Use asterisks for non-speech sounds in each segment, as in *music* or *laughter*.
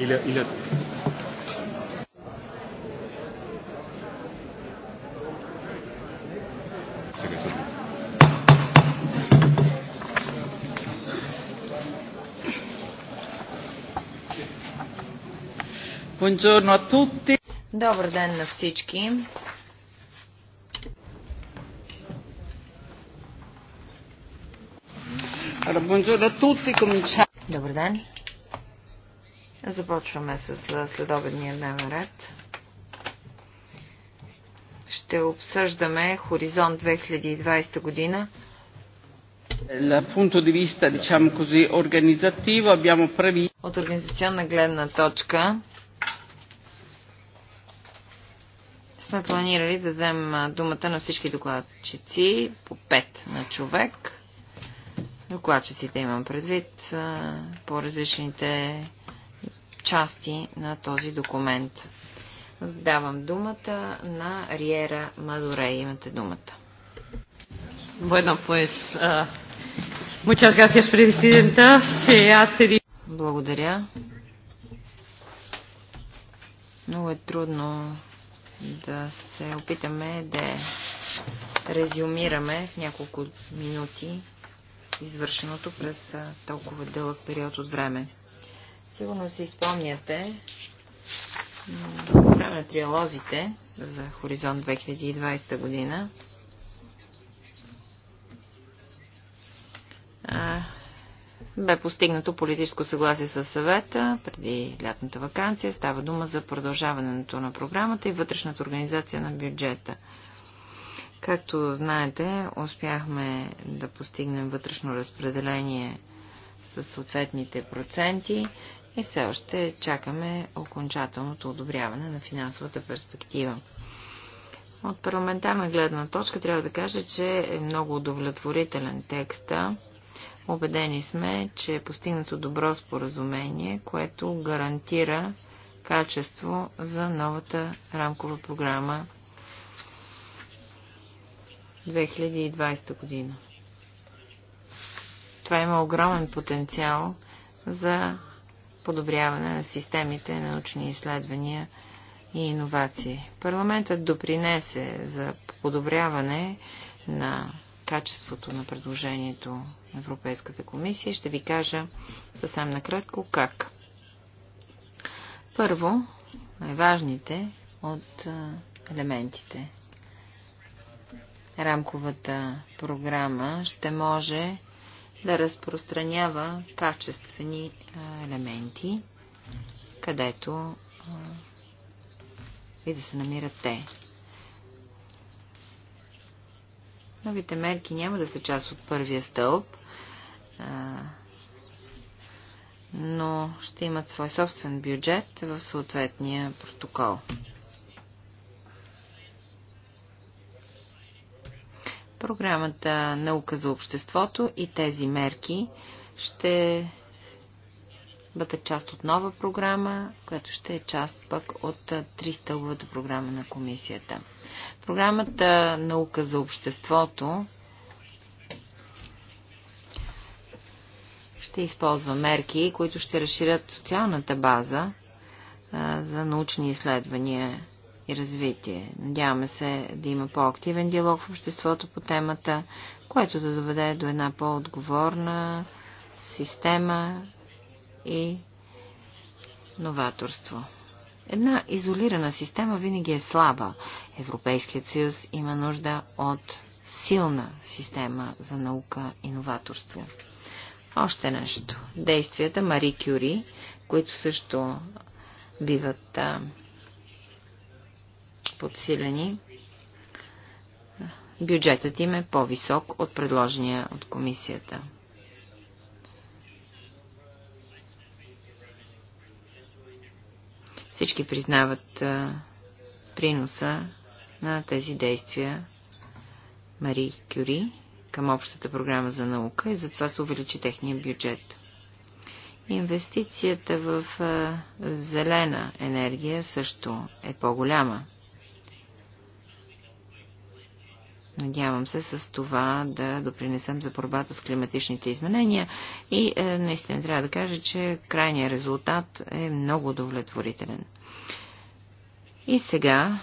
или, или... Сега се Buongiorno a tutti. Добър ден на всички. Добър ден. Започваме с следобедния дневен ред. Ще обсъждаме Хоризонт 2020 година. От организационна гледна точка сме планирали да дадем думата на всички докладчици по 5 на човек. Докладчиците имам предвид по различните части на този документ. Давам думата на Риера Мадуре. Имате думата. Bueno, pues, uh, gracias, Presidenta. Se hace... Благодаря. Много е трудно да се опитаме да резюмираме в няколко минути извършеното през толкова дълъг период от време. Сигурно си спомняте, време на триалозите за Хоризонт 2020 година, бе постигнато политическо съгласие с съвета преди лятната вакансия. Става дума за продължаването на програмата и вътрешната организация на бюджета. Както знаете, успяхме да постигнем вътрешно разпределение с съответните проценти и все още чакаме окончателното одобряване на финансовата перспектива. От парламентарна гледна точка трябва да кажа, че е много удовлетворителен текста. Обедени сме, че е постигнато добро споразумение, което гарантира качество за новата рамкова програма 2020 година. Това има огромен потенциал за подобряване на системите научни изследвания и иновации. Парламентът допринесе за подобряване на качеството на предложението на Европейската комисия. Ще ви кажа съвсем накратко как. Първо, най-важните от елементите. Рамковата програма ще може да разпространява качествени елементи, където и да се намират те. Новите мерки няма да са част от първия стълб, но ще имат свой собствен бюджет в съответния протокол. Програмата Наука за обществото и тези мерки ще бъдат част от нова програма, която ще е част пък от три стълбовата програма на комисията. Програмата Наука за обществото ще използва мерки, които ще разширят социалната база за научни изследвания и развитие. Надяваме се да има по-активен диалог в обществото по темата, което да доведе до една по-отговорна система и новаторство. Една изолирана система винаги е слаба. Европейският съюз има нужда от силна система за наука и новаторство. Още нещо. Действията Мари Кюри, които също биват а, подсилени. Бюджетът им е по-висок от предложения от комисията. Всички признават приноса на тези действия Мари Кюри към общата програма за наука и затова се увеличи техния бюджет. Инвестицията в зелена енергия също е по-голяма. Надявам се с това да допринесем за борбата с климатичните изменения и е, наистина трябва да кажа, че крайният резултат е много удовлетворителен. И сега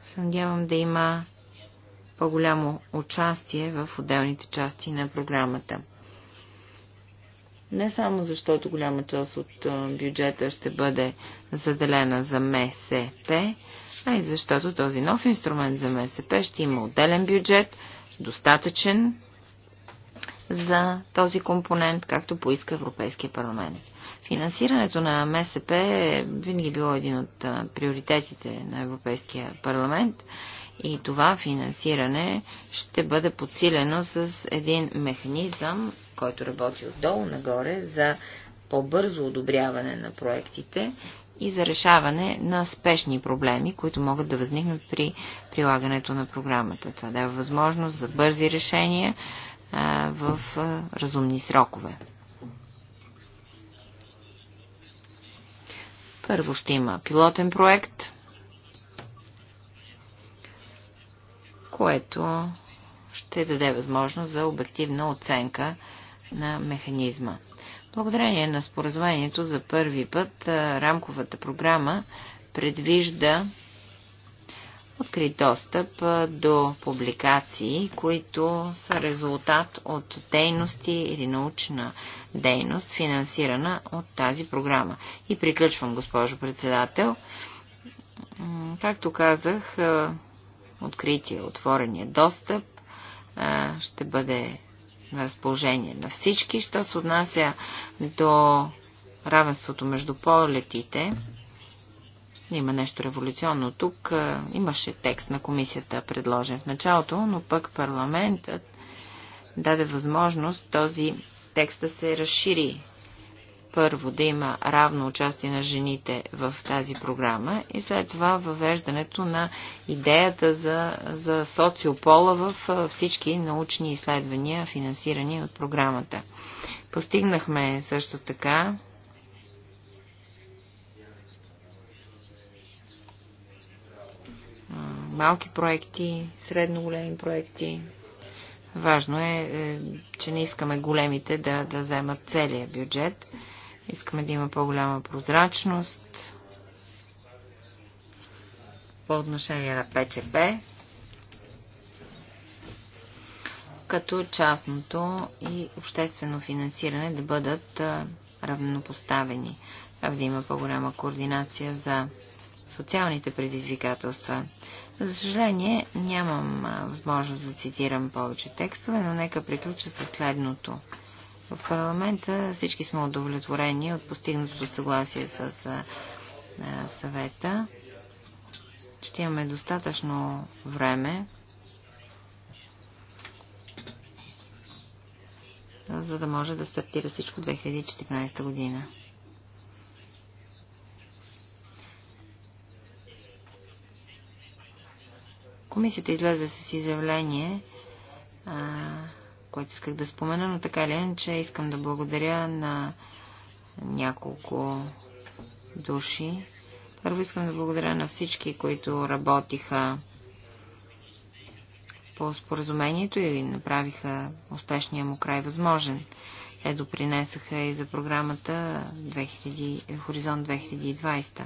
се надявам да има по-голямо участие в отделните части на програмата. Не само защото голяма част от е, бюджета ще бъде заделена за МСП, а и защото този нов инструмент за МСП ще има отделен бюджет, достатъчен за този компонент, както поиска Европейския парламент. Финансирането на МСП е винаги било един от приоритетите на Европейския парламент и това финансиране ще бъде подсилено с един механизъм, който работи отдолу нагоре за по-бързо одобряване на проектите и за решаване на спешни проблеми, които могат да възникнат при прилагането на програмата. Това дава възможност за бързи решения а, в а, разумни срокове. Първо ще има пилотен проект, което ще даде възможност за обективна оценка на механизма. Благодарение на споразумението за първи път рамковата програма предвижда открит достъп до публикации, които са резултат от дейности или научна дейност, финансирана от тази програма. И приключвам, госпожо председател. Както казах, откритие, отворения достъп ще бъде на разположение на всички. Що се отнася до равенството между полетите, има нещо революционно. Тук имаше текст на комисията предложен в началото, но пък парламентът даде възможност този текст да се разшири първо да има равно участие на жените в тази програма и след това въвеждането на идеята за, за социопола в всички научни изследвания, финансирани от програмата. Постигнахме също така малки проекти, средно големи проекти. Важно е, е, че не искаме големите да, да вземат целия бюджет. Искаме да има по-голяма прозрачност по отношение на ПЧБ, като частното и обществено финансиране да бъдат равнопоставени. Трябва да има по-голяма координация за социалните предизвикателства. За съжаление, нямам възможност да цитирам повече текстове, но нека приключа със следното. В парламента всички сме удовлетворени от постигнатото съгласие с съвета. Ще имаме достатъчно време, за да може да стартира всичко 2014 година. Комисията излезе с изявление, което исках да спомена, но така или иначе искам да благодаря на няколко души. Първо искам да благодаря на всички, които работиха по споразумението и направиха успешния му край възможен. Те допринесаха и за програмата 2000, Хоризонт 2020.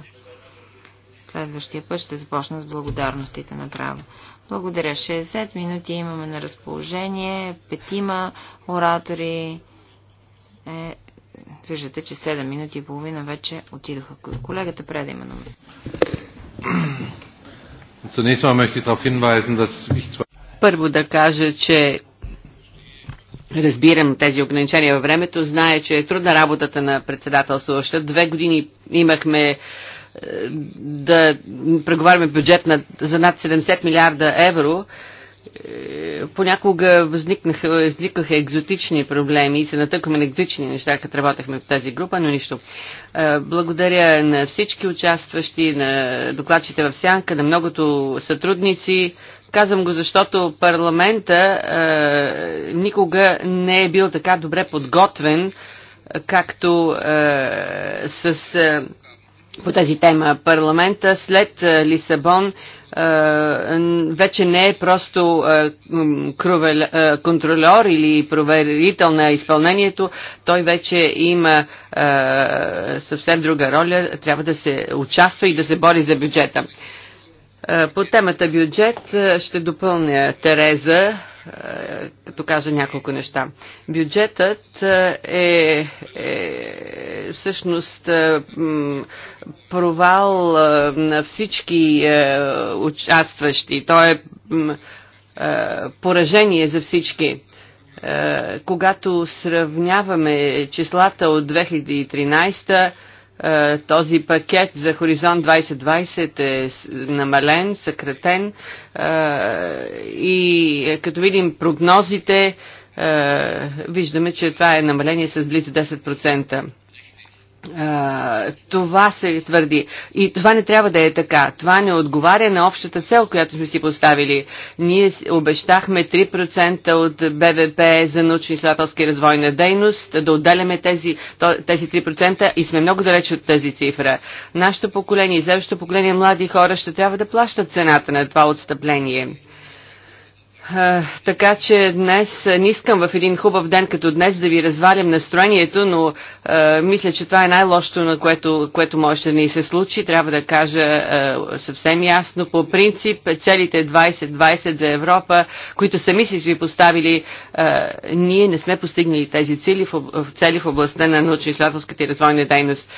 Следващия път ще започна с благодарностите направо. Благодаря. 60 минути имаме на разположение. Петима оратори. Е, виждате, че 7 минути и половина вече отидоха. Колегата преди има номер. Първо да кажа, че разбирам тези ограничения във времето. Зная, че е трудна работата на председателството. Две години имахме да преговаряме бюджет на, за над 70 милиарда евро, е, понякога възникнаха, възникнаха екзотични проблеми и се натъкваме на екзотични неща, като работехме в тази група, но нищо. Е, благодаря на всички участващи, на докладчите в Сянка, на многото сътрудници. Казвам го, защото парламента е, никога не е бил така добре подготвен, както е, с е, по тази тема парламента след е, Лисабон е, вече не е просто е, контролер или проверител на изпълнението, той вече има съвсем друга роля, трябва да се участва и да се бори за бюджета. По темата бюджет ще допълня Тереза като кажа няколко неща. Бюджетът е, е всъщност е, провал е, на всички е, участващи. Той е поражение за всички когато сравняваме числата от 2013 е, този пакет за Хоризонт 2020 е намален, съкратен е, и е, като видим прогнозите, виждаме, че това е намаление с близо 10% това се твърди. И това не трябва да е така. Това не отговаря на общата цел, която сме си поставили. Ние обещахме 3% от БВП за научно-изследователски развойна дейност, да отделяме тези, тези 3% и сме много далеч от тази цифра. Нашето поколение и следващото поколение млади хора ще трябва да плащат цената на това отстъпление е, така че днес е, не искам в един хубав ден като днес да ви развалям настроението, но е, мисля, че това е най-лошото, на което, което може да ни се случи. Трябва да кажа съвсем ясно. По принцип, целите 20-20 за Европа, които сами си ви поставили, ние не сме постигнали тези цели в, цели в областта на научно-изследователската и развойна дейност.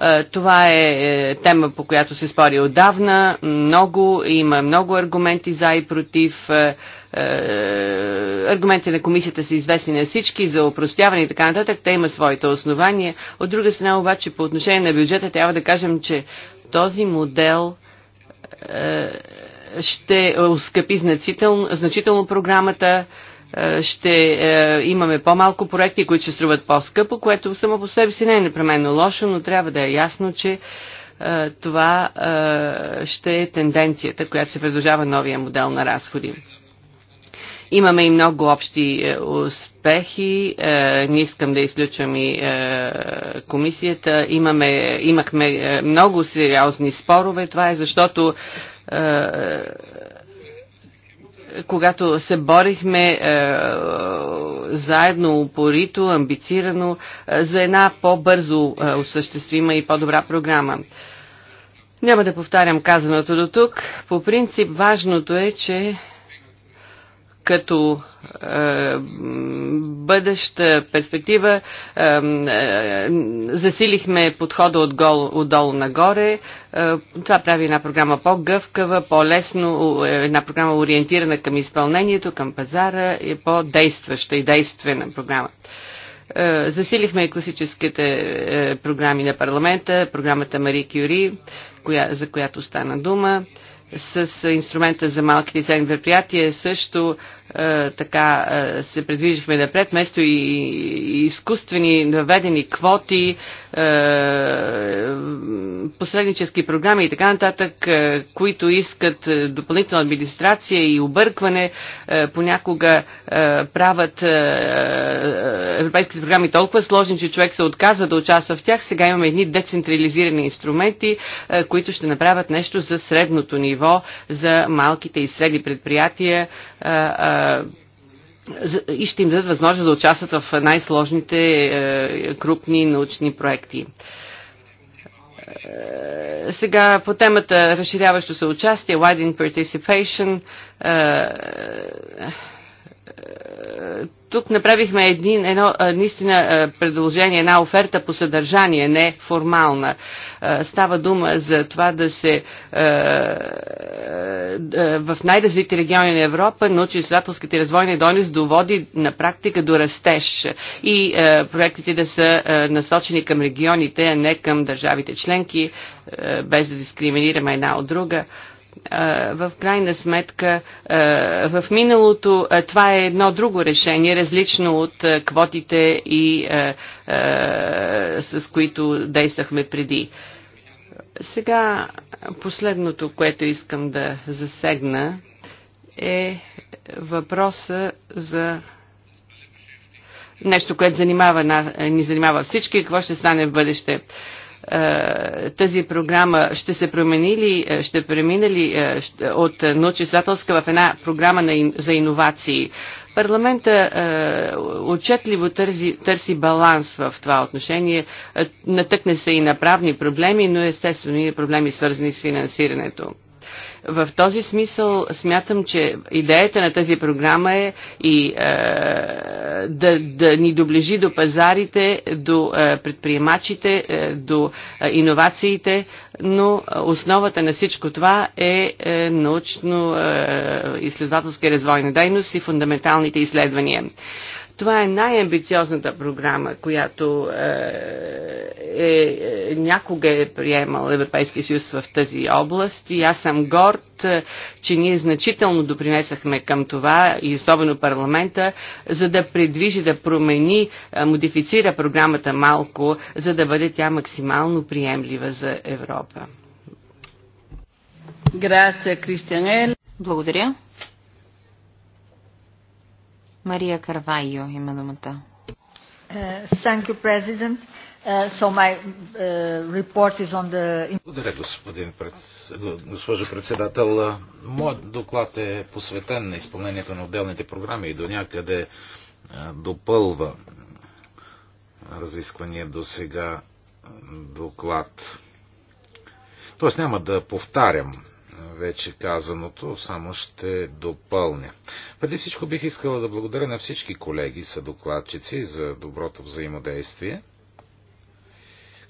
Е, това е, е тема, по която се спори отдавна. Много, има много аргументи за и против. Е, аргументи на комисията са известни на всички за опростяване и така нататък. Те имат своите основания. От друга страна обаче по отношение на бюджета трябва да кажем, че този модел ще ускъпи значително, значително програмата е, ще е, имаме по-малко проекти, които ще струват по-скъпо, което само по себе си не е непременно лошо, но трябва да е ясно, че е, това ще е тенденцията, която се предложава новия модел на разходи. Имаме и много общи успехи. Не искам да изключвам и комисията. Имаме, имахме много сериозни спорове. Това е защото когато се борихме е, заедно, упорито, амбицирано е, за една по-бързо е, осъществима и по-добра програма. Няма да повтарям казаното до тук. По принцип важното е, че като е, бъдеща перспектива е, е, засилихме подхода от гол, отдолу нагоре. Е, това прави една програма по-гъвкава, по-лесно, е, една програма ориентирана към изпълнението, към пазара и по-действаща и действена програма. Е, засилихме класическите е, програми на парламента, програмата Мари Кюри, коя, за която стана дума. Е, с инструмента за малките и средни предприятия също е, така е, се предвижихме напред, вместо и, и изкуствени наведени квоти, е, посреднически програми и така нататък, е, които искат е, допълнителна администрация и объркване, понякога правят европейските програми толкова сложни, че човек се отказва да участва в тях. Сега имаме едни децентрализирани инструменти, които ще направят нещо за средното ниво, за малките и средни предприятия, и ще им дадат възможност да участват в най-сложните е, крупни научни проекти. Е, сега по темата разширяващо се участие, widening participation, е, тук направихме един, едно наистина предложение, една оферта по съдържание, не формална. Става дума за това да се в най-развити региони на Европа научи изследователските развойни донес доводи на практика до растеж и проектите да са насочени към регионите, а не към държавите членки, без да дискриминираме една от друга в крайна сметка в миналото това е едно друго решение, различно от квотите и с които действахме преди. Сега последното, което искам да засегна е въпроса за нещо, което занимава, ни занимава всички, какво ще стане в бъдеще. Е, тази програма ще се промени ли, е, ще премине ли е, от научно в една програма за иновации? Парламента отчетливо търси, търси баланс в това отношение. Натъкне се и на правни проблеми, но естествено и проблеми свързани с финансирането. В този смисъл смятам, че идеята на тази програма е и е, да, да ни доближи до пазарите, до е, предприемачите, е, до е, иновациите, но основата на всичко това е, е научно-изследователска е, развойна дейност и фундаменталните изследвания. Това е най-амбициозната програма, която е, е, е някога е приемал Европейския съюз в тази област и аз съм горд, е, че ние значително допринесахме към това и особено парламента, за да предвижи, да промени, е, модифицира програмата малко, за да бъде тя максимално приемлива за Европа. Благодаря. Мария Карвайо има думата. Е, е, е, Благодаря, господин госпожо председател. Моят доклад е посветен на изпълнението на отделните програми и до някъде допълва разисквания до сега доклад. Тоест няма да повтарям вече казаното, само ще допълня. Преди всичко бих искала да благодаря на всички колеги, съдокладчици за доброто взаимодействие,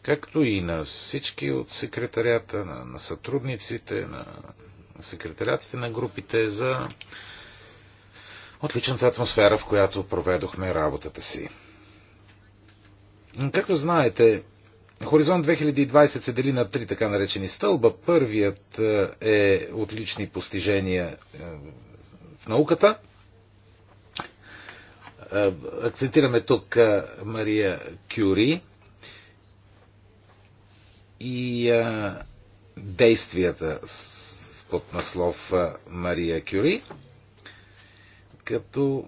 както и на всички от секретарията, на, на сътрудниците, на секретарятите на групите за отличната атмосфера, в която проведохме работата си. Както знаете, Хоризонт 2020 се дели на три така наречени стълба. Първият е, е отлични постижения е, в науката. Е, акцентираме тук Мария Кюри и действията с под наслов Мария Кюри, като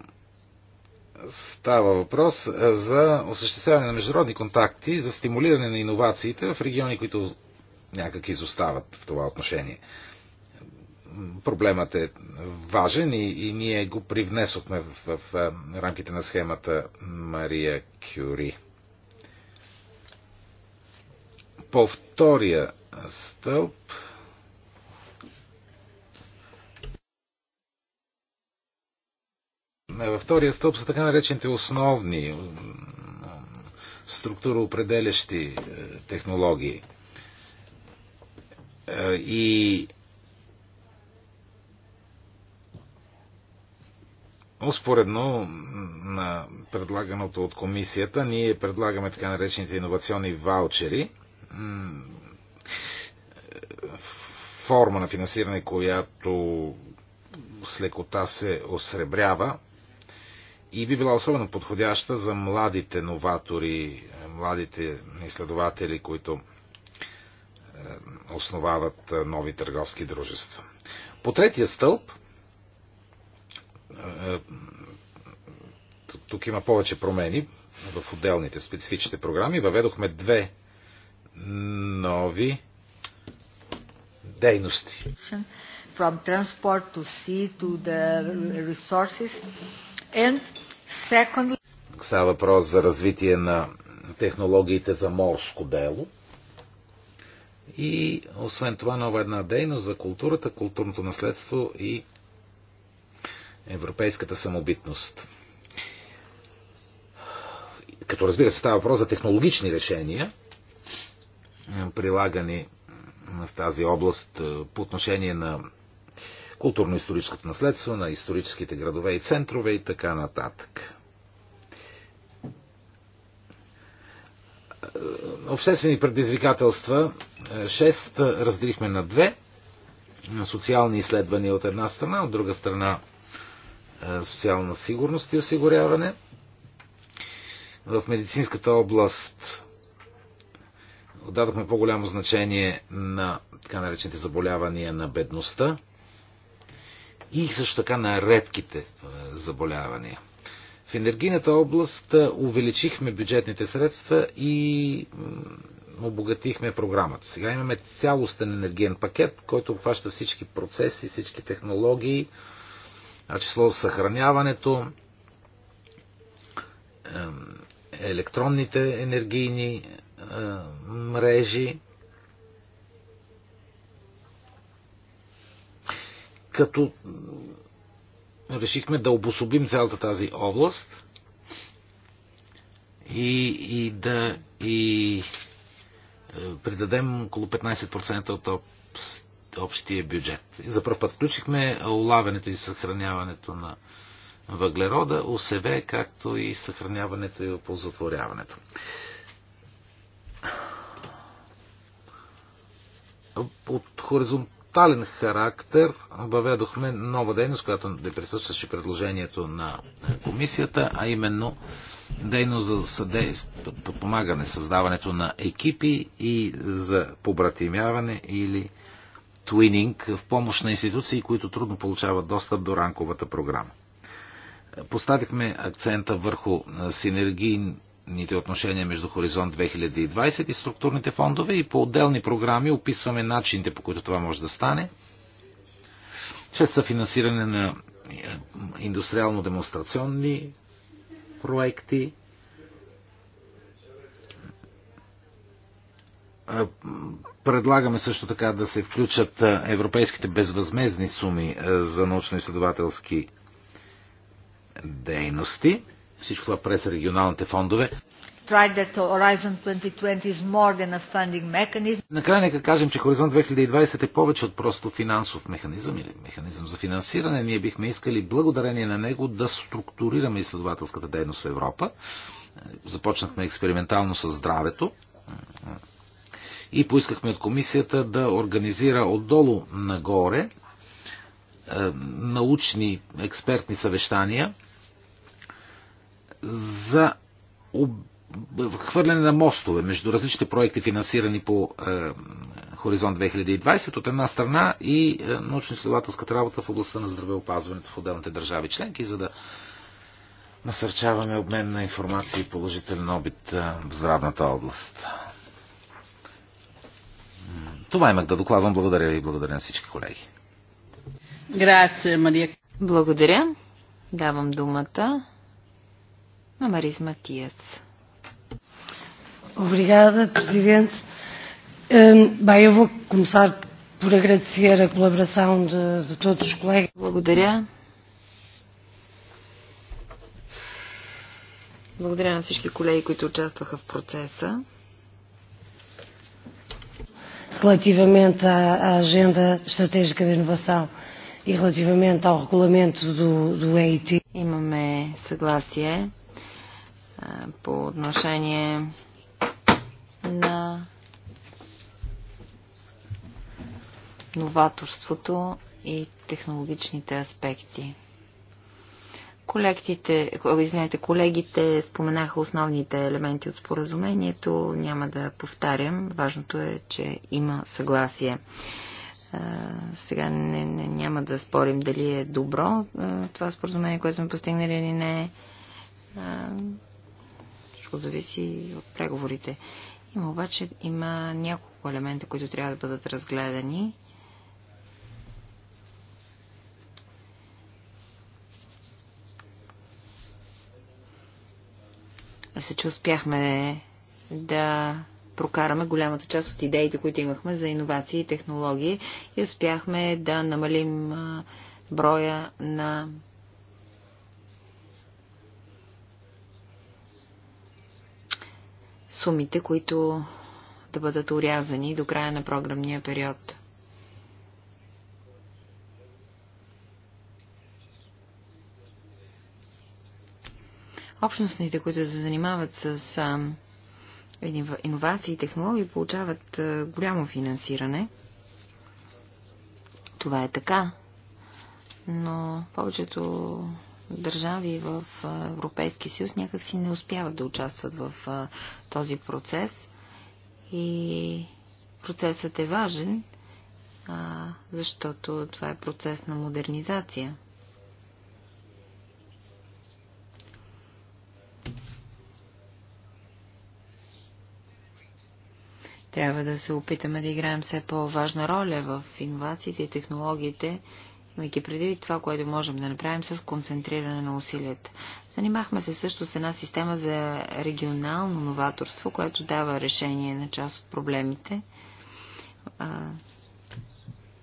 Става въпрос е, за осъществяване на международни контакти, за стимулиране на иновациите в региони, които някак изостават в това отношение. Проблемът е важен и, и ние го привнесохме в, в, в е, рамките на схемата Мария Кюри. По втория стълб Е, във втория стълб са така наречените основни структуроопределящи е, технологии. Е, и Успоредно на предлаганото от комисията, ние предлагаме така наречените иновационни ваучери, форма на финансиране, която с лекота се осребрява и би била особено подходяща за младите новатори, е, младите изследователи, които е, основават е, нови търговски дружества. По третия стълб, тук има повече промени в отделните специфичните програми, въведохме две нови дейности. From transport to sea to the resources Става въпрос за развитие на технологиите за морско дело. И освен това нова една дейност за културата, културното наследство и европейската самобитност. Като разбира се, става въпрос за технологични решения, прилагани в тази област по отношение на културно-историческото наследство на историческите градове и центрове и така нататък. Обществени предизвикателства 6 разделихме на две. Социални изследвания от една страна, от друга страна е, социална сигурност и осигуряване. В медицинската област отдадохме по-голямо значение на така наречените заболявания на бедността и също така на редките е, заболявания. В енергийната област е, увеличихме бюджетните средства и обогатихме програмата. Сега имаме цялостен енергиен пакет, който обхваща всички процеси, всички технологии, а число съхраняването, електронните енергийни е, мрежи, като решихме да обособим цялата тази област и, и да и е, придадем около 15% от общия бюджет. За първ път включихме улавянето и съхраняването на въглерода, ОСВ, както и съхраняването и оползотворяването. От хоризонт хоризонтален характер въведохме нова дейност, която не присъстваше предложението на комисията, а именно дейност за подпомагане, създаването на екипи и за побратимяване или твининг в помощ на институции, които трудно получават достъп до ранковата програма. Поставихме акцента върху синергийни ните отношения между Хоризонт 2020 и структурните фондове и по отделни програми описваме начините по които това може да стане. Чрез съфинансиране на е, индустриално-демонстрационни проекти, е, Предлагаме също така да се включат е, европейските безвъзмезни суми за научно-изследователски дейности. Всичко това през регионалните фондове. Накрая нека кажем, че Хоризонт 2020 е повече от просто финансов механизъм или механизъм за финансиране. Ние бихме искали благодарение на него да структурираме изследователската дейност в Европа. Започнахме експериментално с здравето и поискахме от комисията да организира отдолу нагоре е, научни експертни съвещания – за хвърляне на мостове между различните проекти, финансирани по е, Хоризонт 2020 от една страна и е, научно-изследователската работа в областта на здравеопазването в отделните държави членки, за да насърчаваме обмен на информация и положителен е, в здравната област. Това имах да докладвам. Благодаря и благодаря на всички колеги. Грация, Мария. Благодаря. Давам думата на Марис Матиас. Obrigada, Presidente. Bem, eu vou começar por agradecer a colaboração de, de todos os colegas. Благодаря. Благодаря на всички колеги, които участваха в процеса. Relativamente à, à Agenda Estratégica de Inovação и relativamente ao regulamento do, do EIT. Имаме съгласие по отношение на новаторството и технологичните аспекти. Колектите, извинете, колегите споменаха основните елементи от споразумението. Няма да повтарям. Важното е, че има съгласие. Сега не, не, няма да спорим дали е добро това споразумение, което сме постигнали или не всичко зависи от преговорите. Има обаче има няколко елемента, които трябва да бъдат разгледани. Се, че успяхме да прокараме голямата част от идеите, които имахме за иновации и технологии и успяхме да намалим броя на сумите, които да бъдат урязани до края на програмния период. Общностните, които се занимават с иновации и технологии, получават голямо финансиране. Това е така, но повечето държави в Европейски съюз някакси не успяват да участват в този процес. И процесът е важен, защото това е процес на модернизация. Трябва да се опитаме да играем все по-важна роля в иновациите и технологиите, имайки предвид това, което можем да направим с концентриране на усилията. Занимахме се също с една система за регионално новаторство, което дава решение на част от проблемите.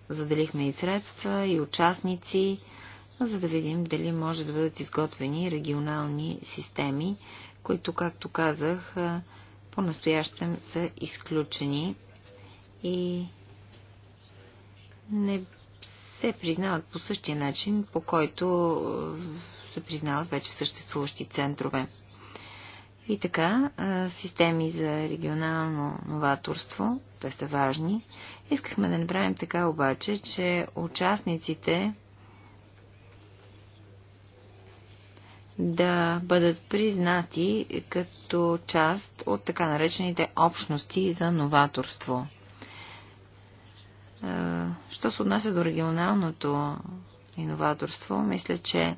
Заделихме и средства, и участници, за да видим дали може да бъдат изготвени регионални системи, които, както казах, по-настоящем са изключени и не се признават по същия начин, по който е, се признават вече съществуващи центрове. И така, е, системи за регионално новаторство, те са важни. Искахме да направим така обаче, че участниците да бъдат признати като част от така наречените общности за новаторство – Що се отнася до регионалното иноваторство, мисля, че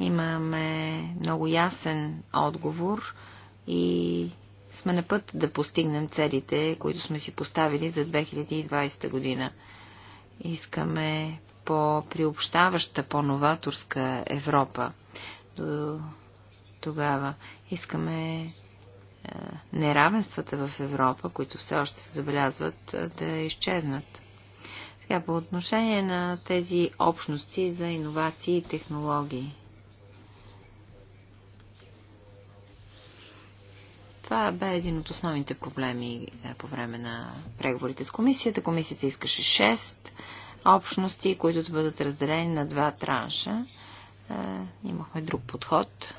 имаме много ясен отговор и сме на път да постигнем целите, които сме си поставили за 2020 година. Искаме по-приобщаваща, по-новаторска Европа. До тогава искаме неравенствата в Европа, които все още се забелязват, да изчезнат. Сега по отношение на тези общности за иновации и технологии. Това бе един от основните проблеми е, по време на преговорите с комисията. Комисията искаше 6 общности, които да бъдат разделени на два транша. Е, имахме друг подход.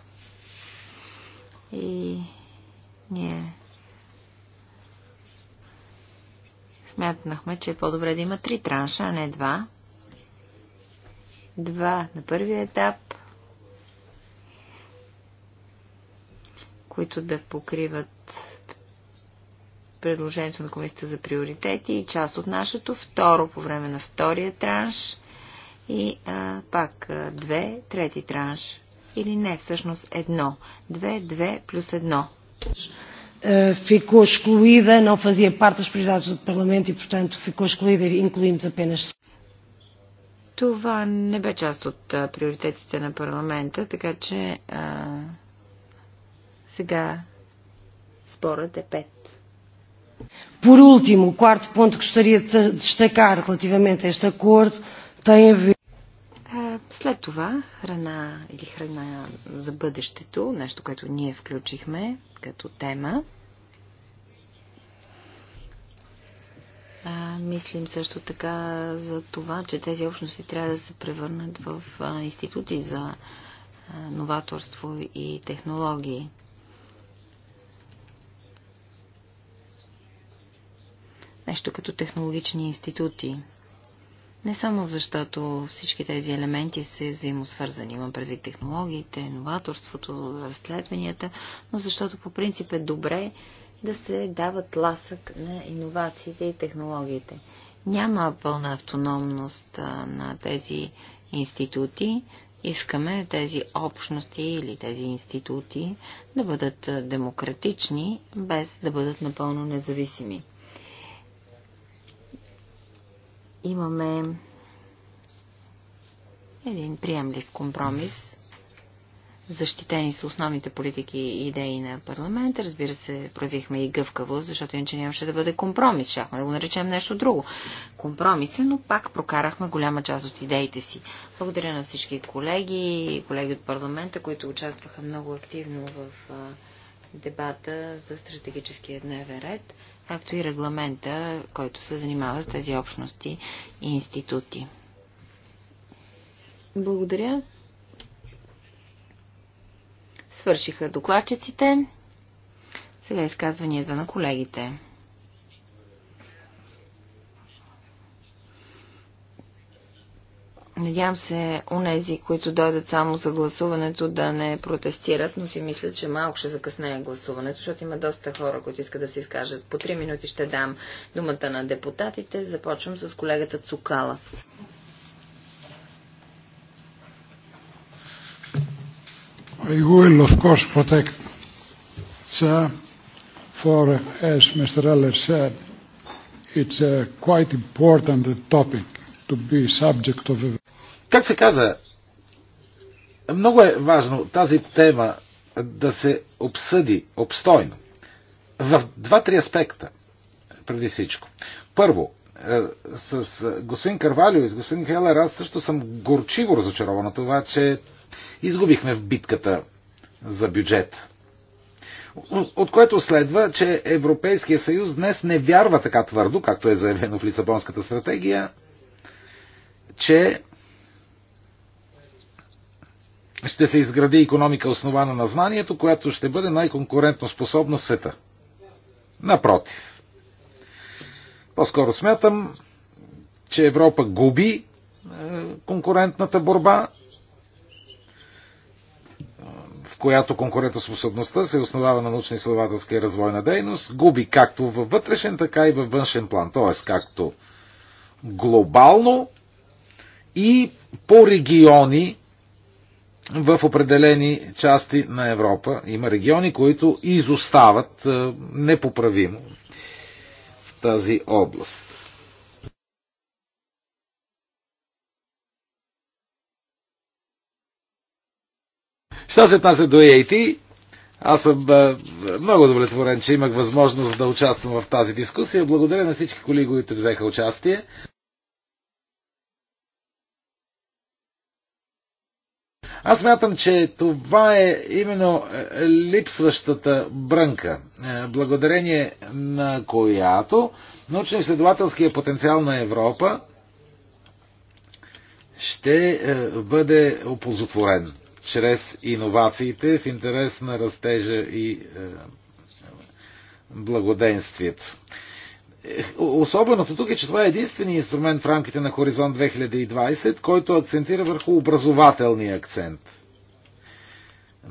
И ние Смятнахме, че е по-добре да има три транша, а не два. Два на първия етап, които да покриват предложението на комисията за приоритети и част от нашето, второ по време на втория транш и а, пак а, две, трети транш. Или не, всъщност едно. Две, две плюс едно ficou excluída, não fazia parte das prioridades do Parlamento e, portanto, ficou excluída e incluímos apenas. Това не бе част от а, приоритетите на парламента, така че а, сега спорът е пет. Por último, o quarto ponto que gostaria de destacar relativamente a este acordo tem a ver след това храна или храна за бъдещето, нещо, което ние включихме като тема. А, мислим също така за това, че тези общности трябва да се превърнат в а, институти за а, новаторство и технологии. Нещо като технологични институти. Не само защото всички тези елементи са взаимосвързани. Имам предвид технологиите, новаторството, разследванията, но защото по принцип е добре да се дават ласък на иновациите и технологиите. Няма пълна автономност на тези институти. Искаме тези общности или тези институти да бъдат демократични, без да бъдат напълно независими. имаме един приемлив компромис. Защитени са основните политики и идеи на парламент. Разбира се, проявихме и гъвкаво, защото иначе нямаше да бъде компромис. Щяхме да го наречем нещо друго. Компромис е, но пак прокарахме голяма част от идеите си. Благодаря на всички колеги и колеги от парламента, които участваха много активно в дебата за стратегическия дневен ред както и регламента, който се занимава с тези общности и институти. Благодаря. Свършиха докладчиците. Сега изказванията на колегите. Надявам се, онези, които дойдат само за гласуването, да не протестират, но си мисля, че малко ще закъснее гласуването, защото има доста хора, които искат да се изкажат. По три минути ще дам думата на депутатите. Започвам с колегата Цукалас. We will, of course, protect the for, as Mr. Eller said, it's a quite important topic to be subject of a как се каза, много е важно тази тема да се обсъди обстойно. В два-три аспекта, преди всичко. Първо, е, с господин Карвалио и с господин Хелер, аз също съм горчиво разочарован на това, че изгубихме в битката за бюджет. От което следва, че Европейския съюз днес не вярва така твърдо, както е заявено в Лисабонската стратегия, че ще се изгради економика основана на знанието, която ще бъде най-конкурентно способна в света. Напротив. По-скоро смятам, че Европа губи е, конкурентната борба, е, в която конкурентоспособността се основава на научно-изследователска и развойна дейност, губи както във вътрешен, така и във външен план. Т.е. както глобално и по региони в определени части на Европа. Има региони, които изостават е, непоправимо в тази област. Що се отнася до EIT, аз съм е, много удовлетворен, че имах възможност да участвам в тази дискусия. Благодаря на всички колеги, които взеха участие. Аз мятам, че това е именно е, липсващата брънка, е, благодарение на която научно-изследователския потенциал на Европа ще е, бъде опозотворен чрез иновациите в интерес на растежа и благоденствието. Особеното тук е, че това е единствения инструмент в рамките на Хоризонт 2020, който акцентира върху образователния акцент.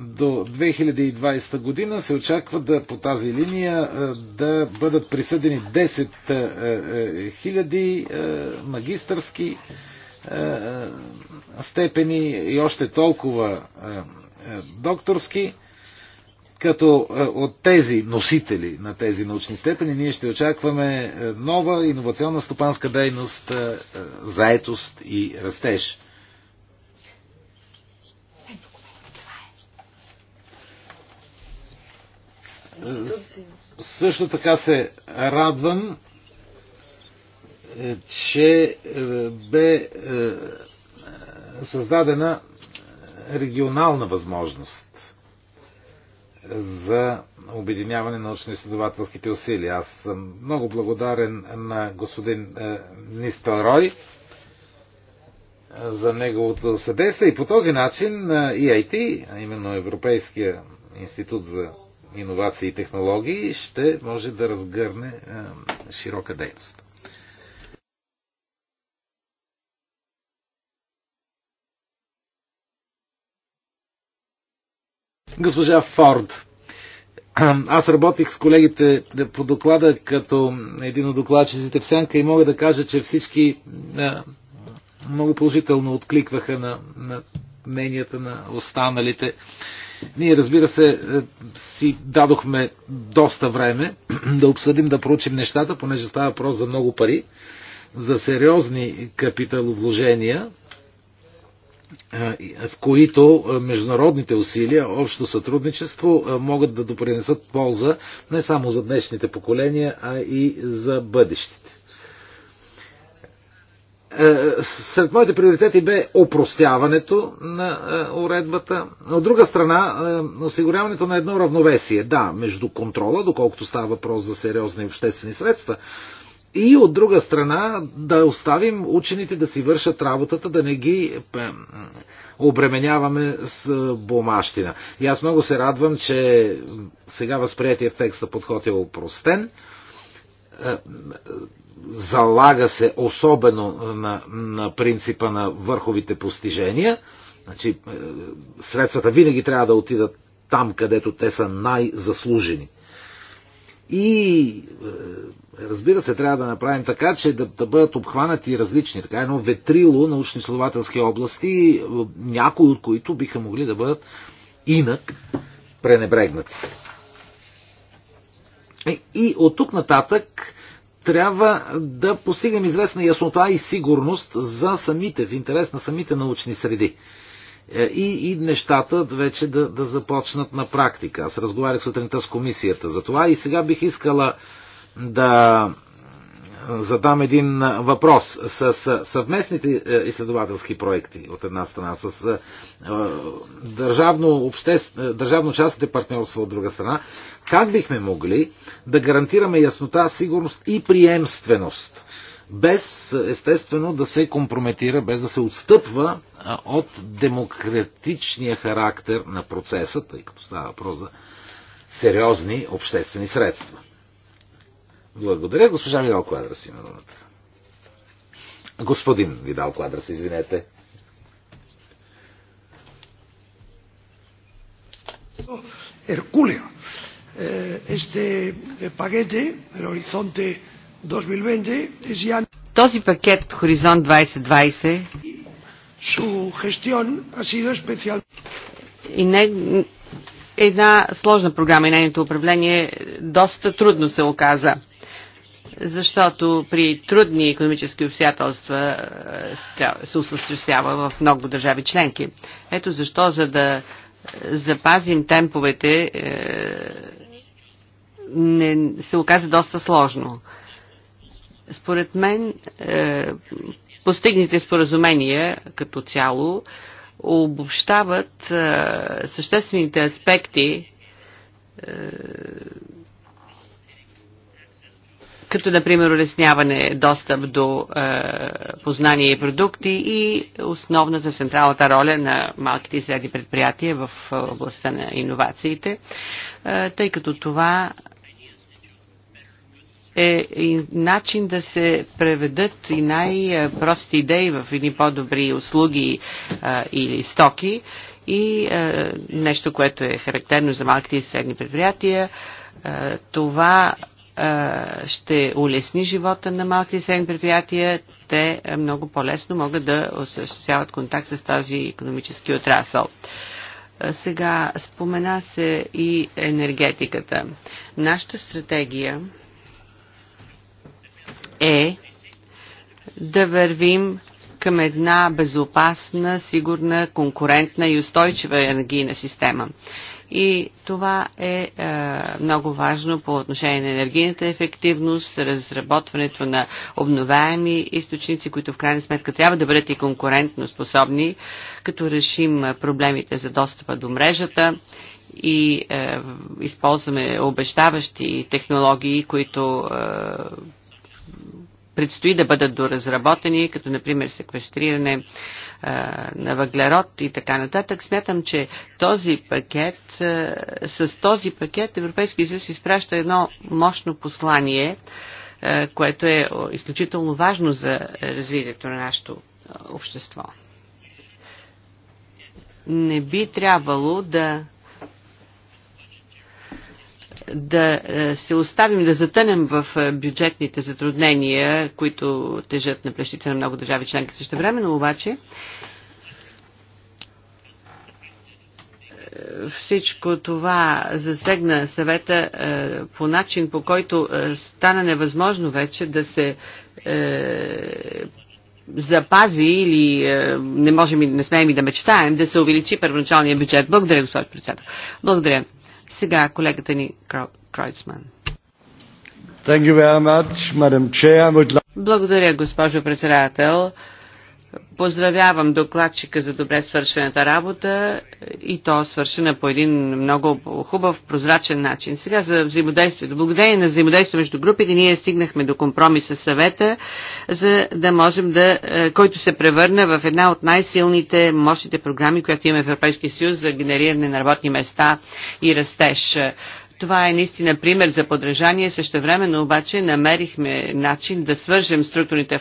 До 2020 година се очаква да по тази линия е, да бъдат присъдени 10 000 е, е, магистърски степени и още толкова докторски като е, от тези носители на тези научни степени ние ще очакваме е, нова иновационна стопанска дейност, е, заетост и растеж. Също така се радвам, че бе създадена регионална възможност за обединяване на научно-изследователските усилия. Аз съм много благодарен на господин е, Нистелрой е, за неговото съдействие и по този начин EIT, е, а именно Европейския институт за иновации и технологии, ще може да разгърне е, широка дейност. Госпожа Форд, аз работих с колегите по доклада като един от докладчиците в Сянка и мога да кажа, че всички много положително откликваха на, на мненията на останалите. Ние, разбира се, си дадохме доста време *clears throat* да обсъдим, да проучим нещата, понеже става въпрос за много пари, за сериозни капиталовложения, в които международните усилия, общо сътрудничество могат да допринесат полза не само за днешните поколения, а и за бъдещите. Сред моите приоритети бе опростяването на уредбата. От друга страна, осигуряването на едно равновесие, да, между контрола, доколкото става въпрос за сериозни обществени средства, и от друга страна да оставим учените да си вършат работата, да не ги обременяваме с е, бумащина. И аз много се радвам, че сега възприятие в текста подход е упростен. Е, залага се особено на, на принципа на върховите постижения. Значи, е, средствата винаги трябва да отидат там, където те са най-заслужени. И е, разбира се, трябва да направим така, че да, да бъдат обхванати различни, така едно ветрило научно-изследователски области, е, някои от които биха могли да бъдат инак пренебрегнати. Е, и от тук нататък трябва да постигнем известна яснота и сигурност за самите, в интерес на самите научни среди. Е, и, и нещата вече да, да започнат на практика. Аз разговарях сутринта с комисията за това и сега бих искала да задам един въпрос. С, съвместните е, изследователски проекти от една страна, с е, държавно, обществ, държавно-частните партньорства от друга страна, как бихме могли да гарантираме яснота, сигурност и приемственост без естествено да се компрометира, без да се отстъпва от демократичния характер на процеса, тъй като става въпрос за сериозни обществени средства. Благодаря. Госпожа Видал Квадрас има думата. Господин Видал Квадрас, извинете. Herculeo. Este paquete, el horizonte този пакет Хоризонт 2020 и не, една сложна програма и нейното управление доста трудно се оказа защото при трудни економически обстоятелства е, се осъществява в много държави членки. Ето защо, за да е, запазим темповете, е, не, се оказа доста сложно. Според мен, е, постигните споразумения като цяло обобщават е, съществените аспекти, е, като например улесняване достъп до познания и продукти и основната централната роля на малките и средни предприятия в областта на иновациите, тъй като това е начин да се преведат и най-прости идеи в едни по-добри услуги а, или стоки и а, нещо, което е характерно за малките и средни предприятия. А, това ще улесни живота на малките и средни предприятия. Те много по-лесно могат да осъществяват контакт с този економически отрасъл. Сега спомена се и енергетиката. Нашата стратегия е да вървим към една безопасна, сигурна, конкурентна и устойчива енергийна система. И това е, е много важно по отношение на енергийната ефективност, разработването на обновяеми източници, които в крайна сметка трябва да бъдат и конкурентно способни, като решим проблемите за достъпа до мрежата и е, използваме обещаващи технологии, които е, предстои да бъдат доразработени, като например секвестриране на въглерод и така нататък. Смятам, че този пакет, с този пакет Европейския съюз изпраща едно мощно послание, което е изключително важно за развитието на нашето общество. Не би трябвало да да е, се оставим да затънем в е, бюджетните затруднения, които тежат на плещите на много държави членки също време, но обаче е, всичко това засегна съвета по начин, по който стана невъзможно вече да се запази или не можем и не смеем и да мечтаем да се увеличи първоначалния бюджет. Благодаря, господин председател. Благодаря. Сега колегата ни Кройцман. Благодаря, госпожо председател. Поздравявам докладчика за добре свършената работа и то свършена по един много хубав, прозрачен начин. Сега за взаимодействието. Благодарение на взаимодействието между групите ние стигнахме до компромис с съвета, за да можем да, е, който се превърна в една от най-силните, мощните програми, която имаме в Европейския съюз за генериране на работни места и растеж. Това е наистина пример за подражание. Същевременно обаче намерихме начин да свържем структурните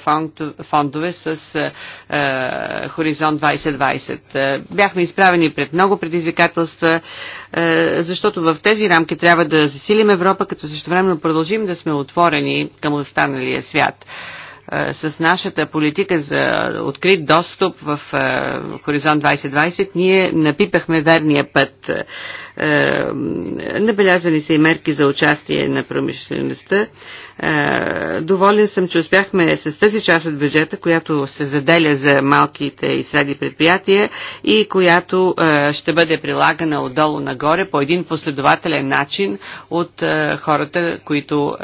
фондове с е, е Хоризонт 2020. Е, бяхме изправени пред много предизвикателства, е, защото в тези рамки трябва да засилим Европа, като същевременно продължим да сме отворени към останалия свят с нашата политика за открит достъп в Хоризонт 2020 ние напипахме верния път. Набелязани са и мерки за участие на промишлеността. Доволен съм, че успяхме с тази част от бюджета, която се заделя за малките и средни предприятия и която ще бъде прилагана отдолу нагоре по един последователен начин от хората, които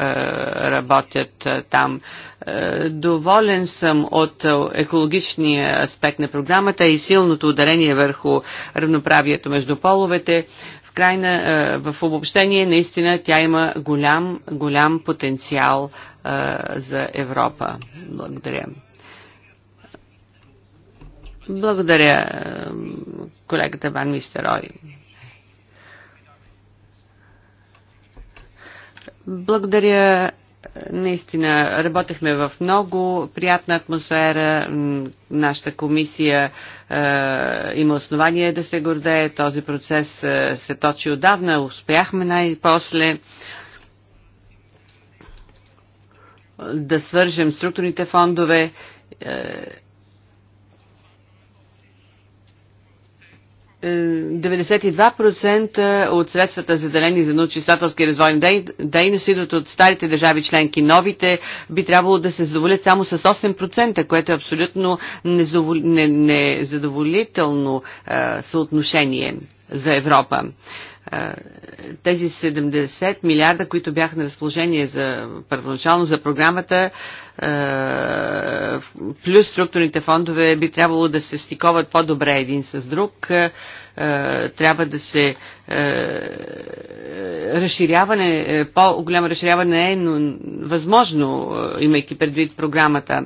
работят там е, доволен съм от е, екологичния аспект на програмата и силното ударение върху равноправието между половете. В крайна, е, в обобщение, наистина тя има голям, голям потенциал за Европа. Благодаря. Благодаря, колегата Ван Мистерой. Благодаря Наистина, работехме в много приятна атмосфера. Нашата комисия е, има основание да се гордее. Този процес е, се точи отдавна. Успяхме най-после да свържем структурните фондове. Е, 92% от средствата заделени за научно-изследователски развойни дей, дейности идват от старите държави членки. Новите би трябвало да се задоволят само с 8%, което е абсолютно незадоволително съотношение за Европа тези 70 милиарда, които бяха на разположение за, първоначално за програмата, плюс структурните фондове би трябвало да се стиковат по-добре един с друг. Трябва да се разширяване, е, по-голямо разширяване е но възможно, имайки предвид програмата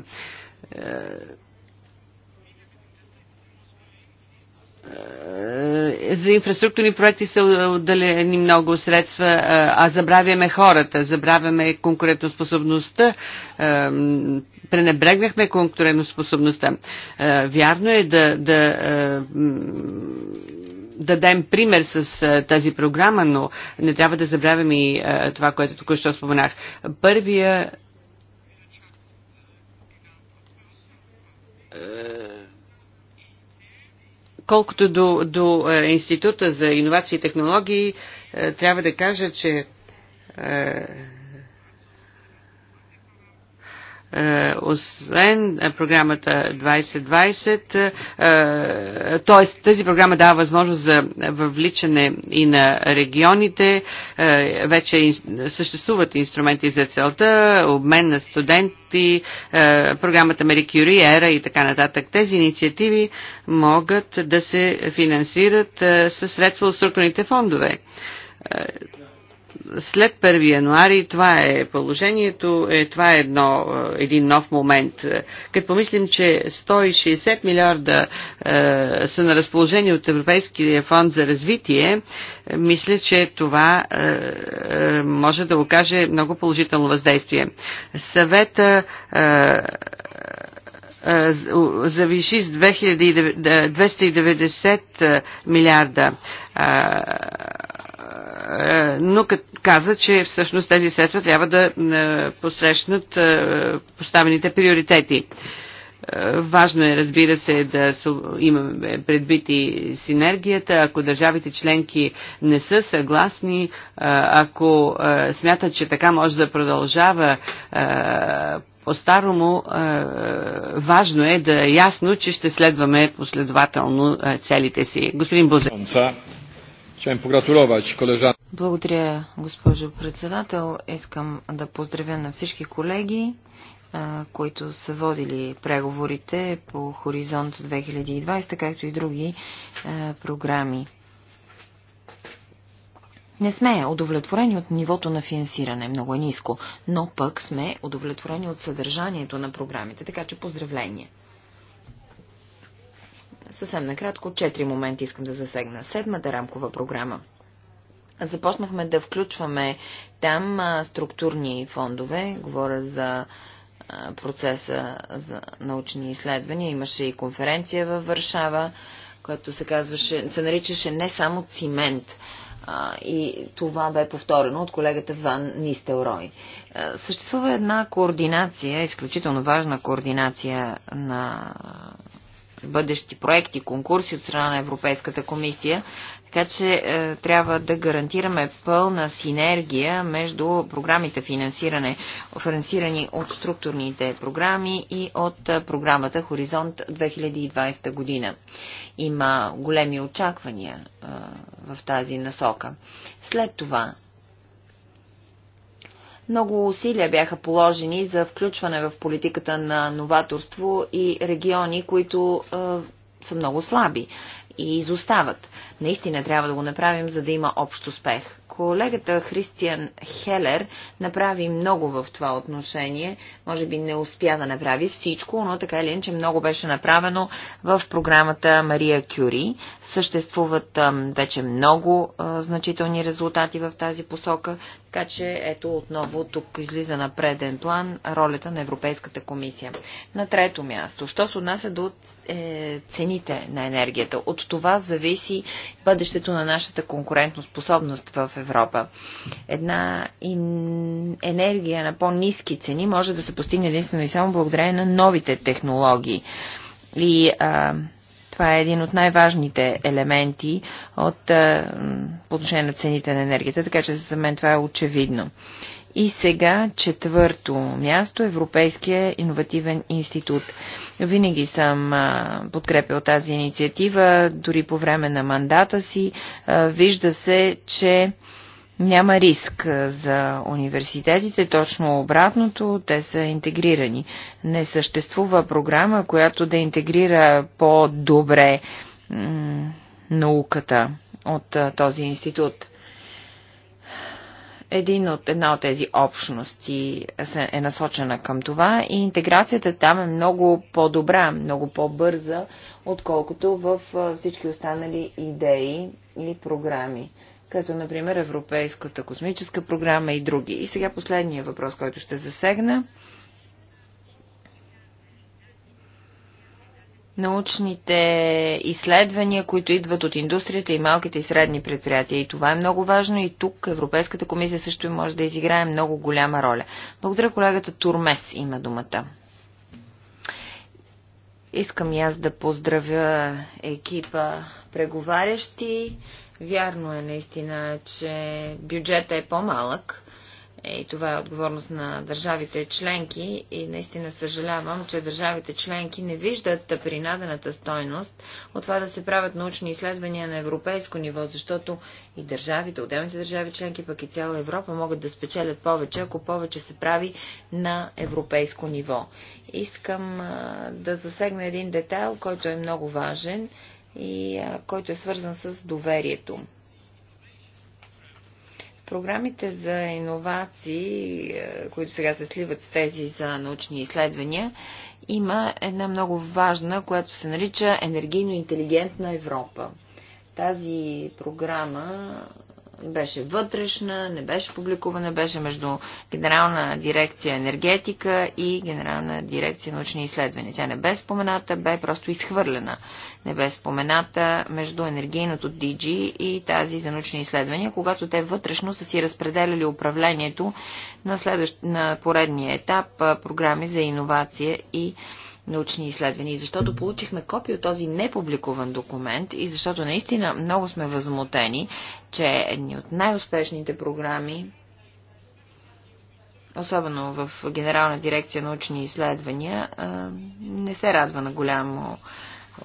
Е, за инфраструктурни проекти са отделени много средства, е, а забравяме хората, забравяме конкурентоспособността, е, пренебрегнахме конкурентоспособността. Вярно е да, да дадем пример с тази програма, но не трябва да забравяме и това, което току-що споменах. Първия Колкото до, до е, Института за иновации и технологии, е, трябва да кажа, че е, е, освен е, програмата 2020, е, т.е. тази програма дава възможност за въвличане и на регионите. Вече съществуват инструменти за целта, обмен на студенти, програмата Мерикюри, ЕРА и така нататък. Тези инициативи могат да се финансират със средства от структурните фондове след 1 януари това е положението, е, това е едно, е, един нов момент. Като помислим, че 160 милиарда е, са на разположение от Европейския фонд за развитие, е, мисля, че това е, е може да окаже много положително въздействие. Съвета е, е завиши с 290 милиарда. Е, но каза, че всъщност тези средства трябва да е, посрещнат е, поставените приоритети. Важно е, разбира се, да имаме предбити синергията. Ако държавите членки не са съгласни, ако смятат, че така може да продължава по-старому, важно е да е ясно, че ще следваме последователно целите си. Господин Бузе. Chciałem pogratulować koleżankom. Благодаря, госпожо председател. Искам да поздравя на всички колеги, които са водили преговорите по Хоризонт 2020, както и други програми. Не сме удовлетворени от нивото на финансиране, много е ниско, но пък сме удовлетворени от съдържанието на програмите, така че поздравления. Съвсем накратко, четири момента искам да засегна. Седмата рамкова програма. Започнахме да включваме там структурни фондове. Говоря за процеса за научни изследвания. Имаше и конференция във Варшава, която се, казваше, се наричаше не само цимент. И това бе повторено от колегата Ван Нистелрой. Съществува една координация, изключително важна координация на бъдещи проекти, конкурси от страна на Европейската комисия. Така че е, трябва да гарантираме пълна синергия между програмите финансиране, финансирани от структурните програми и от е, програмата Хоризонт 2020 година. Има големи очаквания е, в тази насока. След това много усилия бяха положени за включване в политиката на новаторство и региони, които е, са много слаби и изостават. Наистина трябва да го направим, за да има общ успех. Колегата Христиан Хелер направи много в това отношение. Може би не успя да направи всичко, но така или иначе много беше направено в програмата Мария Кюри. Съществуват вече много значителни резултати в тази посока, така че ето отново тук излиза на преден план ролята на Европейската комисия. На трето място, що се отнася до е, цените на енергията? От това зависи бъдещето на нашата конкурентоспособност в Европа. Една енергия на по-низки цени може да се постигне единствено и само благодарение на новите технологии. И а, това е един от най-важните елементи от, е, подношение на цените на енергията, така че за мен това е очевидно. И сега четвърто място е Европейския иновативен институт. Винаги съм е, подкрепил тази инициатива, дори по време на мандата си. Вижда се, че няма риск за университетите, точно обратното, те са интегрирани. Не съществува програма, която да интегрира по-добре науката от този институт. Един от, една от тези общности е насочена към това и интеграцията там е много по-добра, много по-бърза, отколкото в всички останали идеи и програми като например Европейската космическа програма и други. И сега последния въпрос, който ще засегна. научните изследвания, които идват от индустрията и малките и средни предприятия. И това е много важно и тук Европейската комисия също може да изиграе много голяма роля. Благодаря колегата Турмес има думата. Искам и аз да поздравя екипа преговарящи. Вярно е наистина, че бюджета е по-малък е, и това е отговорност на държавите членки и наистина съжалявам, че държавите членки не виждат принадената стойност от това да се правят научни изследвания на европейско ниво, защото и държавите, отделните държави членки, пък и цяла Европа могат да спечелят повече, ако повече се прави на европейско ниво. Искам да засегна един детайл, който е много важен и а, който е свързан с доверието. Програмите за иновации, които сега се сливат с тези за научни изследвания, има една много важна, която се нарича енергийно-интелигентна Европа. Тази програма беше вътрешна, не беше публикувана, беше между Генерална дирекция енергетика и Генерална дирекция научни изследвания. Тя не бе спомената, бе просто изхвърлена. Не бе спомената между енергийното DG и тази за научни изследвания, когато те вътрешно са си разпределяли управлението на, следващ, на поредния етап програми за иновация и научни изследвания, защото получихме копия от този непубликуван документ и защото наистина много сме възмутени, че едни от най-успешните програми, особено в Генерална дирекция научни изследвания, не се радва на голямо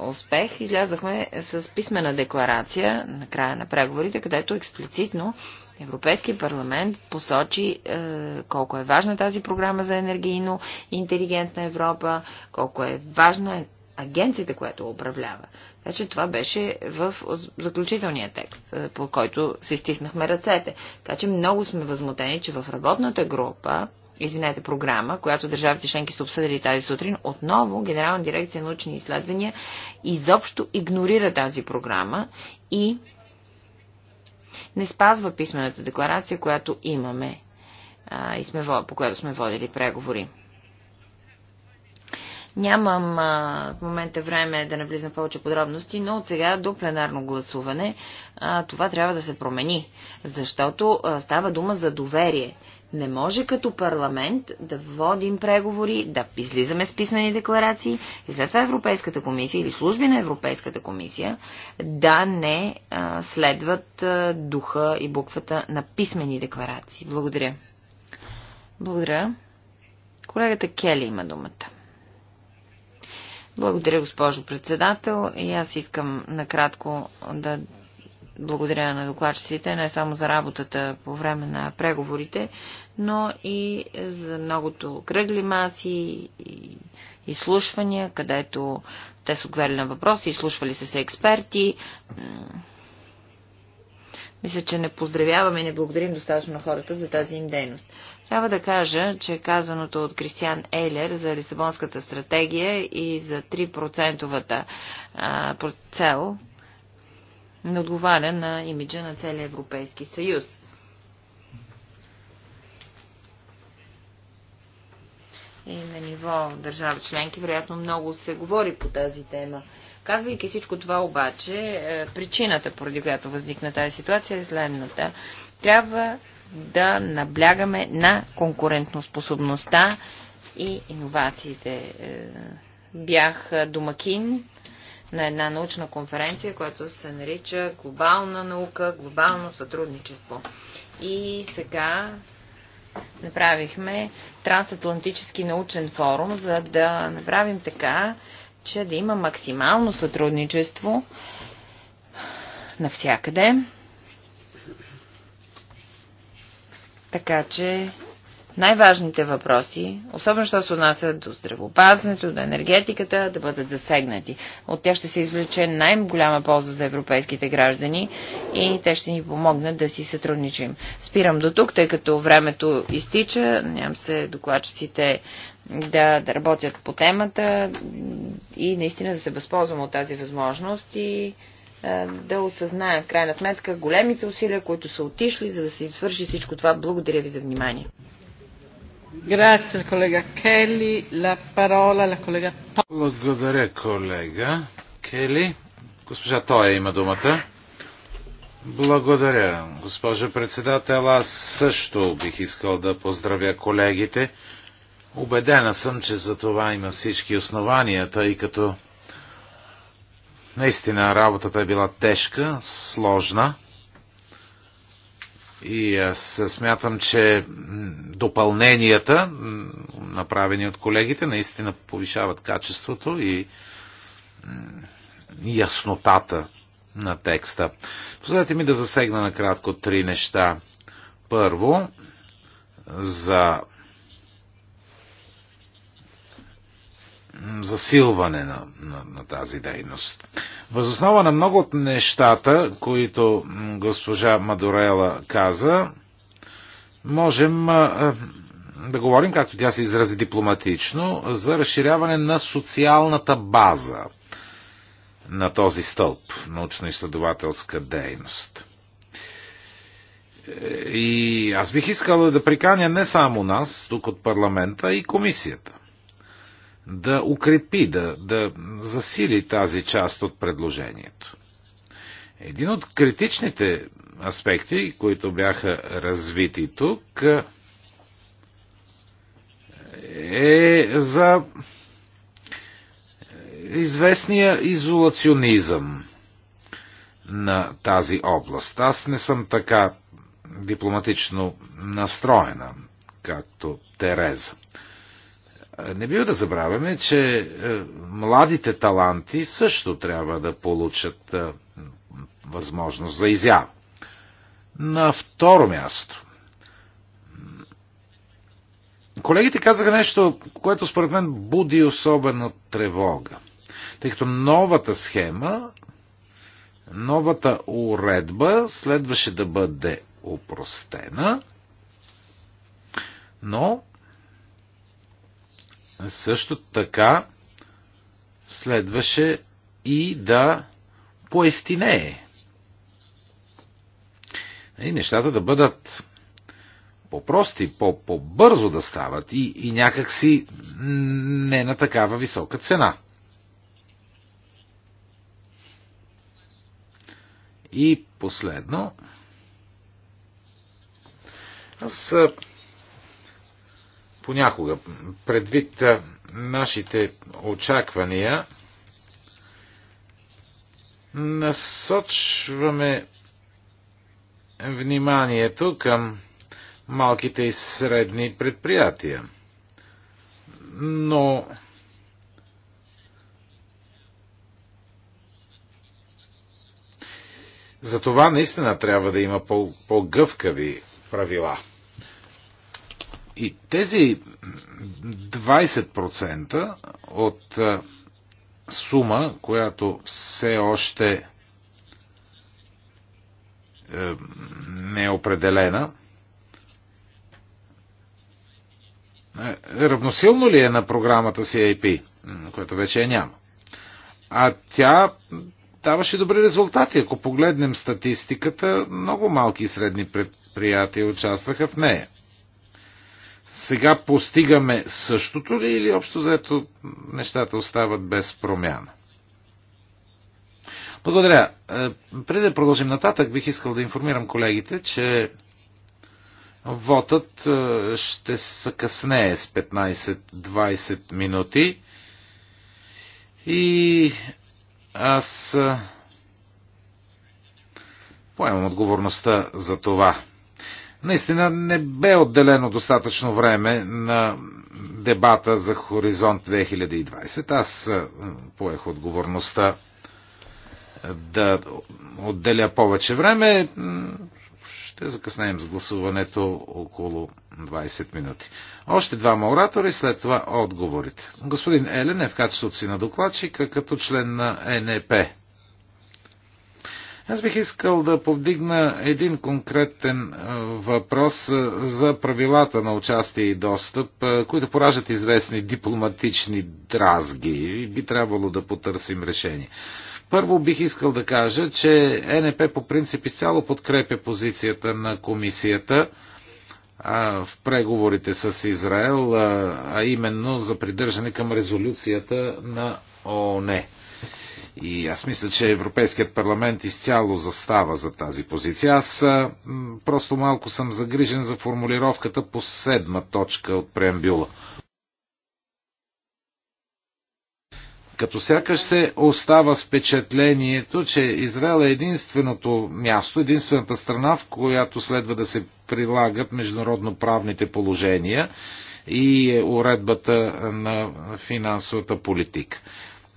успех. Излязахме с писмена декларация на края на преговорите, където експлицитно Европейския парламент посочи е, колко е важна тази програма за енергийно и интелигентна Европа, колко е важна агенцията, която управлява. Така че това беше в заключителния текст, е, по който се стиснахме ръцете. Така че много сме възмутени, че в работната група, извинете, програма, която държавите членки са обсъдили тази сутрин, отново Генерална дирекция научни изследвания изобщо игнорира тази програма и не спазва писмената декларация, която имаме а, и сме, по която сме водили преговори. Нямам а, в момента време да навлизам в повече подробности, но от сега до пленарно гласуване а, това трябва да се промени, защото а, става дума за доверие. Не може като парламент да водим преговори, да излизаме с писмени декларации и след това Европейската комисия или служби на Европейската комисия да не а, следват а, духа и буквата на писмени декларации. Благодаря. Благодаря. Колегата Кели има думата. Благодаря, госпожо председател. И аз искам накратко да благодаря на докладчиците, не само за работата по време на преговорите, но и за многото кръгли маси и изслушвания, където те са отговаряли на въпроси, изслушвали се се експерти. Мисля, че не поздравяваме и не благодарим достатъчно на хората за тази им дейност. Трябва да кажа, че казаното от Кристиан Ейлер за Лисабонската стратегия и за 3 цел не отговаря на имиджа на целия Европейски съюз. И на ниво държава, членки, вероятно, много се говори по тази тема. Казвайки всичко това обаче, е, причината, поради която възникна тази ситуация, е следната. Трябва да наблягаме на конкурентноспособността и иновациите. Е, бях домакин на една научна конференция, която се нарича Глобална наука, глобално сътрудничество. И сега направихме трансатлантически научен форум, за да направим така, че да има максимално сътрудничество навсякъде Така че най-важните въпроси, особено що се отнасят до здравеопазването, до енергетиката, да бъдат засегнати. От тях ще се извлече най-голяма полза за европейските граждани и те ще ни помогнат да си сътрудничим. Спирам до тук, тъй като времето изтича. Нямам се докладчиците да, да работят по темата и наистина да се възползвам от тази възможност и е, да осъзнаем в крайна сметка големите усилия, които са отишли, за да се свърши всичко това. Благодаря ви за внимание. Колега Кели, Kelly. La parola la Благодаря, колега Кели. Госпожа Тоя има думата. Благодаря, госпожа председател. Аз също бих искал да поздравя колегите. Убедена съм, че за това има всички основания, тъй като Наистина работата е била тежка, сложна. И аз смятам, че допълненията, направени от колегите, наистина повишават качеството и яснотата на текста. Позволете ми да засегна накратко три неща. Първо, за засилване на, на, на тази дейност. Възоснова на много от нещата, които госпожа Мадорела каза, можем а, да говорим, както тя се изрази дипломатично, за разширяване на социалната база на този стълб научно-изследователска дейност. И аз бих искал да приканя не само нас, тук от парламента, и комисията да укрепи, да, да засили тази част от предложението. Един от критичните аспекти, които бяха развити тук, е за известния изолационизъм на тази област. Аз не съм така дипломатично настроена, както Тереза. Не бива да забравяме, че е, младите таланти също трябва да получат е, възможност за изява. На второ място. Колегите казаха нещо, което според мен буди особена тревога. Тъй като новата схема, новата уредба следваше да бъде опростена, но също така следваше и да поевтинее. И нещата да бъдат по-прости, по-бързо -по да стават и, и някакси не на такава висока цена. И последно, аз понякога. Предвид нашите очаквания, насочваме вниманието към малките и средни предприятия. Но за това наистина трябва да има по-гъвкави правила. И тези 20% от сума, която все още е, не е определена, е, равносилно ли е на програмата CIP, която вече я няма? А тя даваше добри резултати. Ако погледнем статистиката, много малки и средни предприятия участваха в нея. Сега постигаме същото ли или общо заето нещата остават без промяна? Благодаря. Е, преди да продължим нататък, бих искал да информирам колегите, че Вотът е, ще се съкъснее с 15-20 минути. И аз е, поемам отговорността за това. Наистина не бе отделено достатъчно време на дебата за Хоризонт 2020. Аз е, поех отговорността е, да отделя повече време. Ще закъснем с гласуването около 20 минути. Още двама оратори, след това отговорите. Господин Елен е в качеството си на докладчика като член на НЕП. Аз бих искал да повдигна един конкретен въпрос за правилата на участие и достъп, които поражат известни дипломатични дразги и би трябвало да потърсим решение. Първо бих искал да кажа, че НП по принцип изцяло подкрепя позицията на комисията в преговорите с Израел, а именно за придържане към резолюцията на ООН. И аз мисля, че Европейският парламент изцяло застава за тази позиция. Аз просто малко съм загрижен за формулировката по седма точка от преамбюла. Като сякаш се остава с впечатлението, че Израел е единственото място, единствената страна, в която следва да се прилагат международно-правните положения и уредбата на финансовата политика.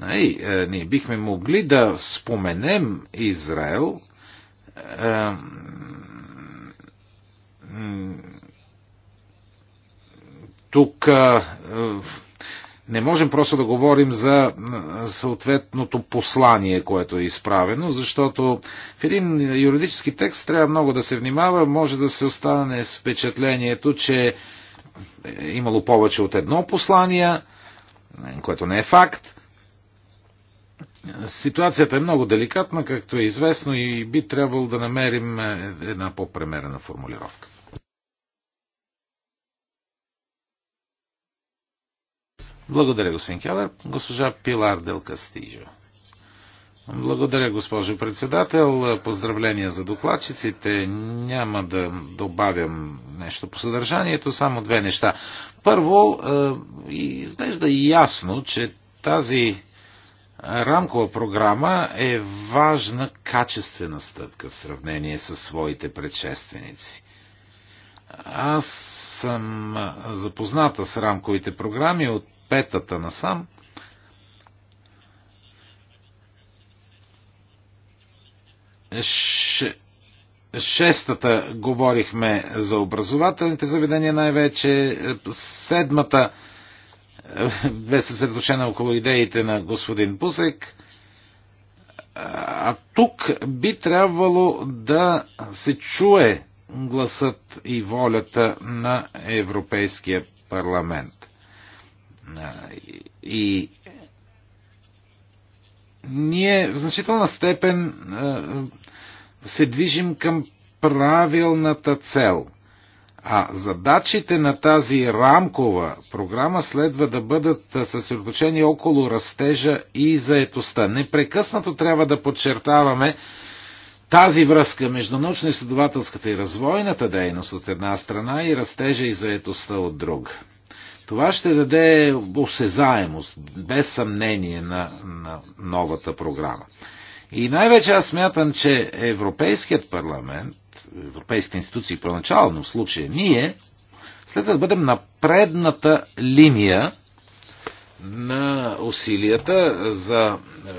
Нали, ние бихме могли да споменем Израел е, тук е, не можем просто да говорим за съответното послание, което е изправено, защото в един юридически текст трябва много да се внимава, може да се остане с впечатлението, че е имало повече от едно послание, което не е факт, Ситуацията е много деликатна, както е известно, и би трябвало да намерим е, една по-премерена формулировка. Благодаря, господин Келер. Госпожа Пилар Дел Кастижо. Благодаря, госпожо председател. Поздравления за докладчиците. Няма да добавям нещо по съдържанието, само две неща. Първо, е, изглежда ясно, че тази Рамкова програма е важна качествена стъпка в сравнение с своите предшественици. Аз съм запозната с рамковите програми от петата насам. Ш... Шестата говорихме за образователните заведения най-вече, седмата бе съсредоточена около идеите на господин Пусек. А тук би трябвало да се чуе гласът и волята на Европейския парламент. И ние в значителна степен се движим към правилната цел – а задачите на тази рамкова програма следва да бъдат съсредоточени около растежа и заетостта. Непрекъснато трябва да подчертаваме тази връзка между научно-изследователската и развойната дейност от една страна и растежа и заетостта от друга. Това ще даде осезаемост, без съмнение, на, на новата програма. И най-вече аз смятам, че Европейският парламент европейските институции проначално в случая ние, следва да бъдем на предната линия на усилията за е,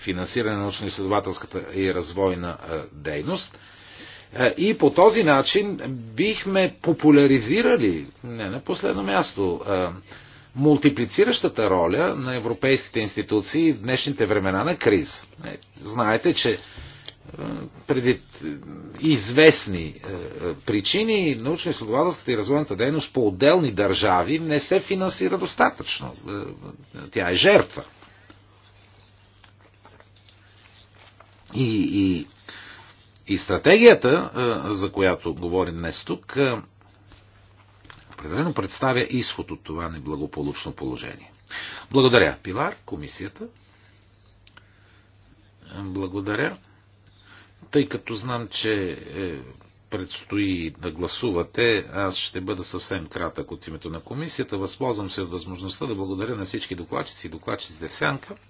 финансиране на научно-изследователската и развойна е, дейност. Е, и по този начин бихме популяризирали, не на последно място, мултиплициращата роля на европейските институции в днешните времена на криз. Знаете, че преди известни е, причини, научно-изследователската и развойната дейност по отделни държави не се финансира достатъчно. Е, тя е жертва. И, и, и стратегията, е, за която говорим днес тук, определено представя изход от това неблагополучно положение. Благодаря, Пилар, комисията. Благодаря. Тъй като знам, че е, предстои да гласувате, аз ще бъда съвсем кратък от името на комисията. Възползвам се от възможността да благодаря на всички докладчици и докладчици Десянка Сянка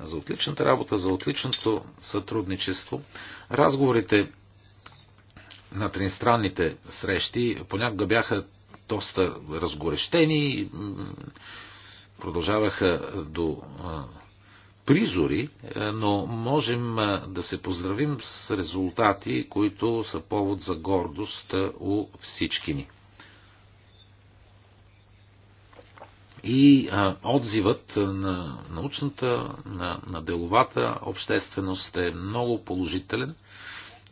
за отличната работа, за отличното сътрудничество. Разговорите на тринстранните срещи понякога бяха доста разгорещени, продължаваха до призори, е, но можем е, да се поздравим с резултати, които са повод за гордост е, у всички ни. И а, отзивът на научната, на, на деловата общественост е много положителен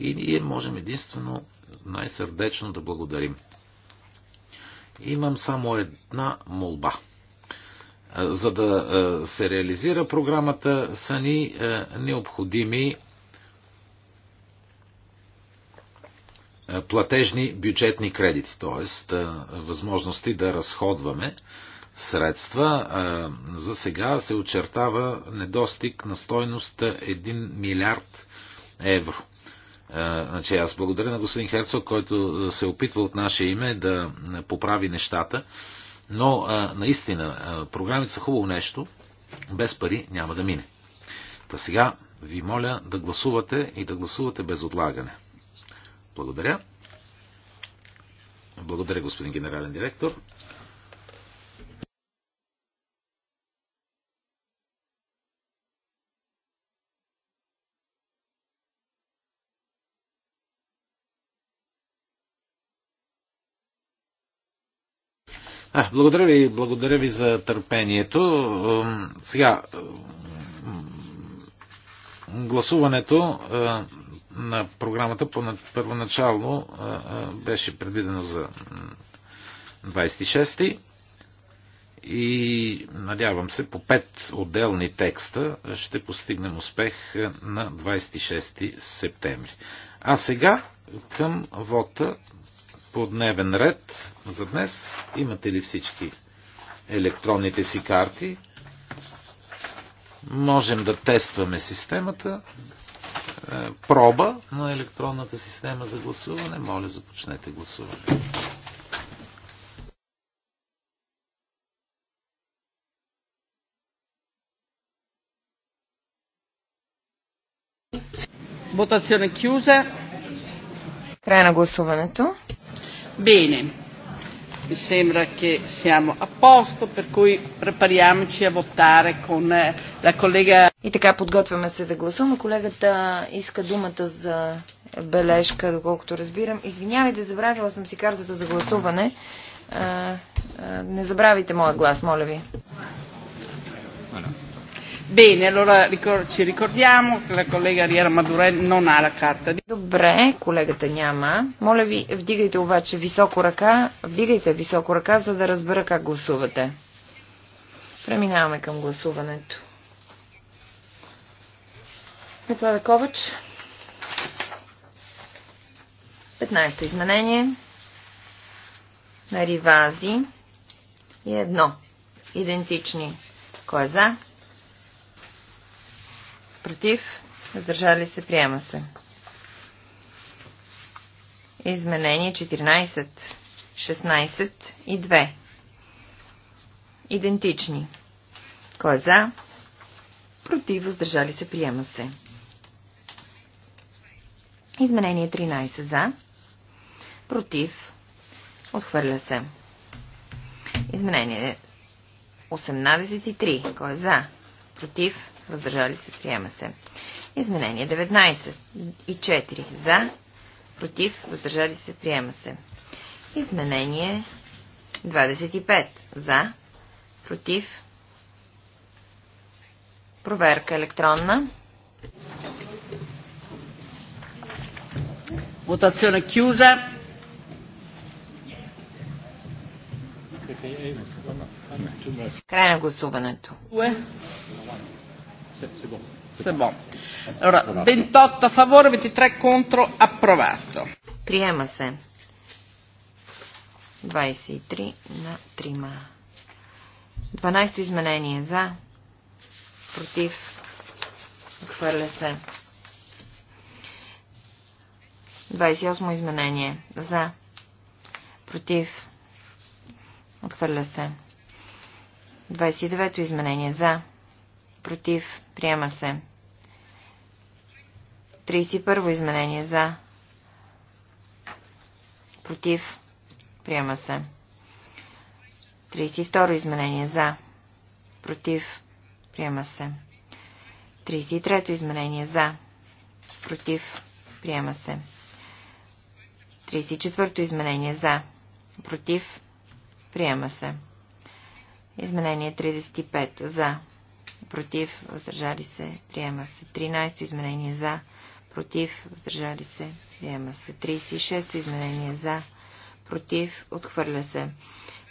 и ние можем единствено най-сърдечно да благодарим. Имам само една молба – за да се реализира програмата са ни необходими платежни бюджетни кредити, т.е. възможности да разходваме средства. За сега се очертава недостиг на стойност 1 милиард евро. Значи аз благодаря на господин Херцог, който се опитва от наше име да поправи нещата но а, наистина, а, програмите са хубаво нещо, без пари няма да мине. Та сега ви моля да гласувате и да гласувате без отлагане. Благодаря. Благодаря, господин генерален директор. А, благодаря ви, благодаря ви за търпението. Сега, гласуването на програмата по първоначално беше предвидено за 26-ти и надявам се по пет отделни текста ще постигнем успех на 26 септември. А сега към вота по дневен ред за днес. Имате ли всички електронните си карти? Можем да тестваме системата. Е, проба на електронната система за гласуване. Моля, започнете гласуване. Votazione chiusa. Край на гласуването. Bene, mi sembra che siamo a posto, per cui prepariamoci a votare con eh, la collega. И така подготвяме се да гласуваме. Колегата иска думата за бележка, доколкото разбирам. Извинявайте, забравила съм си картата за гласуване. Не забравяйте моят глас, моля ви. Voilà. Bene, allora ricor- ci ricordiamo che la collega Riera Maduren non ha la carta. Добре, колегата няма. Моля ви, вдигайте обаче високо ръка, вдигайте високо ръка, за да разбера как гласувате. Преминаваме към гласуването. Метлада Ковач. 15-то изменение. На Ривази. И едно. Идентични. Кой е за? против, въздържали се, приема се. Изменение 14, 16 и 2. Идентични. Кой е за? Против, въздържали се, приема се. Изменение 13 за. Против. Отхвърля се. Изменение 18 и 3. Кой е за? Против въздържали се, приема се. Изменение 19 и 4 за, против, въздържали се, приема се. Изменение 25 за, против, проверка електронна. Votazione chiusa. Край на гласуването. C'est Allora, 28 a favore, 23 contro, approvato. Приема се. 23 на 3. 12 изменение за, против, отхвърля се. 28 изменение за, против, отхвърля се. 29 изменение за, Против. Приема се. 31 изменение. За. Против. Приема се. 32 изменение. За. Против. Приема се. 33 изменение. За. Против. Приема се. 34 изменение. За. Против. Приема се. Изменение 35. За против, въздържали се, приема се. 13-то изменение за, против, въздържали се, приема се. 36-то изменение за, против, отхвърля се.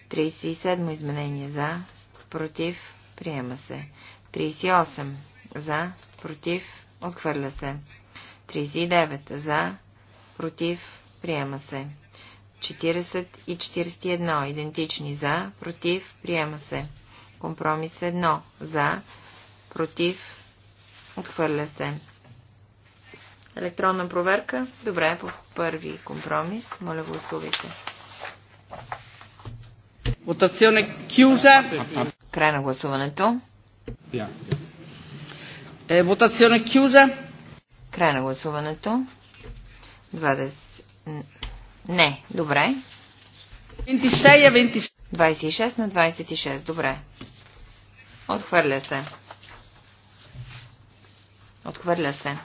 37-то изменение за, против, приема се. 38 за, против, отхвърля се. 39 за, против, приема се. 40 и 41 идентични за, против, приема се. Компромис 1 за, против, отхвърля се. Електронна проверка. Добре, по първи компромис. Моля, гласувайте. Votazione кюза. Край на гласуването. Е, votazione кюза. Край на гласуването. 20... Не, добре. 26 на 26, добре. Отхвърля се. Отхвърля се.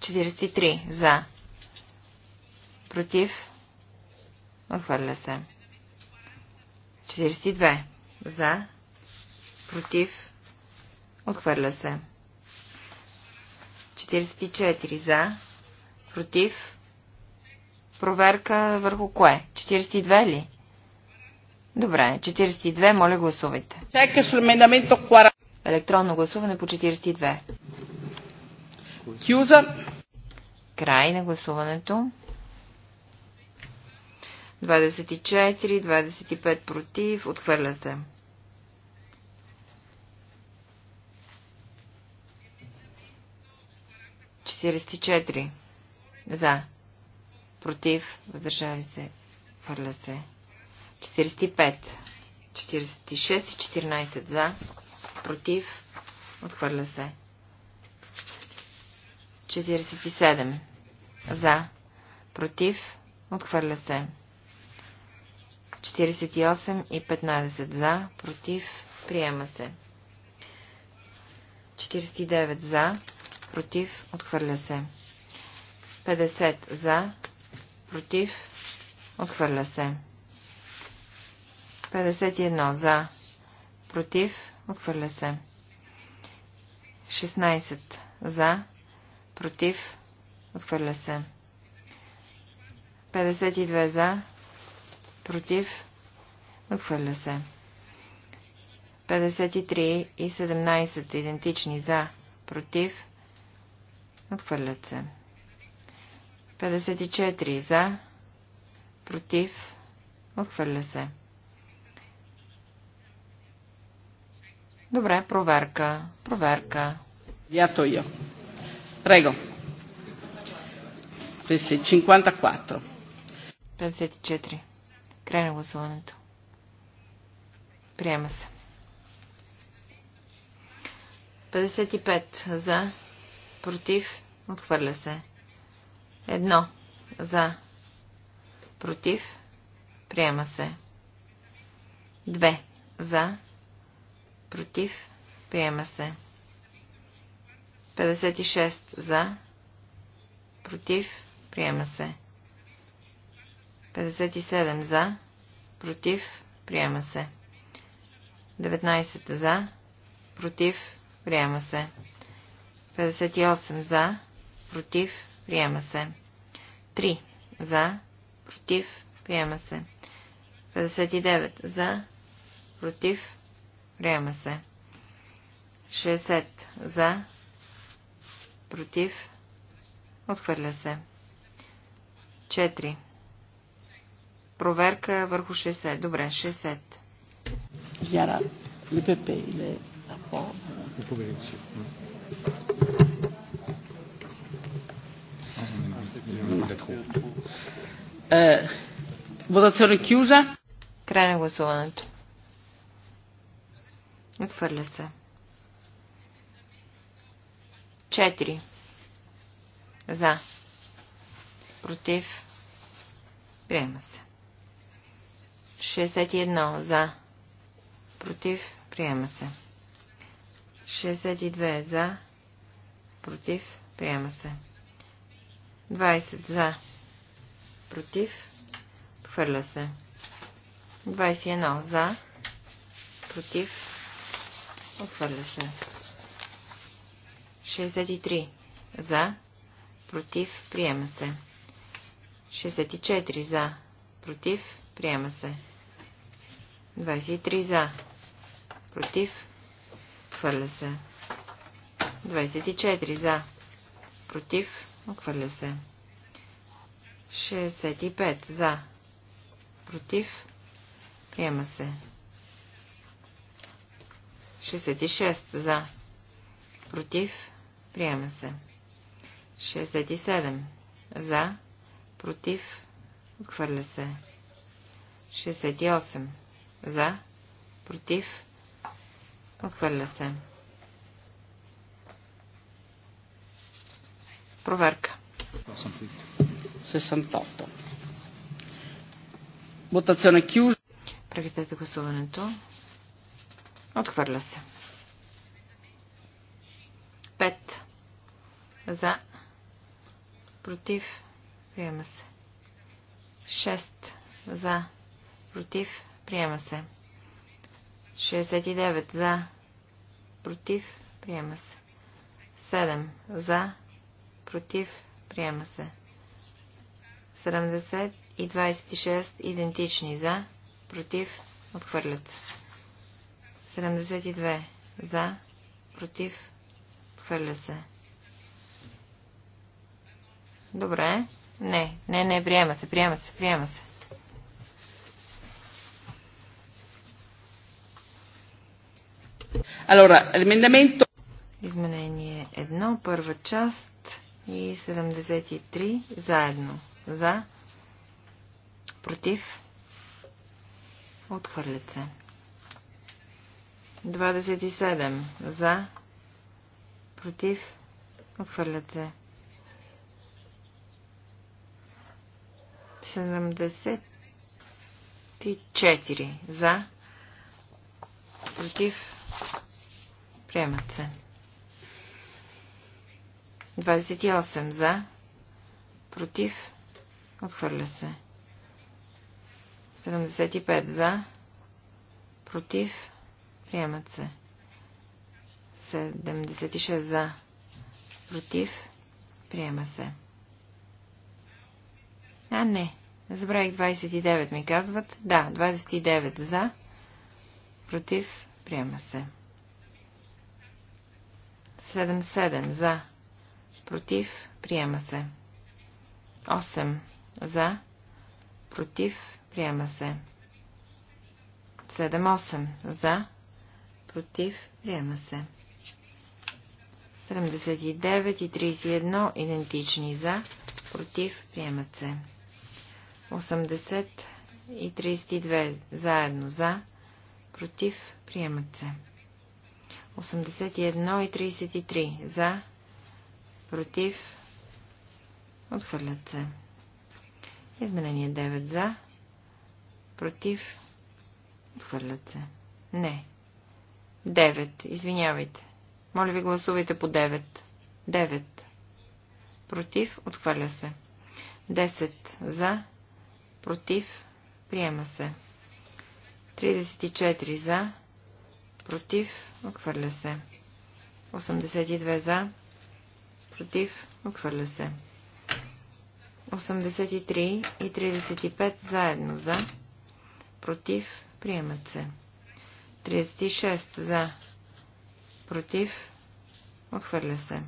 43 за. Против. Отхвърля се. 42 за. Против. Отхвърля се. 44 за. Против. Проверка върху кое? 42 ли? Добре, 42, моля гласувайте. Чека с 40. Електронно гласуване по 42. Кюза. Край на гласуването. 24, 25 против. Отхвърля се. За. Против. Въздържали се. Хвърля се. 45. 46 и 14 за. Против. Отхвърля се. 47. За. Против. Отхвърля се. 48 и 15. За. Против. Приема се. 49. За. Против. Отхвърля се. 50. За. Против. Отхвърля се. 51. За. Против. Отхвърля се. 16. За. Против. Отхвърля се. 52 за. Против. Отхвърля се. 53 и 17 идентични за. Против. Отхвърлят се. 54 за. Против. Отхвърля се. Добре, проверка. Проверка. Я то я. Прего. 54. 54. Край на гласуването. Приема се. 55 за, против, отхвърля се. Едно за, против, приема се. Две за, Против. Приема се. 56 за. Против. Приема се. 57 за. Против. Приема се. 19 за. Против. Приема се. 58 за. Против. Приема се. 3 за. Против. Приема се. 59 за. Против. Приема се. 60 за. Против. Отхвърля се. 4. Проверка върху 60. Добре, 60. Яра, ЛПП или АПО? Votazione chiusa. Край на гласуването. Отвърля се. 4. За. Против. Приема се. 61. За. Против. Приема се. 62. За. Против. Приема се. 20. За. Против. Отхвърля се. 21. За. Против. Отхвърля се. 63. За. Против. Приема се. 64. За. Против. Приема се. 23. За. Против. Отхвърля се. 24. За. Против. Отхвърля се. 65. За. Против. Приема се. 66 за. Против. Приема се. 67 за. Против. Отхвърля се. 68 за. Против. Отхвърля се. Проверка. 68. на кюж. Прекратете гласуването. Отхвърля се. 5 за. Против. Приема се. 6 за. Против. Приема се. 69 за. Против. Приема се. 7 за. Против. Приема се. 70 и 26 идентични за. Против. Отхвърлят се. 72. За. Против. Хвърля се. Добре. Не, не, не, приема се, приема се, приема се. Allora, Изменение 1, първа част и 73 заедно. За, против, отхвърлят се. 27. За. Против. Отхвърлят се. 74. За. Против. Приемат се. 28. За. Против. Отхвърля се. 75. За. Против. Приемат се. 76 за. Против. Приема се. А, не. Забравих 29, ми казват. Да, 29 за. Против. Приема се. 77 за. Против. Приема се. 8 за. Против. Приема се. 7-8 за против, приема се. 79 и 31 идентични за, против, приемат се. 80 и 32 заедно за, против, приемат се. 81 и 33 за, против, отхвърлят се. Изменение 9 за, против, отхвърлят се. Не, 9. Извинявайте. Моля ви, гласувайте по 9. 9. Против. Отхвърля се. 10. За. Против. Приема се. 34. За. Против. Отхвърля се. 82. За. Против. Отхвърля се. 83 и 35 заедно за. Против. Приемат се. 36 за. Против. Отхвърля се.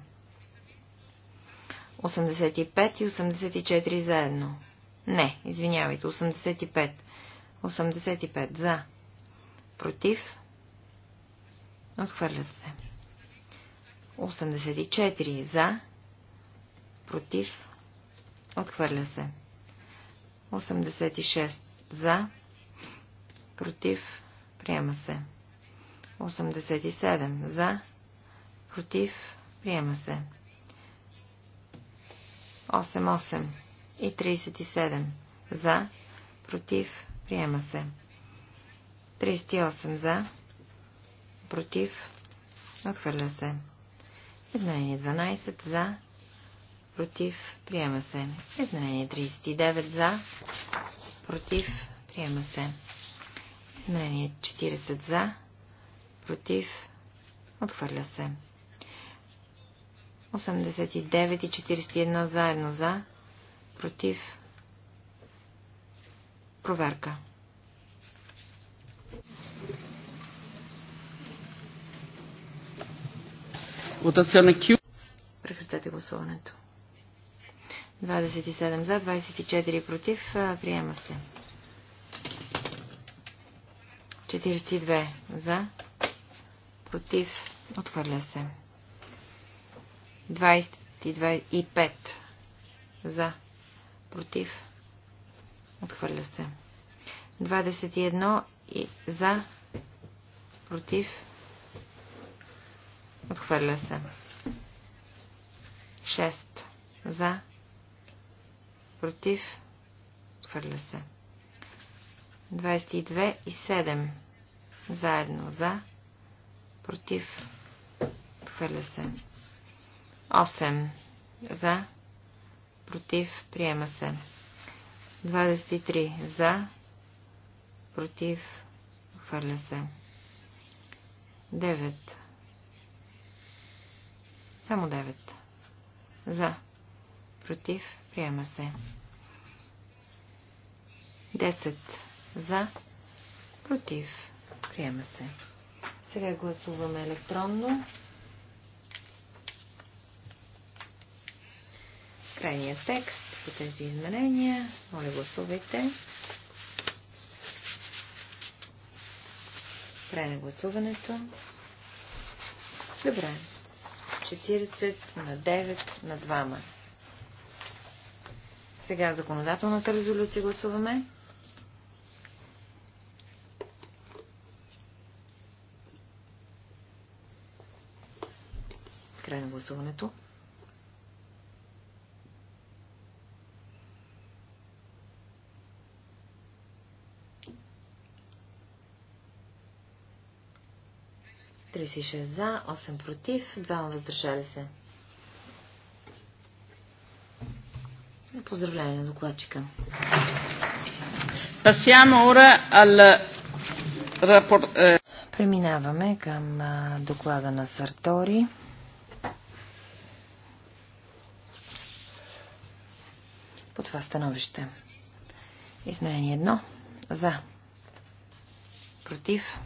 85 и 84 заедно. Не, извинявайте, 85. 85 за. Против. Отхвърлят се. 84 за. Против. Отхвърля се. 86 за. Против. Приема се. 87. За. Против. Приема се. 88 и 37. За. Против. Приема се. 38 за. Против. Отхвърля се. Изменение 12 за. Против. Приема се. Изменение 39 за. Против. Приема се. Мнение 40 за, против, отхвърля се. 89 и 41 заедно за, против, проверка. Votazione Прекратете гласуването. 27 за, 24 против. Приема се. 42 за, против, отхвърля се. 22 и 5 за, против, отхвърля се. 21 и за, против, отхвърля се. 6 за, против, отхвърля се. 22 и 7. Заедно за. Против. Хвърля се. 8. За. Против. Приема се. 23. За. Против. Хвърля се. 9. Само 9. За. Против. Приема се. 10 за. Против. Приема се. Сега гласуваме електронно. Крайният текст по тези изменения. Моля, гласувайте. Край на гласуването. Добре. 40 на 9 на 2. Сега законодателната резолюция гласуваме. гласуването. Тридесет за, 8 против, 2 въздържали се. Поздравление на докладчика. Е. Преминаваме към доклада на Сартори. по това становище. Изменение едно. За. Против.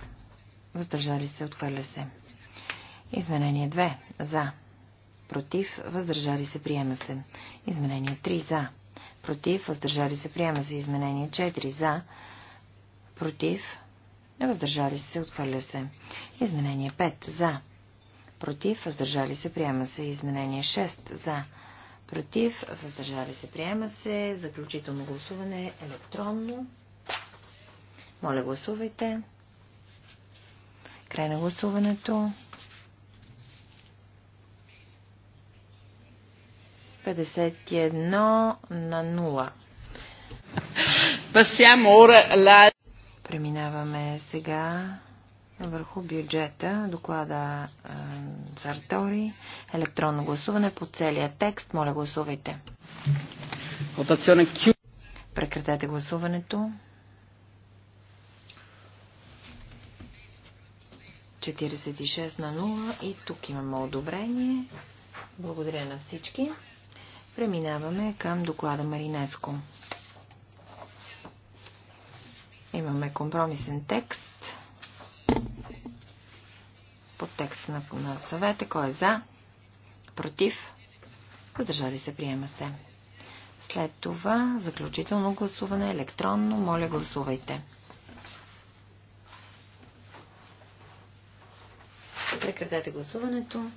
Въздържали се. Отхвърля се. Изменение 2. За. Против. Въздържали се. Приема се. Изменение 3. За. Против. Въздържали се. Приема се. Изменение 4. За. Против. Въздържали се. Отхвърля се. Изменение 5. За. Против. Въздържали се. Приема се. Изменение 6. За против, въздържали се, приема се. Заключително гласуване електронно. Моля, гласувайте. Край на гласуването. 51 на 0. Пасямо, ora ла. Преминаваме сега върху бюджета, доклада Сартори, електронно гласуване по целия текст. Моля, гласувайте. Прекратете гласуването. 46 на 0 и тук имаме одобрение. Благодаря на всички. Преминаваме към доклада Маринеско. Имаме компромисен текст по текста на, на съвета. Кой е за? Против? Въздържали се, приема се. След това заключително гласуване електронно. Моля, гласувайте. Прекратете гласуването.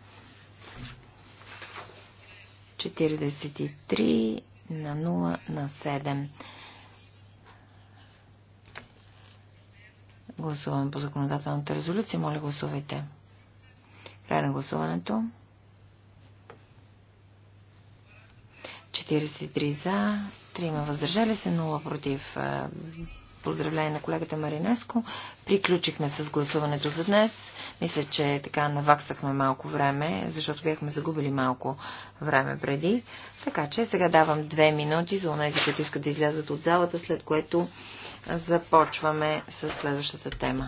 43 на 0 на 7. Гласуваме по законодателната резолюция. Моля, гласувайте. Край на гласуването. 43 за, 3 въздържали се, 0 против. Е, поздравление на колегата Маринеско. Приключихме с гласуването за днес. Мисля, че така наваксахме малко време, защото бяхме загубили малко време преди. Така че сега давам 2 минути за онези, които искат да излязат от залата, след което започваме с следващата тема.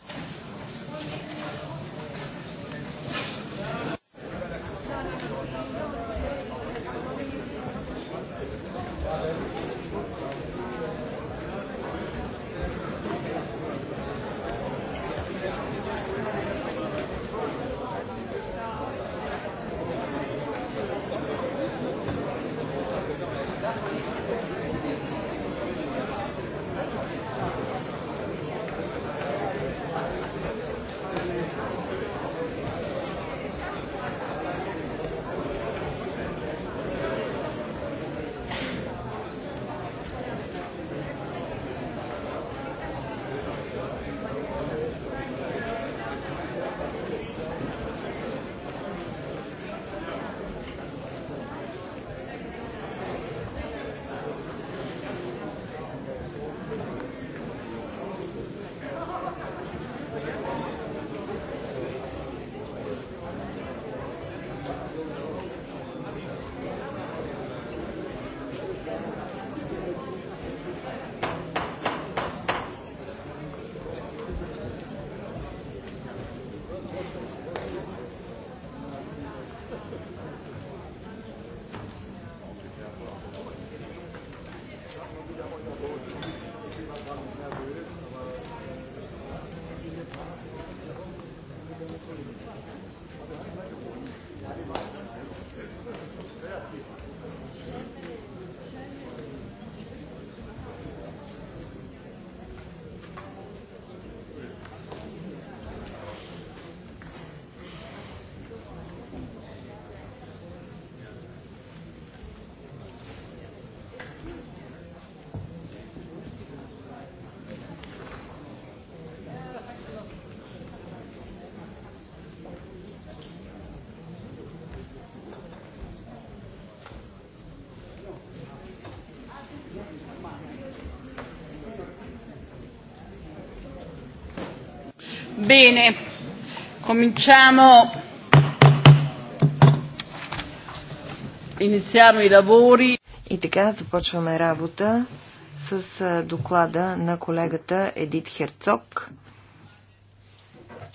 Bene, cominciamo. Iniziamo i lavori. И така започваме работа с доклада на колегата Едит Херцог.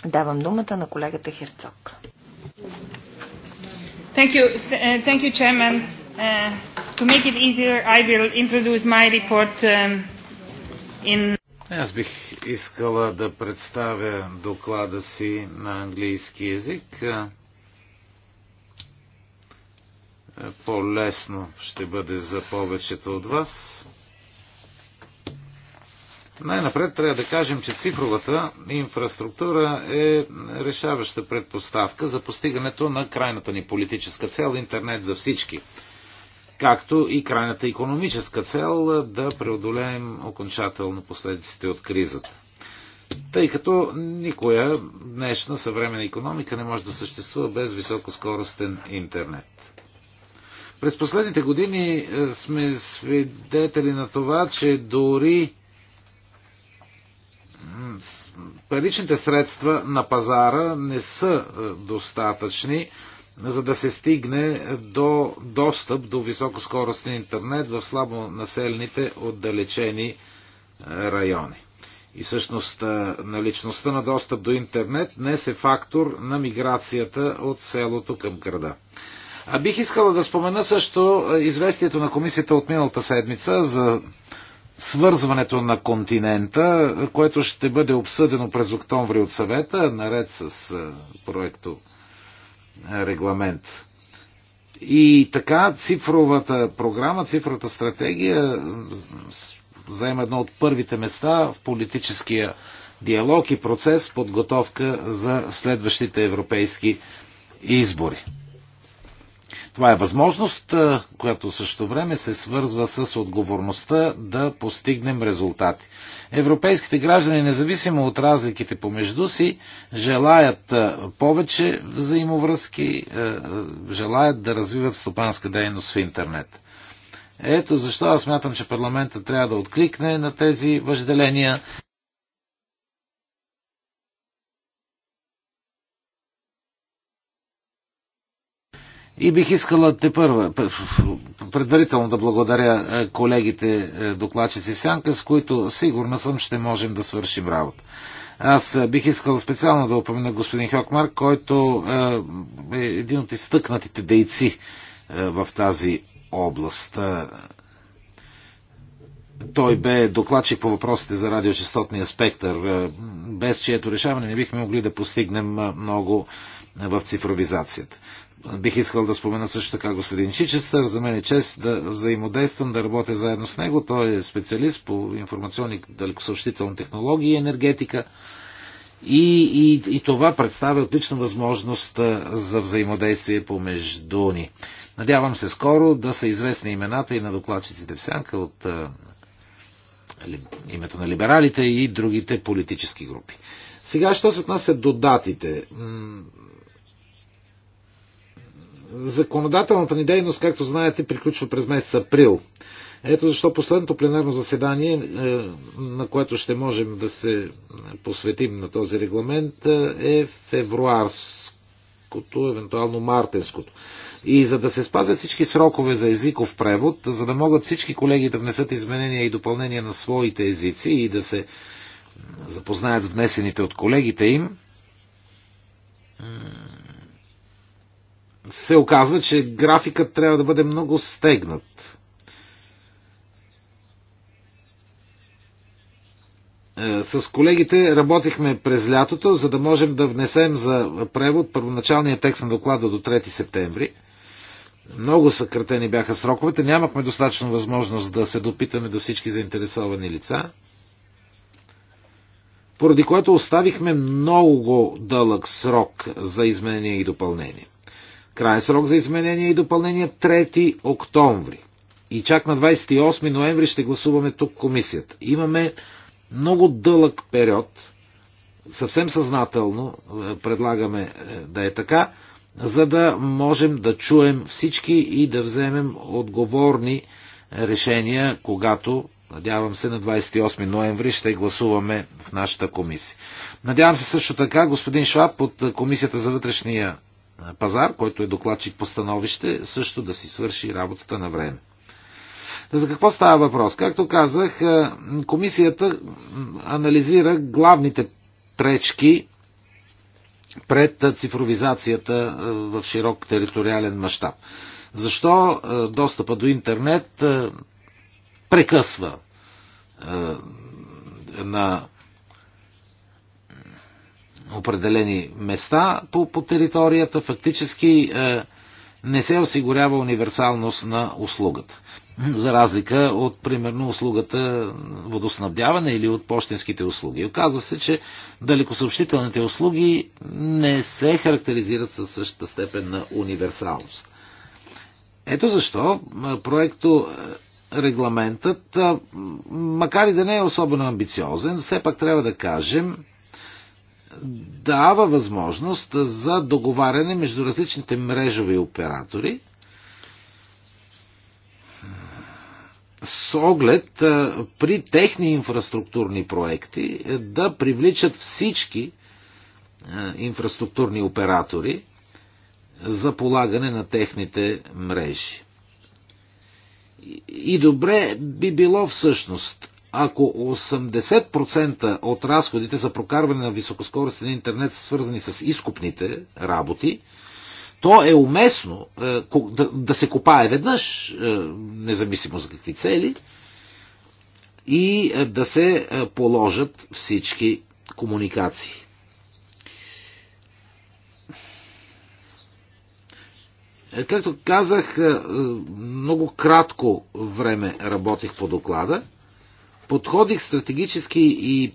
Давам думата на колегата Херцог. Thank you, uh, thank you, Chairman. Uh, to make it easier, I will introduce my report um, in аз бих искала да представя доклада си на английски язик. По-лесно ще бъде за повечето от вас. Най-напред трябва да кажем, че цифровата инфраструктура е решаваща предпоставка за постигането на крайната ни политическа цел интернет за всички – както и крайната економическа цел да преодолеем окончателно последиците от кризата. Тъй като никоя днешна съвременна економика не може да съществува без високоскоростен интернет. През последните години сме свидетели на това, че дори паричните средства на пазара не са достатъчни за да се стигне до достъп до високоскоростен интернет в слабо населените отдалечени е, райони. И всъщност е, наличността на достъп до интернет днес е фактор на миграцията от селото към града. А бих искала да спомена също е, известието на комисията от миналата седмица за свързването на континента, което ще бъде обсъдено през октомври от съвета, наред с проекто регламент. И така цифровата програма, цифровата стратегия заема едно от първите места в политическия диалог и процес подготовка за следващите европейски избори. Това е възможност, която също време се свързва с отговорността да постигнем резултати. Европейските граждани, независимо от разликите помежду си, желаят повече взаимовръзки, желаят да развиват стопанска дейност в интернет. Ето защо аз мятам, че парламента трябва да откликне на тези въжделения. И бих искала те първа, предварително да благодаря е, колегите е, докладчици в Сянка, с които сигурна съм ще можем да свършим работа. Аз е, бих искал специално да упомена господин Хокмар, който е един от изтъкнатите дейци в тази област. Той бе докладчик по въпросите за радиочастотния спектър, без чието решаване не бихме могли да постигнем много в цифровизацията. Бих искал да спомена също така господин Чичестър. За мен е чест да взаимодействам, да работя заедно с него. Той е специалист по информационни далекосъобщителни технологии и енергетика. И, и, и това представя отлична възможност за взаимодействие помежду ни. Надявам се скоро да са известни имената и на докладчиците в сянка от името на либералите и другите политически групи. Сега, що се отнася до датите? Законодателната ни дейност, както знаете, приключва през месец април. Ето защо последното пленарно заседание, е, на което ще можем да се посветим на този регламент, е, е февруарското, евентуално мартенското. И за да се спазят всички срокове за езиков превод, за да могат всички колеги да внесат изменения и допълнения на своите езици и да се запознаят с внесените от колегите им, се оказва, че графикът трябва да бъде много стегнат. Е, с колегите работихме през лятото, за да можем да внесем за превод първоначалния текст на доклада до 3 септември. Много съкратени бяха сроковете, нямахме достатъчно възможност да се допитаме до всички заинтересовани лица, поради което оставихме много дълъг срок за изменение и допълнение. Крайен срок за изменение и допълнение 3 октомври. И чак на 28 ноември ще гласуваме тук комисията. Имаме много дълъг период. Съвсем съзнателно е, предлагаме е, да е така, за да можем да чуем всички и да вземем отговорни е, решения, когато, надявам се, на 28 ноември ще гласуваме в нашата комисия. Надявам се също така господин Шваб от Комисията за вътрешния пазар, който е докладчик по становище, също да си свърши работата на време. За какво става въпрос? Както казах, комисията анализира главните пречки пред цифровизацията в широк териториален мащаб. Защо достъпа до интернет прекъсва на определени места по, по територията, фактически е, не се осигурява универсалност на услугата. За разлика от, примерно, услугата водоснабдяване или от почтенските услуги. Оказва се, че далекосъобщителните услуги не се характеризират със същата степен на универсалност. Ето защо е, проекто е, регламентът, е, макар и да не е особено амбициозен, все пак трябва да кажем, дава възможност за договаряне между различните мрежови оператори с оглед при техни инфраструктурни проекти е, да привличат всички инфраструктурни оператори за полагане на техните мрежи. И добре би било всъщност ако 80% от разходите за прокарване на високоскоростен интернет са свързани с изкупните работи, то е уместно е, да се копае веднъж, е, независимо за какви цели, и е, да се положат всички комуникации. Както казах, много кратко време работих по доклада подходих стратегически и,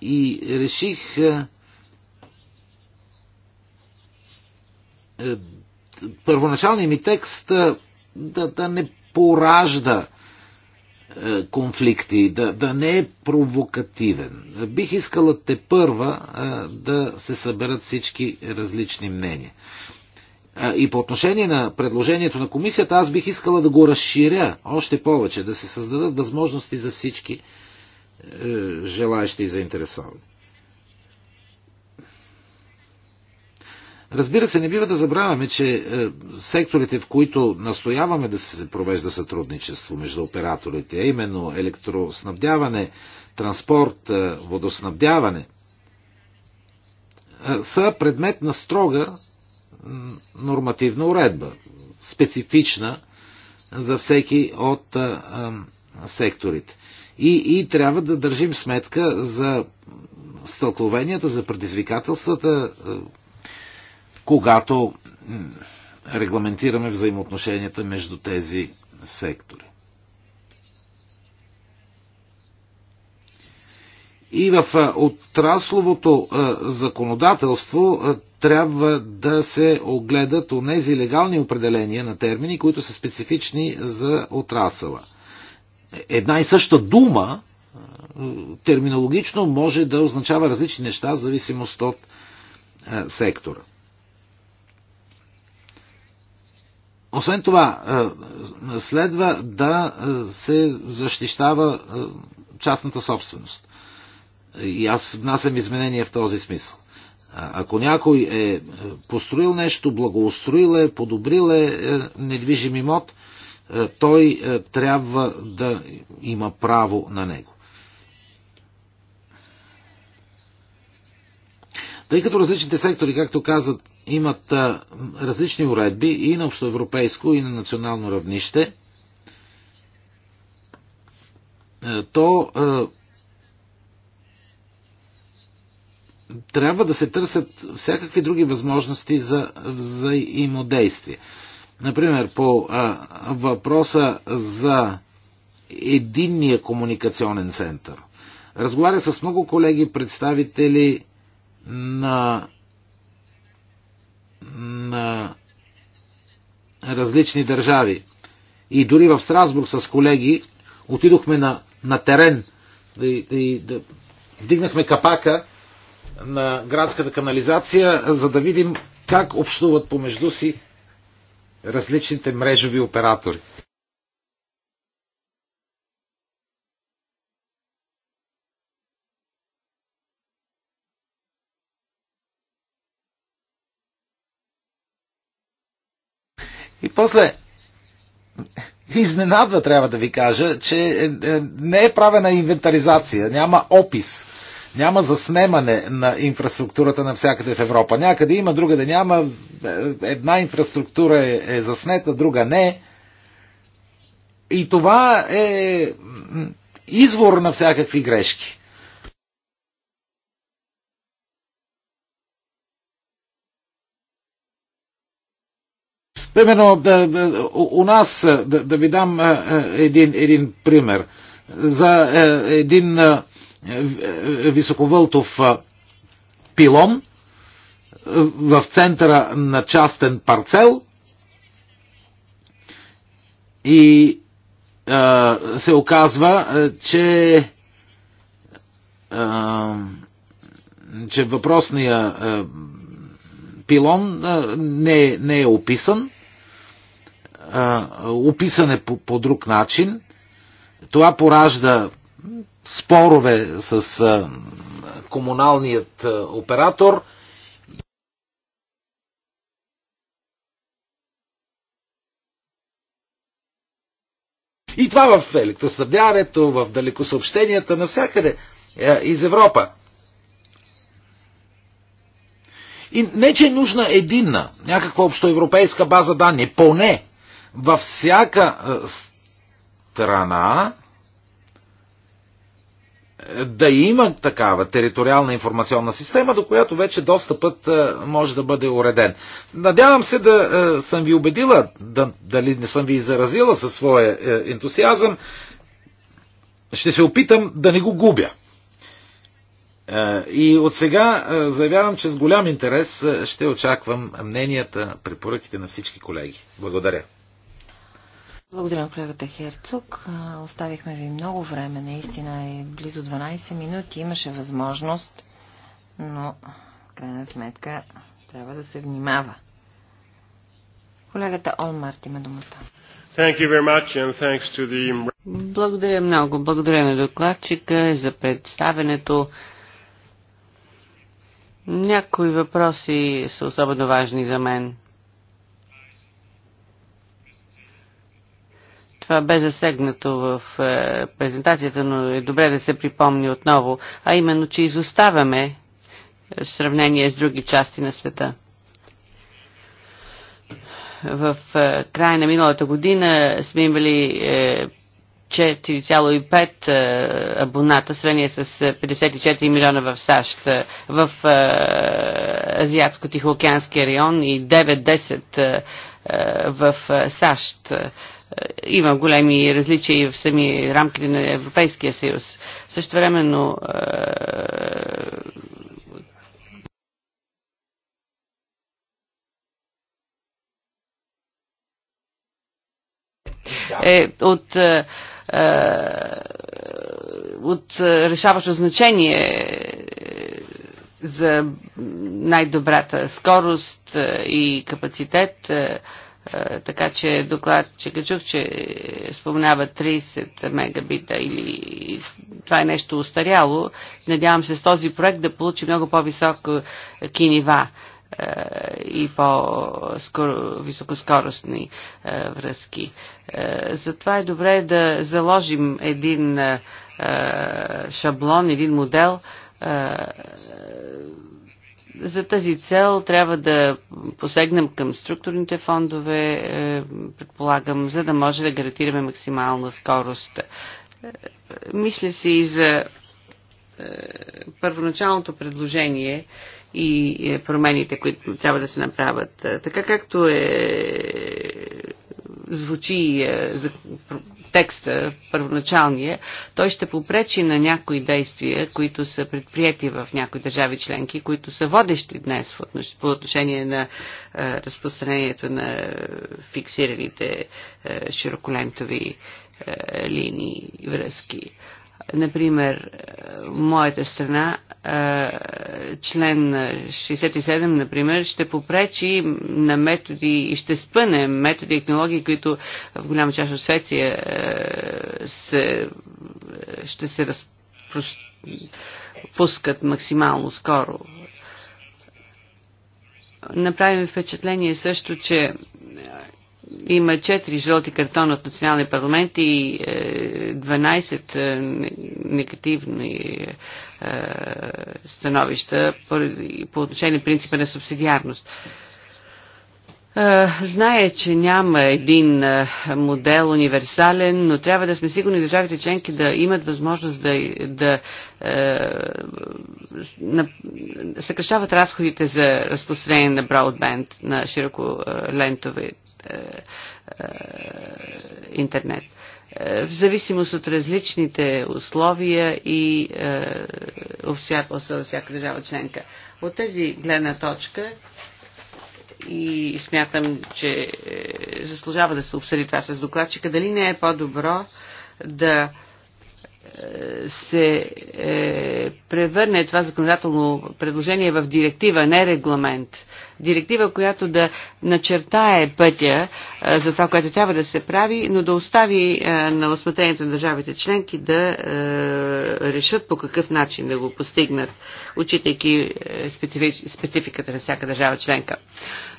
и реших а, е, а, е, първоначалния ми текст а, е, да, да не поражда а, конфликти, да, да не е провокативен. Бих искала те първа а, да се съберат всички различни мнения. И по отношение на предложението на комисията, аз бих искала да го разширя още повече, да се създадат възможности за всички е, желаящи и заинтересовани. Разбира се, не бива да забравяме, че е, секторите, в които настояваме да се провежда сътрудничество между операторите, а именно електроснабдяване, транспорт, е, водоснабдяване, са предмет на строга нормативна уредба, специфична за всеки от секторите. И, и трябва да държим сметка за стълкновенията, за предизвикателствата, когато регламентираме взаимоотношенията между тези сектори. И в отрасловото законодателство трябва да се огледат онези легални определения на термини, които са специфични за отрасъла. Една и съща дума терминологично може да означава различни неща в зависимост от сектора. Освен това, следва да се защищава частната собственост. И аз внасям изменения в този смисъл. Ако някой е, е построил нещо, благоустроил е, подобрил е, е недвижим имот, е, той трябва да има право на него. Тъй като различните сектори, както казат, имат различни уредби и на общоевропейско, и на национално равнище, то трябва да се търсят всякакви други възможности за взаимодействие. Например, по а, въпроса за единния комуникационен център. Разговаря с много колеги, представители на, на различни държави. И дори в Страсбург с колеги отидохме на, на терен да, да, да вдигнахме капака на градската канализация, за да видим как общуват помежду си различните мрежови оператори. И после изненадва, трябва да ви кажа, че е, е, не е правена инвентаризация, няма опис няма заснемане на инфраструктурата навсякъде в Европа. Някъде има, друга да няма. Една инфраструктура е, е заснета, друга не. И това е извор на всякакви грешки. Примерно, да, да, у нас, да, да ви дам един, един пример, за един високовълтов пилон в центъра на частен парцел и се оказва, че че въпросния пилон не, не е описан. Описан е по, по друг начин. Това поражда спорове с комуналният оператор. И това в електроснабдяването, в далекосъобщенията, навсякъде из Европа. И не, че е нужна единна, някаква общоевропейска база данни, поне във всяка страна да има такава териториална информационна система, до която вече достъпът е, може да бъде уреден. Надявам се да е, съм ви убедила, да, дали не съм ви заразила със своя е, ентусиазъм. Ще се опитам да не го губя. И от сега заявявам, че с голям интерес ще очаквам мненията, препоръките на всички колеги. Благодаря. Благодаря, колегата Херцог. Оставихме ви много време, наистина е близо 12 минути. Имаше възможност, но в крайна сметка трябва да се внимава. Колегата Олмарт има думата. The... Благодаря много. Благодаря на докладчика за представенето. Някои въпроси са особено важни за мен. Това бе засегнато в е, презентацията, но е добре да се припомни отново, а именно, че изоставяме е, в сравнение с други части на света в е, края на миналата година сме имали 4,5 абоната, сравнение с 54 милиона в САЩ, в Азиатско-Тихоокеанския район и 9-10 в САЩ има големи различия в сами рамките на Европейския съюз. Също но е, е от, е, е, от решаващо значение за най-добрата скорост е, и капацитет. Е, е, така че доклад, че качух, че споменава 30 мегабита или това е нещо устаряло. Надявам се с този проект да получи много по-високо кинива е, и по-високоскоростни е, връзки. Затова е добре да заложим един шаблон, един модел, за тази цел трябва да посегнем към структурните фондове, е, предполагам, за да може да гарантираме максимална скорост. Е, мисля си и за е, първоначалното предложение и промените, които трябва да се направят. Така както е звучи текста, първоначалния, той ще попречи на някои действия, които са предприяти в някои държави членки, които са водещи днес по отношение на е, разпространението на фиксираните е, широколентови е, линии, и връзки. Например, моята страна, е, член 67, например, ще попречи на методи и ще спъне методи и технологии, които в голяма част от Швеция е, се, ще се разпускат максимално скоро. Направим впечатление също, че има 4 жълти картона от националния парламент и 12 е, е, негативни е, становища по отношение принципа на субсидиарност. Знае, че няма един модел универсален, но трябва да сме сигурни държавите членки да имат възможност да, да на, съкрещават разходите за разпространение на браудбенд, на широко лентови е, е, интернет. Е, в зависимост от различните условия и обстоятелства във всяка държава членка. От тази гледна точка и смятам, че заслужава да се обсъди това с докладчика, дали не е по-добро да се е, превърне това законодателно предложение в директива, не регламент. Директива, която да начертае пътя е, за това, което трябва да се прави, но да остави е, на осмотрението на държавите членки да е, решат по какъв начин да го постигнат, учитайки е, спецификата на всяка държава членка.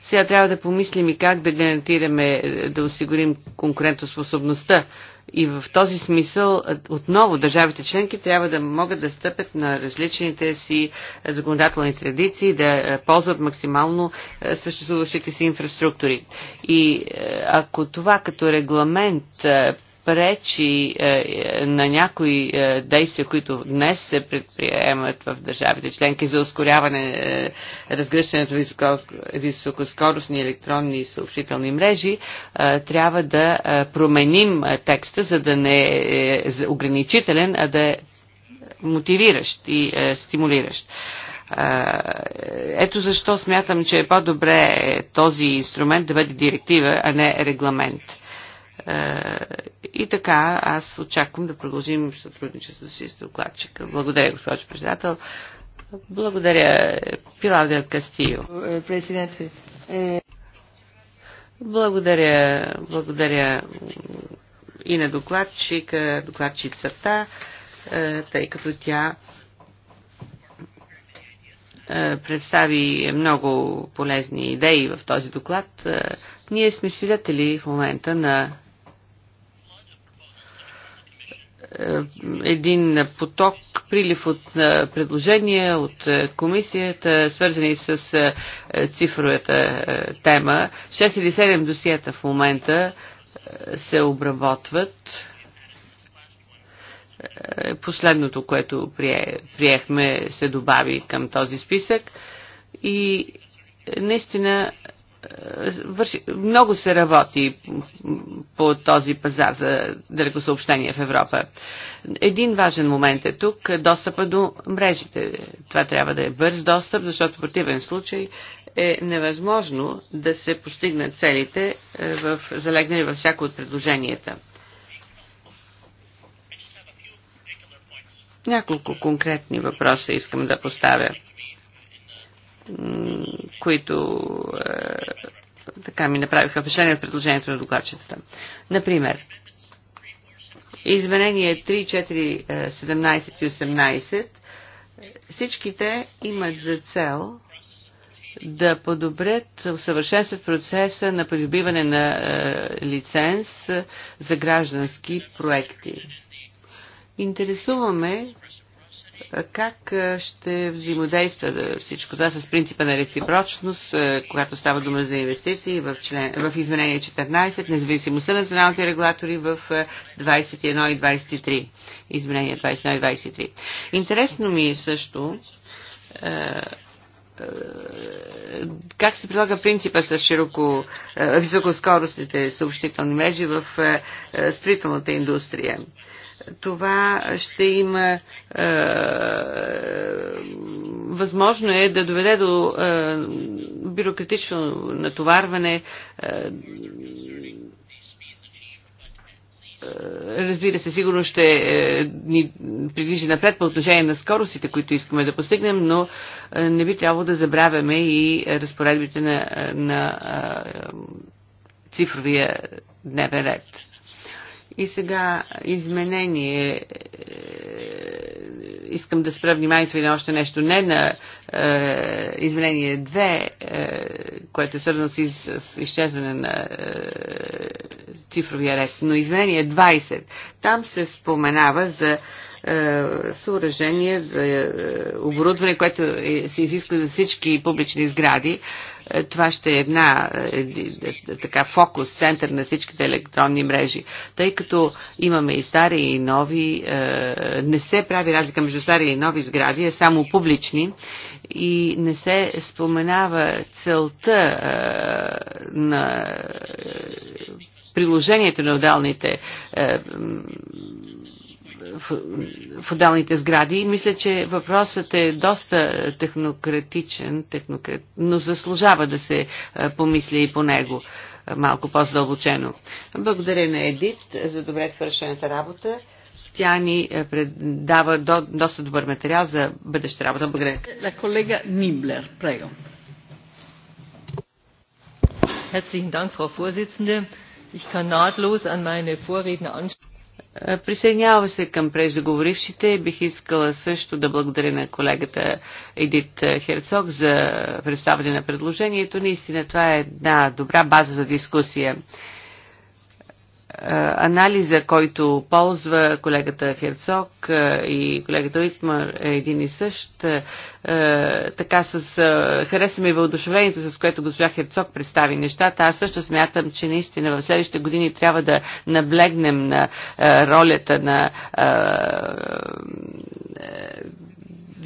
Сега трябва да помислим и как да гарантираме, е, да осигурим конкурентоспособността и в този смисъл е, отново държавите членки трябва да могат да стъпят на различните си законодателни традиции, да е, ползват максимално е, съществуващите си инфраструктури. И ако това като регламент пречи е, е, на някои е, действия, които днес се предприемат в държавите членки за ускоряване разгръщането високоскоростни електронни съобщителни мрежи, трябва да променим текста, за да не е ограничителен, а да е мотивиращ и стимулиращ. Ето защо смятам, че е по-добре този инструмент да бъде директива, а не регламент е, и така, аз очаквам да продължим сътрудничеството си с докладчика. Благодаря, госпожо председател. Благодаря, Дел Кастио. Е, благодаря, благодаря и на докладчика, докладчицата, е, тъй като тя представи много полезни идеи в този доклад. Ние сме свидетели в момента на е, един поток, прилив от е, предложения от е, комисията, свързани с цифровата тема. 6 или 7 досиета в момента се обработват. Последното, което приехме, се добави към този списък. И наистина е, върши, много се работи по този пазар за далекосъобщение в Европа. Един важен момент е тук достъпа до мрежите. Това трябва да е бърз достъп, защото в противен случай е невъзможно да се постигнат целите, е, в, залегнали във всяко от предложенията. Няколко конкретни въпроса искам да поставя които е, така ми направиха впечатление от предложението на докладчетата. Например, изменение 3, 4, 17 и 18 всичките имат за цел да подобрят, усъвършенстват процеса на придобиване на е, лиценз за граждански проекти. Интересуваме как ще взаимодейства всичко това с принципа на реципрочност, когато става дума за инвестиции в, член, в изменение 14, независимостта на националните регулатори в 21 и 23, изменение 21 и 23. Интересно ми е също как се прилага принципа с широко, високоскоростните съобщителни мрежи в строителната индустрия това ще има. Е, възможно е да доведе до е, бюрократично натоварване. Е, е разбира се, сигурно ще е, ни придвижи напред по отношение на скоростите, които искаме да постигнем, но е, не би трябвало да забравяме и разпоредбите на, на цифровия дневен ред. И сега изменение. Е, искам да спра вниманието ви на още нещо. Не на е, изменение 2, е, което е свързано с, из, с изчезване на е, цифровия ред, но изменение 20. Там се споменава за е, съоръжение, за е, оборудване, което е, се изисква за всички публични сгради. Това ще е една така фокус, център на всичките електронни мрежи. Тъй като имаме и стари и нови, не се прави разлика между стари и нови сгради, а само публични и не се споменава целта на приложението на отделните в, в отделните сгради. Мисля, че въпросът е доста технократичен, технократ, но заслужава да се е, помисли и по него е, малко по-задълбочено. Благодаря на Едит за добре свършената работа. Тя ни е, предава до, доста добър материал за бъдеща работа. Благодаря. La колега Нимблер, прего. Herzlichen Dank, Frau Vorsitzende. Ich kann nahtlos an meine Vorredner anschließen. Е, Присъединявам се към преждеговорившите. Бих искала също да благодаря на колегата Едит е, Херцог за представяне на предложението. Наистина това е една добра база за дискусия. Е, анализа, който ползва колегата Херцог е, и колегата Уитмар е един и същ. Е, така с... харесаме и въодушевлението, с което госпожа Херцог представи нещата. Аз също смятам, че наистина в следващите години трябва да наблегнем на ролята на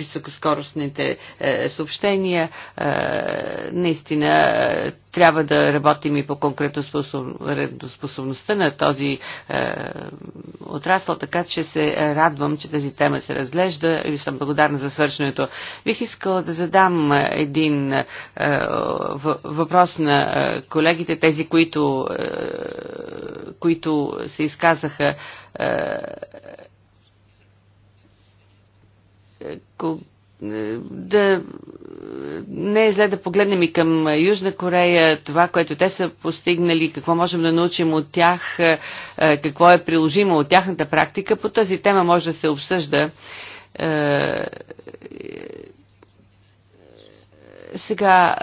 високоскоростните е, съобщения. Е, наистина е, трябва да работим и по конкретно способността на този отрасъл, така че се радвам, че тази тема се разглежда и съм благодарна за свършенето. Бих искала да задам един въпрос на колегите, тези, които, които се изказаха е, да не е зле да погледнем и към Южна Корея, това, което те са постигнали, какво можем да научим от тях, е, е, какво е приложимо от тяхната практика. По тази тема може да се обсъжда сега,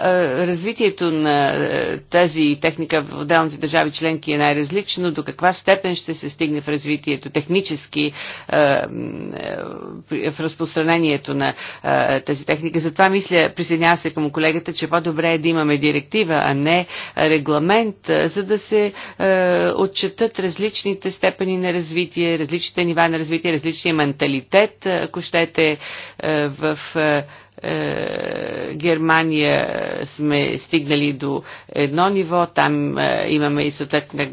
развитието на тази техника в отделните държави членки е най-различно. До каква степен ще се стигне в развитието технически, в разпространението на тази техника? Затова мисля, присъединява се към колегата, че по-добре е да имаме директива, а не регламент, за да се отчетат различните степени на развитие, различните нива на развитие, различния менталитет, ако щете, в е, Германия е, сме стигнали до едно ниво, там е, имаме и съответна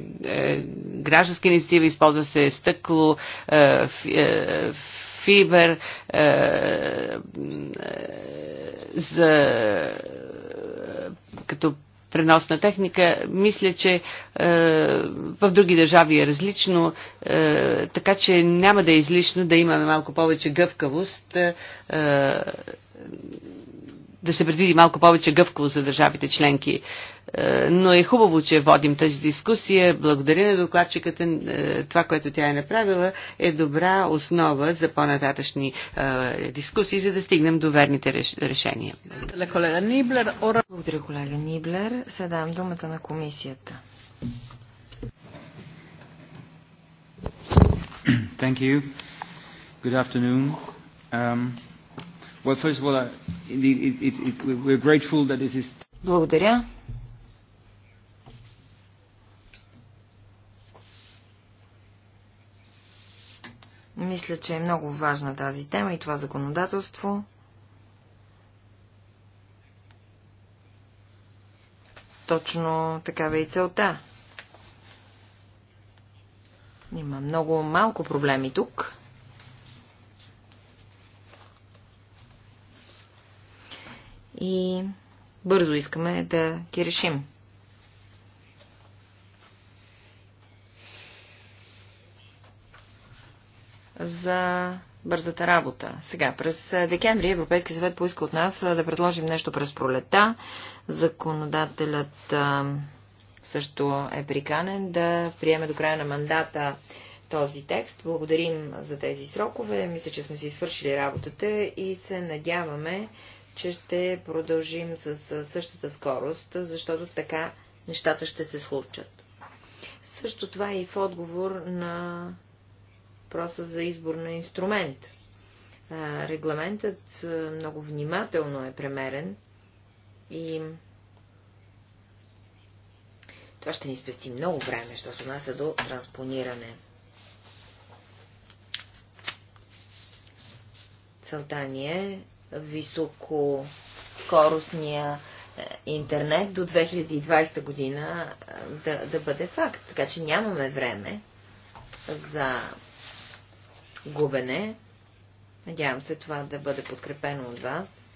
гражданска инициатива, използва се стъкло, фибер за като преносна техника. Мисля, че е, в други държави е различно, е, така че няма да е излишно да имаме малко повече гъвкавост е, да се предвиди малко повече гъвкаво за държавите членки. Е, но е хубаво, че водим тази дискусия. Благодаря на докладчиката. Е, това, което тя е направила, е добра основа за по-нататъчни е, дискусии, за да стигнем до верните решения. Благодаря, колега Ниблер. Сега давам думата на комисията. Thank you. Good afternoon. Um, Uh, Благодаря. Мисля, че е много важна тази тема и това законодателство. Точно такава е и целта. Има много малко проблеми тук. и бързо искаме да ги решим. За бързата работа. Сега, през декември Европейски съвет поиска от нас да предложим нещо през пролета. Законодателят също е приканен да приеме до края на мандата този текст. Благодарим за тези срокове. Мисля, че сме си свършили работата и се надяваме, че ще продължим с същата скорост, защото така нещата ще се случат. Също това е и в отговор на въпроса за избор на инструмент. Регламентът много внимателно е премерен и това ще ни спести много време, защото нас е до транспониране. Целта ни е високоскоростния е, интернет до 2020 година е, да, да бъде факт. Така че нямаме време за губене. Надявам се това да бъде подкрепено от вас.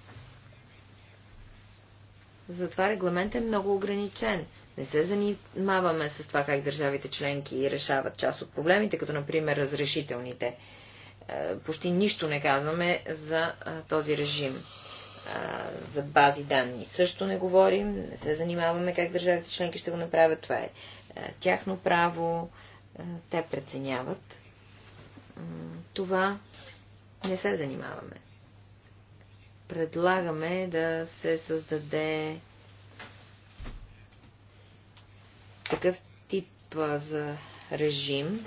Затова регламент е много ограничен. Не се занимаваме с това как държавите членки решават част от проблемите, като например разрешителните. Е, почти нищо не казваме за е, този режим е, за бази данни. Също не говорим, не се занимаваме как държавите членки ще го направят. Това е тяхно право. Те преценяват. Това не се занимаваме. Предлагаме да се създаде такъв тип за режим,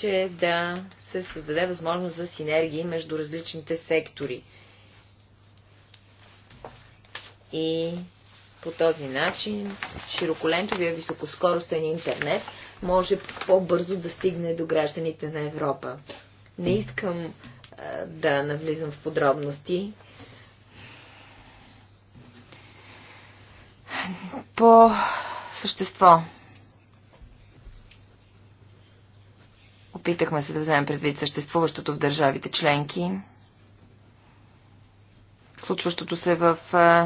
че да се създаде възможност за синергии между различните сектори. И по този начин широколентовия високоскоростен интернет може по-бързо да стигне до гражданите на Европа. Не искам а, да навлизам в подробности. По същество Опитахме се да вземем предвид съществуващото в държавите членки, случващото се в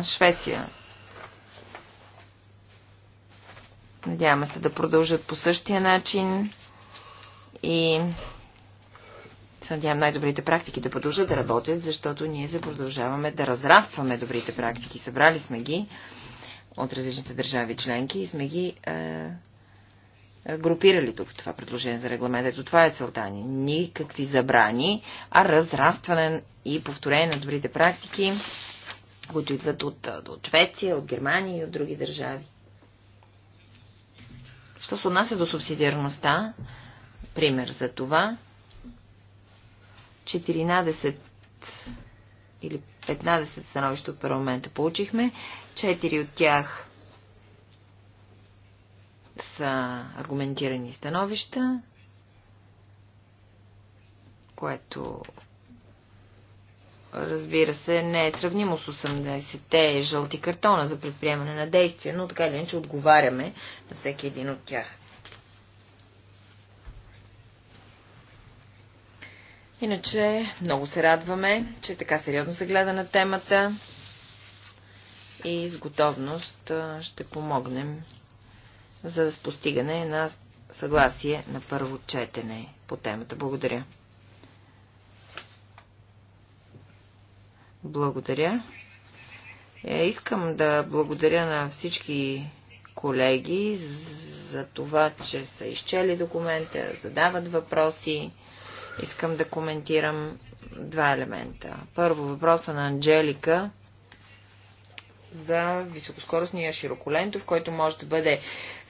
Швеция. Надяваме се да продължат по същия начин и се надявам най-добрите практики да продължат да работят, защото ние се продължаваме да разрастваме добрите практики. Събрали сме ги от различните държави членки и сме ги е, групирали тук това предложение за регламент. Ето това е целта ни. Никакви забрани, а разрастване и повторение на добрите практики, които идват от, е, от Швеция, от Германия и от други държави. Що се отнася до субсидиарността, пример за това, 14 или 15 становища от парламента получихме, 4 от тях са аргументирани становища, което разбира се, не е сравнимо с 80-те жълти картона за предприемане на действия, но така или иначе отговаряме на всеки един от тях. Иначе много се радваме, че така сериозно се гледа на темата и с готовност ще помогнем за постигане на съгласие на първо четене по темата. Благодаря. Благодаря. Е, искам да благодаря на всички колеги за това, че са изчели документа, задават въпроси. Искам да коментирам два елемента. Първо въпроса на Анджелика за високоскоростния широколентов, който може да бъде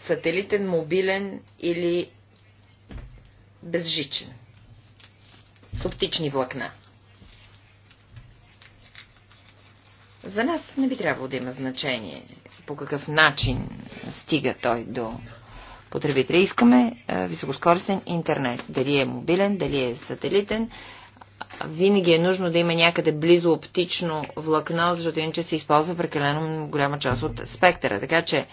сателитен, мобилен или безжичен. С оптични влакна. За нас не би трябвало да има значение по какъв начин стига той до потребителя. Искаме е, високоскоростен интернет. Дали е мобилен, дали е сателитен. Винаги е нужно да има някъде близо оптично влакно, защото иначе се използва прекалено голяма част от спектъра. Така че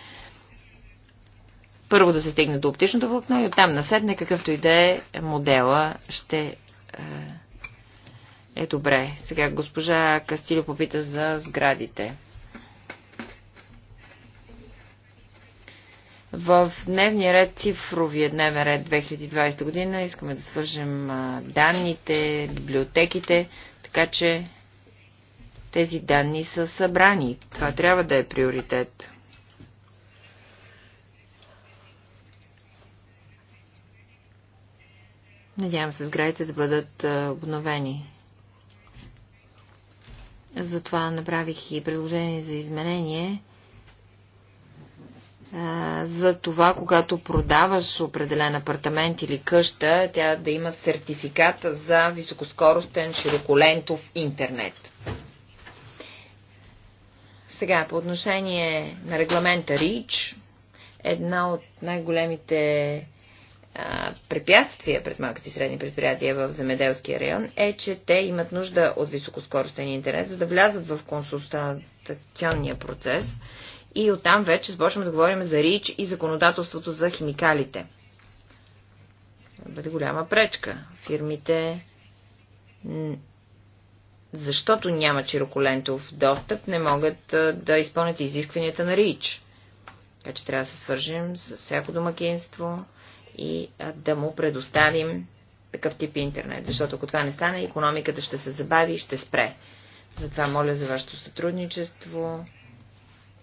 първо да се стигне до оптичното влакно и оттам наседне какъвто и да е модела ще е, е добре. Сега госпожа Кастилио попита за сградите. В дневния ред, цифровия дневен ред 2020 година, искаме да свържем данните, библиотеките, така че тези данни са събрани. Това трябва да е приоритет. Надявам се сградите да бъдат обновени. Затова направих и предложение за изменение за това, когато продаваш определен апартамент или къща, тя да има сертификат за високоскоростен широколентов интернет. Сега, по отношение на регламента РИЧ, една от най-големите препятствия пред малките и средни предприятия в земеделския район е, че те имат нужда от високоскоростен интернет, за да влязат в консултационния процес и оттам вече започваме да говорим за РИЧ и законодателството за химикалите. Бъде голяма пречка. Фирмите, защото няма чироколентов достъп, не могат да изпълнят изискванията на РИЧ. Така че трябва да се свържим с всяко домакинство, и да му предоставим такъв тип интернет. Защото ако това не стане, економиката ще се забави и ще спре. Затова моля за вашето сътрудничество.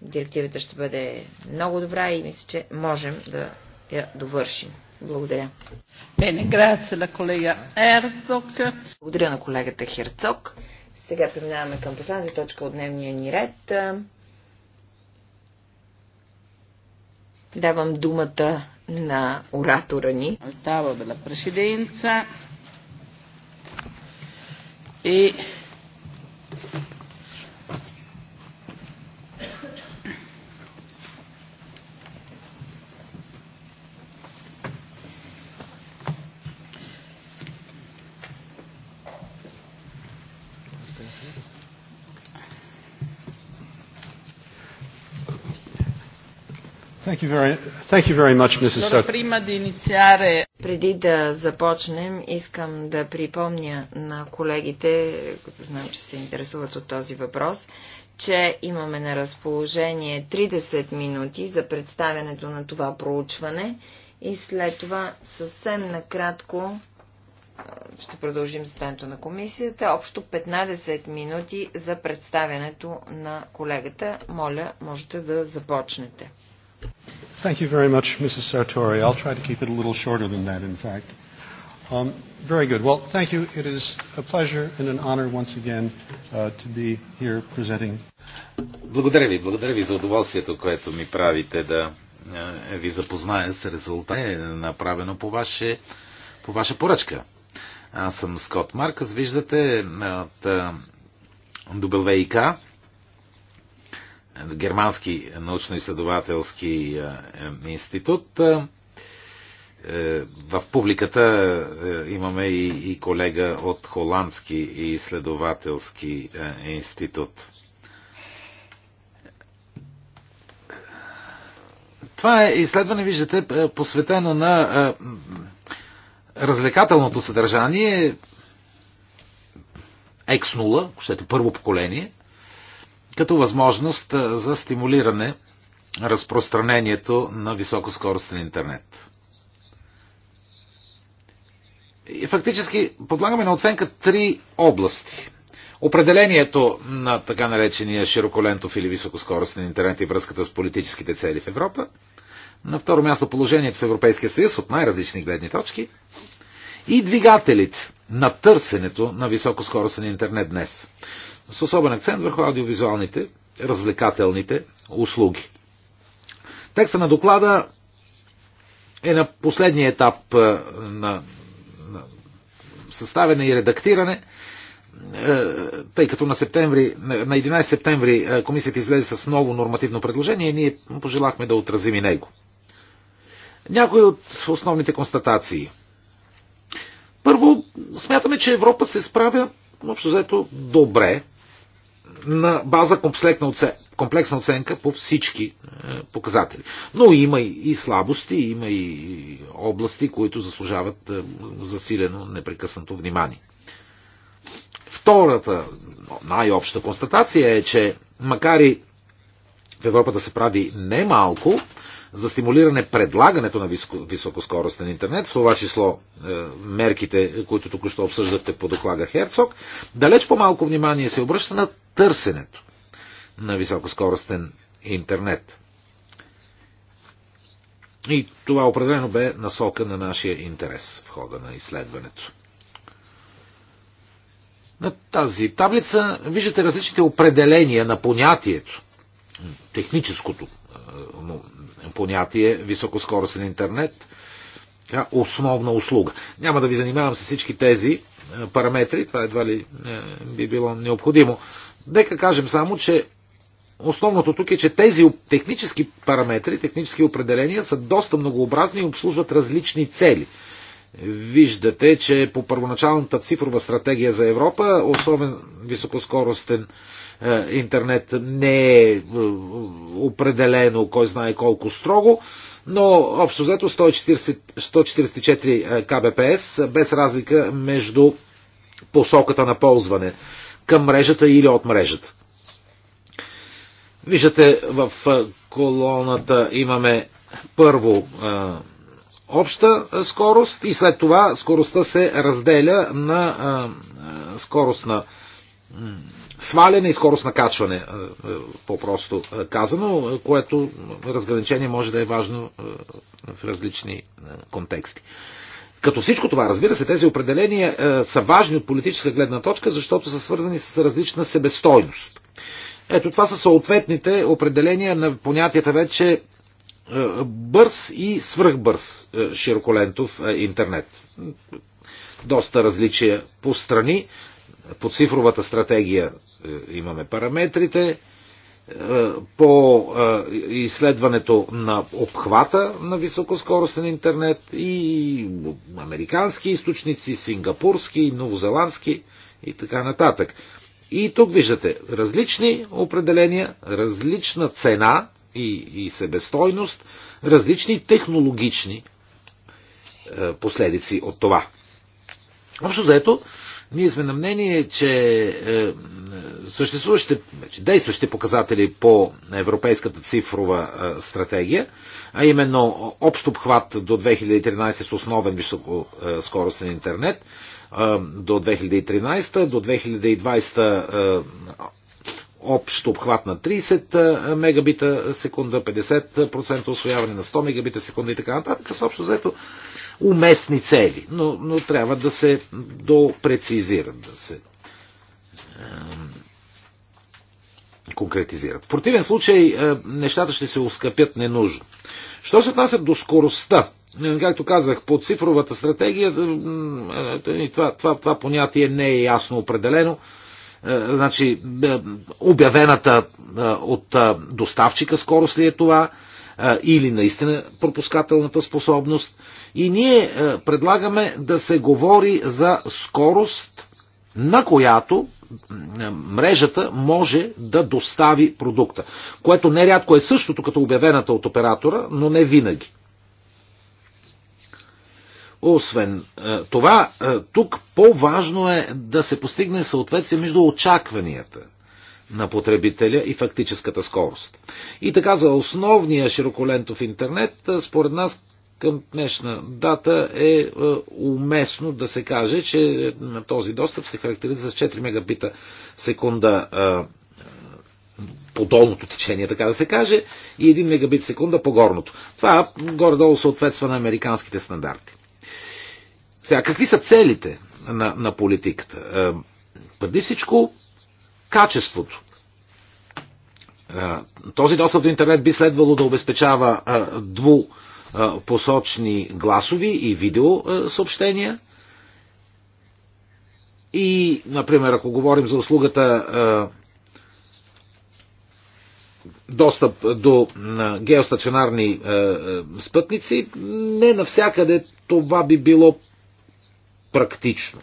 Директивата ще бъде много добра и мисля, че можем да я довършим. Благодаря. Бене, грация на колега Ерцог. Благодаря на колегата Херцог. Сега преминаваме към последната точка от дневния ни ред. Давам думата на оратора ни. Става дella Presidenza и. Thank you very, thank you very much, Mrs. Преди да започнем, искам да припомня на колегите, които знам, че се интересуват от този въпрос, че имаме на разположение 30 минути за представянето на това проучване и след това съвсем накратко ще продължим заседанието на комисията. Общо 15 минути за представянето на колегата. Моля, можете да започнете. Thank you very much, Mrs. Sartori. I'll try to keep it a little shorter than that, in fact. Um, very good. Well, thank you. It is a pleasure and an honor once again uh, to be here presenting. Благодаря ви. Благодаря ви за удоволствието, което ми правите да ви запозная с резултата, направено по, ваше, по ваша поръчка. Аз съм Скот Маркъс. Виждате от WIK германски научно-изследователски е, е, институт. Е, в публиката имаме и колега от Холандски изследователски институт. Това е изследване, виждате, посветено на развлекателното съдържание X0, е първо поколение, като възможност за стимулиране разпространението на високоскоростен интернет. И фактически подлагаме на оценка три области. Определението на така наречения широколентов или високоскоростен интернет и връзката с политическите цели в Европа. На второ място положението в Европейския съюз от най-различни гледни точки. И двигателите на търсенето на високоскоростен интернет днес с особен акцент върху аудиовизуалните, развлекателните услуги. Текста на доклада е на последния етап е, на, на съставяне и редактиране, е, тъй като на, септември, на 11 септември е, комисията излезе с ново нормативно предложение и ние пожелахме да отразим и него. Някои от основните констатации. Първо, смятаме, че Европа се справя общо взето добре на база комплексна оценка по всички е, показатели. Но има и слабости, има и области, които заслужават е, засилено непрекъснато внимание. Втората най-обща констатация е, че макар и в Европа да се прави немалко, за стимулиране предлагането на високоскоростен интернет, в това число е, мерките, които току-що обсъждате по доклада Херцог, далеч по-малко внимание се обръща на търсенето на високоскоростен интернет. И това определено бе насока на нашия интерес в хода на изследването. На тази таблица виждате различните определения на понятието, техническото е, понятие високоскоростен интернет основна услуга. Няма да ви занимавам с всички тези е, параметри, това едва ли е, би било необходимо. Нека кажем само, че основното тук е, че тези технически параметри, технически определения са доста многообразни и обслужват различни цели – Виждате, че по първоначалната цифрова стратегия за Европа, особен високоскоростен е, интернет не е, е определено кой знае колко строго, но общо взето 140, 144 кбпс без разлика между посоката на ползване към мрежата или от мрежата. Виждате в е, колоната имаме първо обща скорост и след това скоростта се разделя на скорост на сваляне и скорост на качване, по-просто казано, което разграничение може да е важно в различни контексти. Като всичко това, разбира се, тези определения са важни от политическа гледна точка, защото са свързани с различна себестойност. Ето това са съответните определения на понятията вече е, бърз и свръхбърз е, широколентов е, интернет. Доста различия по страни. По цифровата стратегия имаме параметрите. По изследването на обхвата на високоскоростен интернет и американски източници, сингапурски, новозеландски и така нататък. И тук виждате различни определения, различна цена и, и себестойност, различни технологични е, последици от това. Общо заето, ние сме на мнение, че е, е съществуващите, значи, действащите показатели по европейската цифрова е, стратегия, а именно общ обхват до 2013 с основен високоскоростен интернет, е, до 2013, до 2020 общ обхват на 30 мегабита секунда, 50% освояване на 100 мегабита секунда и така нататък, са общо взето уместни цели, но, но трябва да се допрецизират, да се конкретизират. В противен случай нещата ще се ускъпят ненужно. Що се отнася до скоростта, е, както казах, по цифровата стратегия е, това, това, това понятие не е ясно определено. Е, значи, е, обявената е, от доставчика скорост ли е това, или наистина пропускателната способност. И ние предлагаме да се говори за скорост, на която мрежата може да достави продукта, което нерядко е същото като обявената от оператора, но не винаги. Освен е, това, е, тук по-важно е да се постигне съответствие между очакванията на потребителя и фактическата скорост. И така за основния широколентов интернет, е, според нас към днешна дата е уместно да се каже, че на този достъп се характеризира с 4 мегабита секунда по долното течение, така да се каже, и 1 мегабит секунда по горното. Това горе-долу съответства на американските стандарти. Сега, какви са целите на, на политиката? Е, преди всичко, качеството. Е, този достъп до интернет би следвало да обезпечава е, двупосочни гласови и видеосъобщения. И, например, ако говорим за услугата достъп до геостационарни спътници, не навсякъде това би било практично.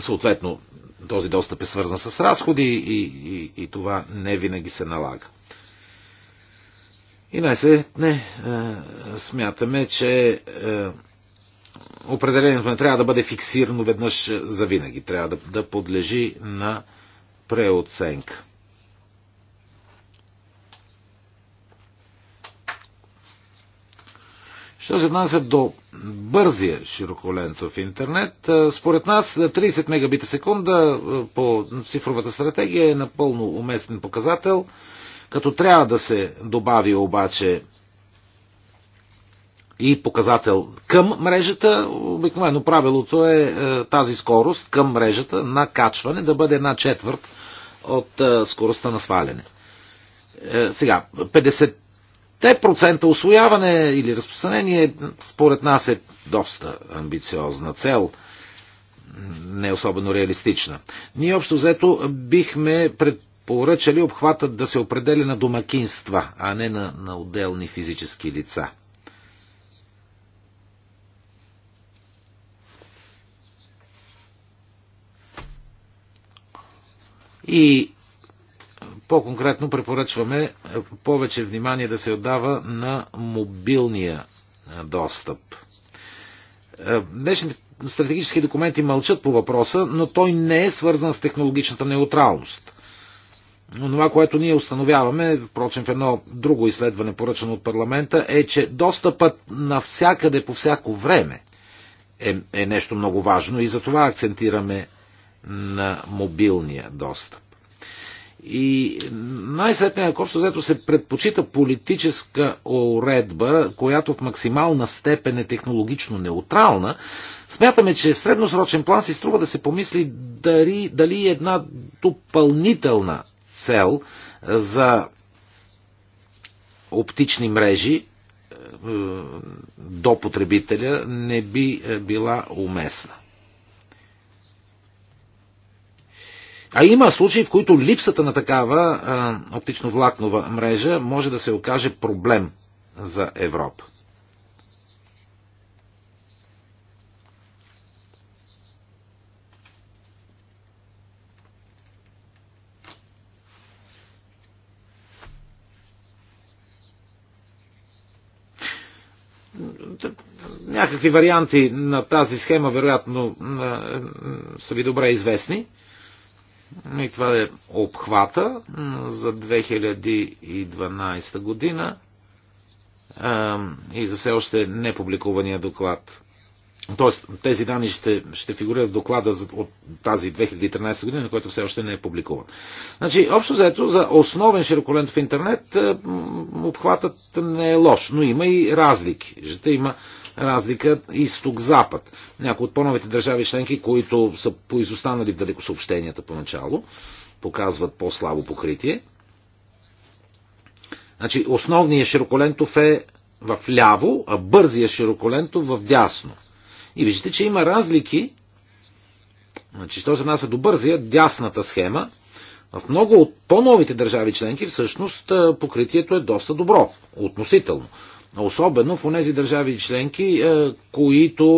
Съответно, този достъп е свързан с разходи и, и, и това не винаги се налага. И най-сетне е, смятаме, че е, определението не трябва да бъде фиксирано веднъж за винаги. Трябва да, да подлежи на преоценка. Що се отнася до бързия широколентов интернет, според нас 30 мегабита секунда по цифровата стратегия е напълно уместен показател, като трябва да се добави обаче и показател към мрежата. Обикновено правилото е, е тази скорост към мрежата на качване да бъде една четвърт от е, скоростта на сваляне. Е, сега, 50 те процента освояване или разпространение, според нас е доста амбициозна цел, не особено реалистична. Ние общо взето бихме предпоръчали обхватът да се определя на домакинства, а не на, на отделни физически лица. И по-конкретно препоръчваме повече внимание да се отдава на мобилния е, достъп. Е, днешните стратегически документи мълчат по въпроса, но той не е свързан с технологичната неутралност. Но това, което ние установяваме, впрочем в едно друго изследване, поръчано от парламента, е, че достъпът навсякъде по всяко време е, е нещо много важно и затова акцентираме на мобилния достъп. И най-сетне, ако общо взето се предпочита политическа уредба, която в максимална степен е технологично неутрална, смятаме, че в средносрочен план си струва да се помисли дали, дали е една допълнителна цел за оптични мрежи до потребителя не би била уместна. А има случаи, в които липсата на такава оптично-влакнова мрежа може да се окаже проблем за Европа. някакви варианти на тази схема вероятно са ви добре известни. И това е обхвата за 2012 година и за все още непубликувания доклад. Тоест, тези данни ще, ще фигурират в доклада от тази 2013 година, който все още не е публикуван. Значи, общо заето за основен широколентов интернет е, обхватът не е лош, но има и разлики. Ще има разлика изток-запад. Някои от по-новите държави членки, които са поизостанали в далекосъобщенията поначало, показват по-слабо покритие. Значи, основният широколентов е в ляво, а бързия широколентов в дясно – и виждате, че има разлики. Значи, що се нас е до бързия, дясната схема. В много от по-новите държави членки всъщност покритието е доста добро, относително. Особено в тези държави членки, които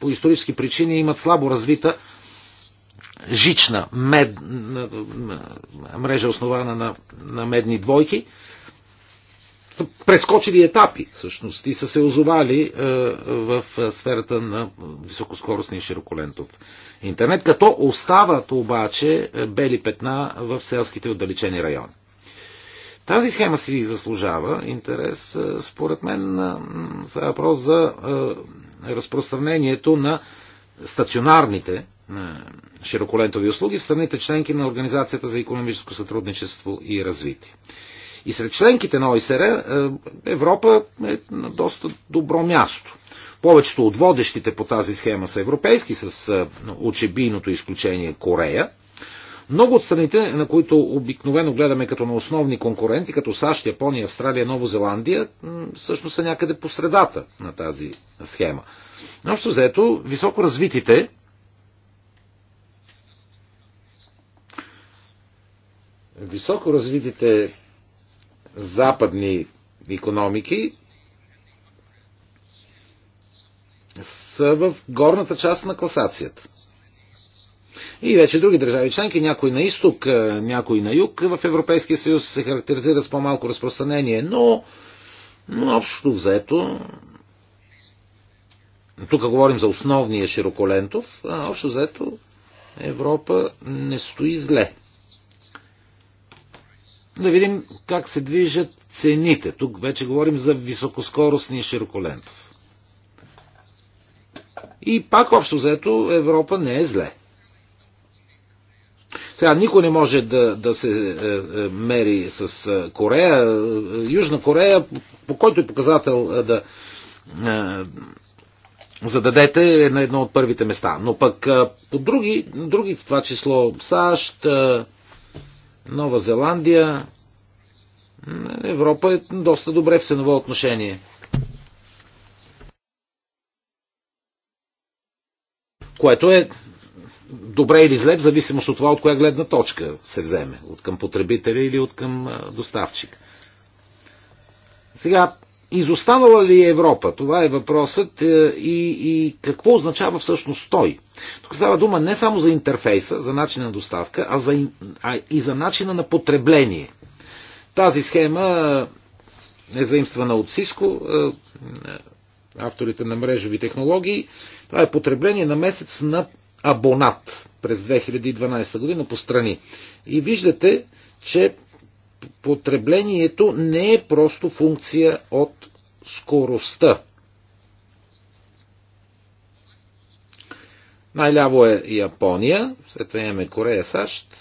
по исторически причини имат слабо развита жична мед, мрежа, основана на, на медни двойки са прескочили етапи, всъщност, и са се озовали е, в сферата на високоскоростния широколентов интернет, като остават обаче бели петна в селските отдалечени райони. Тази схема си заслужава интерес, е, според мен, за е, въпрос за разпространението на стационарните широколентови услуги в страните членки на Организацията за економическо сътрудничество и развитие. И сред членките на ОИСР е, Европа е на доста добро място. Повечето от водещите по тази схема са европейски, с е, очебийното изключение Корея. Много от страните, на които обикновено гледаме като на основни конкуренти, като САЩ, Япония, Австралия, Ново Зеландия, всъщност са някъде по средата на тази схема. Но общо взето, високо развитите високо развитите западни економики са в горната част на класацията. И вече други държави членки, някои на изток, някои на юг в Европейския съюз се характеризира с по-малко разпространение, но, но общо взето, тук говорим за основния широколентов, а общо взето Европа не стои зле да видим как се движат цените. Тук вече говорим за високоскоростния широколентов. И пак общо взето Европа не е зле. Сега никой не може да, да се е, е, мери с е, Корея. Южна Корея, по който е показател е, да е, зададете, е на едно от първите места. Но пък е, по други, други, в това число САЩ, е, Нова Зеландия. Европа е доста добре в ценово отношение. Което е добре или зле, в зависимост от това, от коя гледна точка се вземе. От към потребителя или от към доставчик. Сега, Изостанала ли е Европа? Това е въпросът е, и, и какво означава всъщност той. Тук става дума не само за интерфейса, за начина на доставка, а, за, а и за начина на потребление. Тази схема е заимствана от Сиско, е, е, авторите на мрежови технологии. Това е потребление на месец на абонат през 2012 година по страни. И виждате, че потреблението не е просто функция от скоростта. Най-ляво е Япония, след това имаме Корея, САЩ,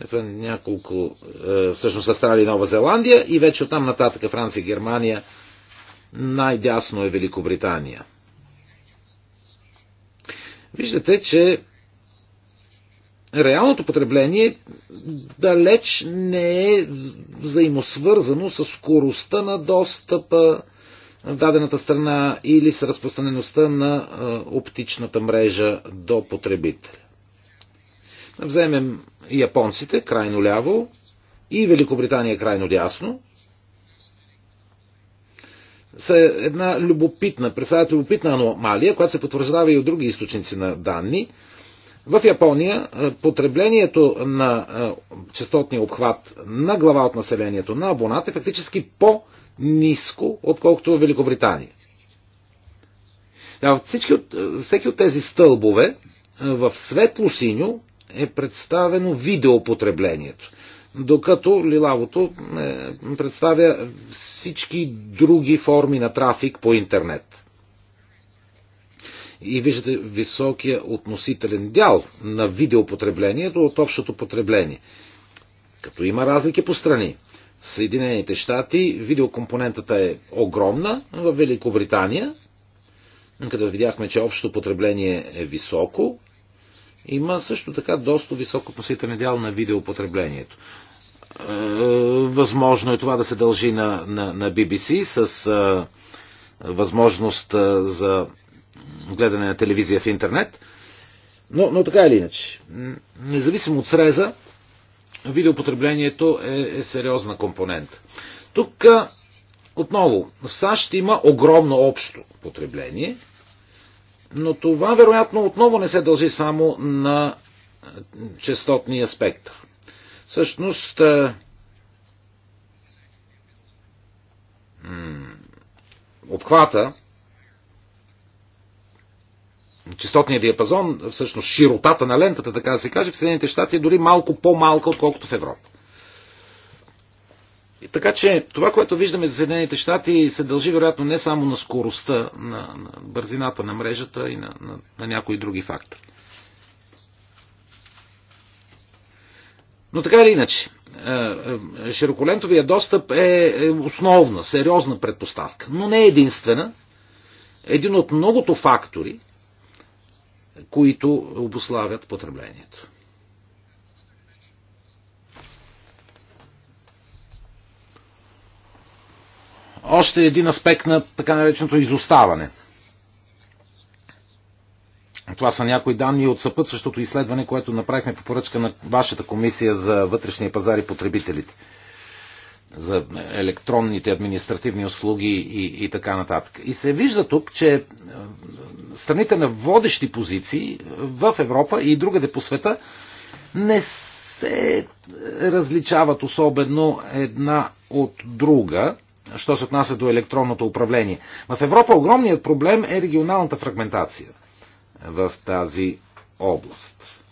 ето няколко, е, всъщност Австралия и Нова Зеландия и вече оттам нататък е Франция, и Германия, най-дясно е Великобритания. Виждате, че реалното потребление далеч не е взаимосвързано с скоростта на достъпа в дадената страна или с разпространеността на оптичната мрежа до потребителя. Вземем японците крайно ляво и Великобритания крайно дясно. Са една любопитна, представят любопитна аномалия, която се потвърждава и от други източници на данни – в Япония е, потреблението на е, частотния обхват на глава от населението на абонат е фактически по-низко, отколкото в Великобритания. Всички от, е, всеки от тези стълбове в светло-синьо е представено видеопотреблението, докато лилавото представя всички други форми на трафик по интернет и виждате високия относителен дял на видеопотреблението от общото потребление. Като има разлики по страни. В Съединените щати видеокомпонентата е огромна, в Великобритания, където видяхме, че общото потребление е високо, има също така доста висок относителен дял на видеопотреблението. Е, възможно е това да се дължи на, на, на BBC с а, е, възможност е, за гледане на телевизия в интернет. Но, но така или иначе, независимо от среза, видеопотреблението е, е сериозна компонента. Тук отново, в САЩ има огромно общо потребление, но това вероятно отново не се дължи само на частотния спектър. Всъщност, обхвата Честотният диапазон, всъщност широтата на лентата, така да се каже, в Съединените щати е дори малко по-малка, отколкото в Европа. И така че това, което виждаме за Съединените щати, се дължи вероятно не само на скоростта, на, на бързината на мрежата и на, на, на някои други фактори. Но така или иначе, е, е, широколентовия достъп е, е основна, сериозна предпоставка, но не единствена. Един от многото фактори, които обославят потреблението. Още един аспект на така нареченото изоставане. Това са някои данни от съпътстващото изследване, което направихме по поръчка на вашата комисия за вътрешния пазар и потребителите за електронните административни услуги и, и така нататък. И се вижда тук, че е, страните на водещи позиции в Европа и другаде по света не се е, различават особено една от друга, що се отнася до електронното управление. В Европа огромният проблем е регионалната фрагментация в тази област.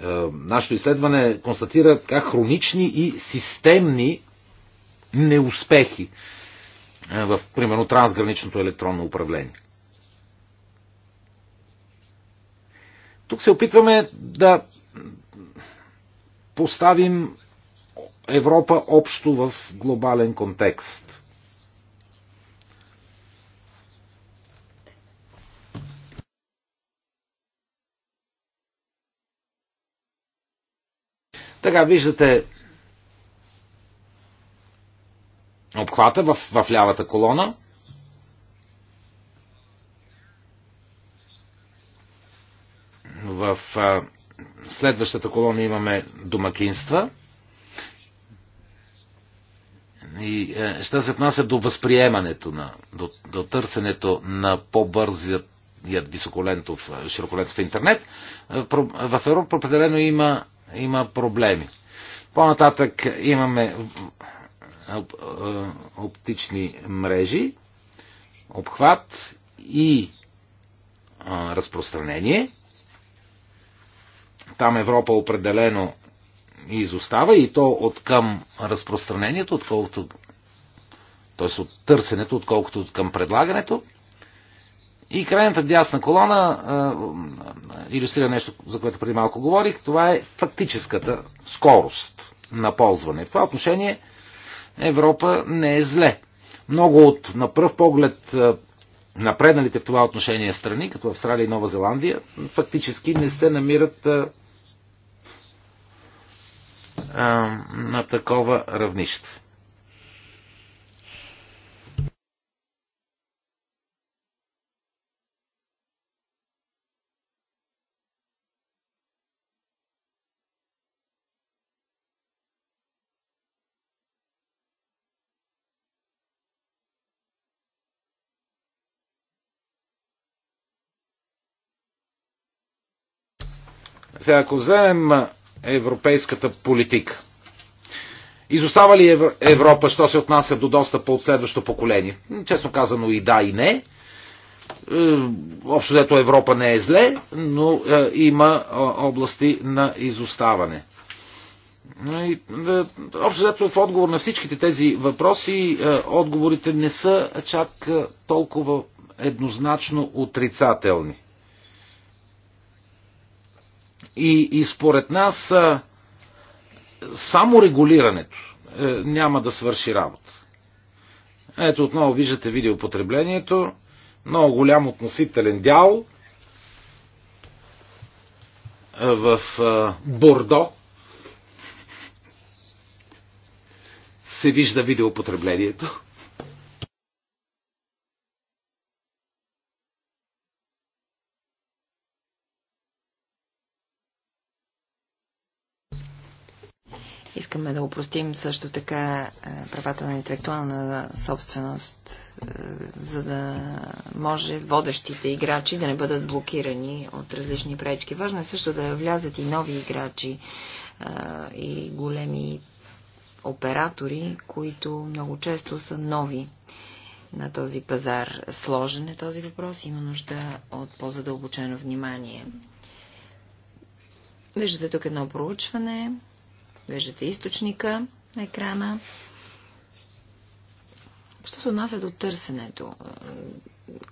Е, нашето изследване констатира така хронични и системни неуспехи е, в, примерно, трансграничното електронно управление. Тук се опитваме да поставим Европа общо в глобален контекст. Така, виждате обхвата в, в лявата колона. В а, следващата колона имаме домакинства. И е, ще се отнася до възприемането на, до, до търсенето на по-бързият високолентов, широколентов интернет. Е, в Европа определено има има проблеми. По-нататък имаме е, е, оптични мрежи, обхват и е, разпространение. Там Европа определено изостава и то от към разпространението, отколкото т.е. от търсенето, отколкото от към предлагането. И крайната дясна колона е, иллюстрира нещо, за което преди малко говорих. Това е фактическата скорост на ползване. В това отношение Европа не е зле. Много от, на пръв поглед, напредналите в това отношение страни, като Австралия и Нова Зеландия, фактически не се намират а, а, на такова равнище. Сега, ако вземем европейската политика, изостава ли Европа, що се отнася до достъпа от следващо поколение? Честно казано и да, и не. Е, общо взето Европа не е зле, но е, има области на изоставане. Е, общо взето в отговор на всичките тези въпроси, отговорите не са чак толкова еднозначно отрицателни. И, и според нас само регулирането е, няма да свърши работа. Ето отново виждате видеопотреблението. Много голям относителен дял е, в е, Бордо *laughs* се вижда видеопотреблението. Искаме да упростим също така е, правата на интелектуална собственост, е, за да може водещите играчи да не бъдат блокирани от различни пречки. Важно е също да влязат и нови играчи е, и големи оператори, които много често са нови на този пазар. Сложен е този въпрос, има нужда от по-задълбочено внимание. Виждате тук едно проучване Виждате източника на екрана. Що се отнася до търсенето?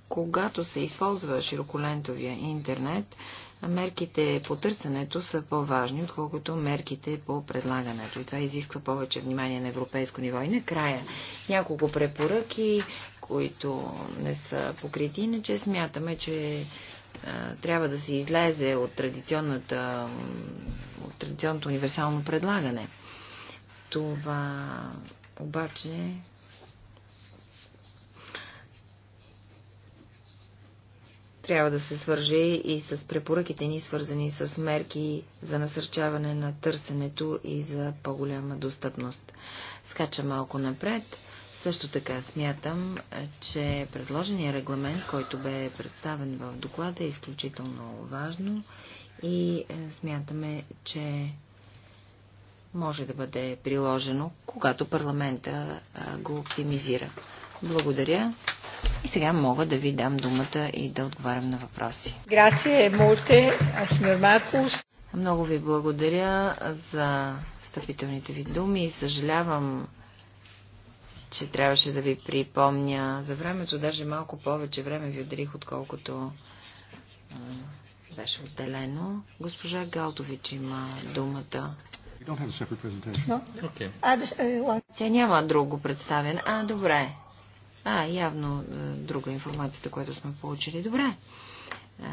Когато се използва широколентовия интернет, мерките по търсенето са по-важни, отколкото мерките по предлагането. И това изисква повече внимание на европейско ниво. И накрая няколко препоръки, които не са покрити. Иначе смятаме, че трябва да се излезе от, традиционната, от традиционното универсално предлагане. Това обаче трябва да се свържи и с препоръките ни, свързани с мерки за насърчаване на търсенето и за по-голяма достъпност. Скача малко напред. Също така смятам, е, че предложения регламент, който бе представен в доклада, е изключително важно и е, смятаме, че може да бъде приложено, когато парламента е, го оптимизира. Благодаря. И сега мога да ви дам думата и да отговарям на въпроси. Много ви благодаря за встъпителните ви думи. Съжалявам, че трябваше да ви припомня за времето. Даже малко повече време ви отделих, отколкото беше отделено. Госпожа Галтович има думата. Uh, Тя няма друго представен. А, добре. А, явно е, друга информацията, която сме получили. Добре. А,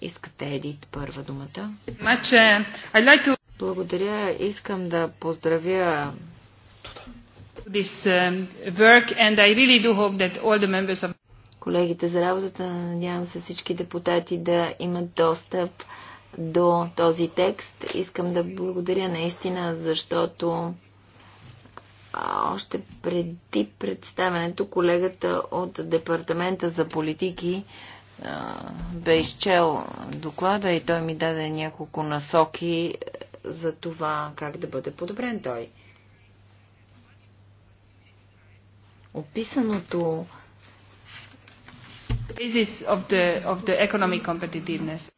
искате, Едит, първа думата. Uh, Благодаря. Искам да поздравя This, really of... Колегите за работата, надявам се всички депутати да имат достъп до този текст. Искам да благодаря наистина, защото още преди представенето колегата от Департамента за политики бе изчел доклада и той ми даде няколко насоки за това как да бъде подобрен той. описаното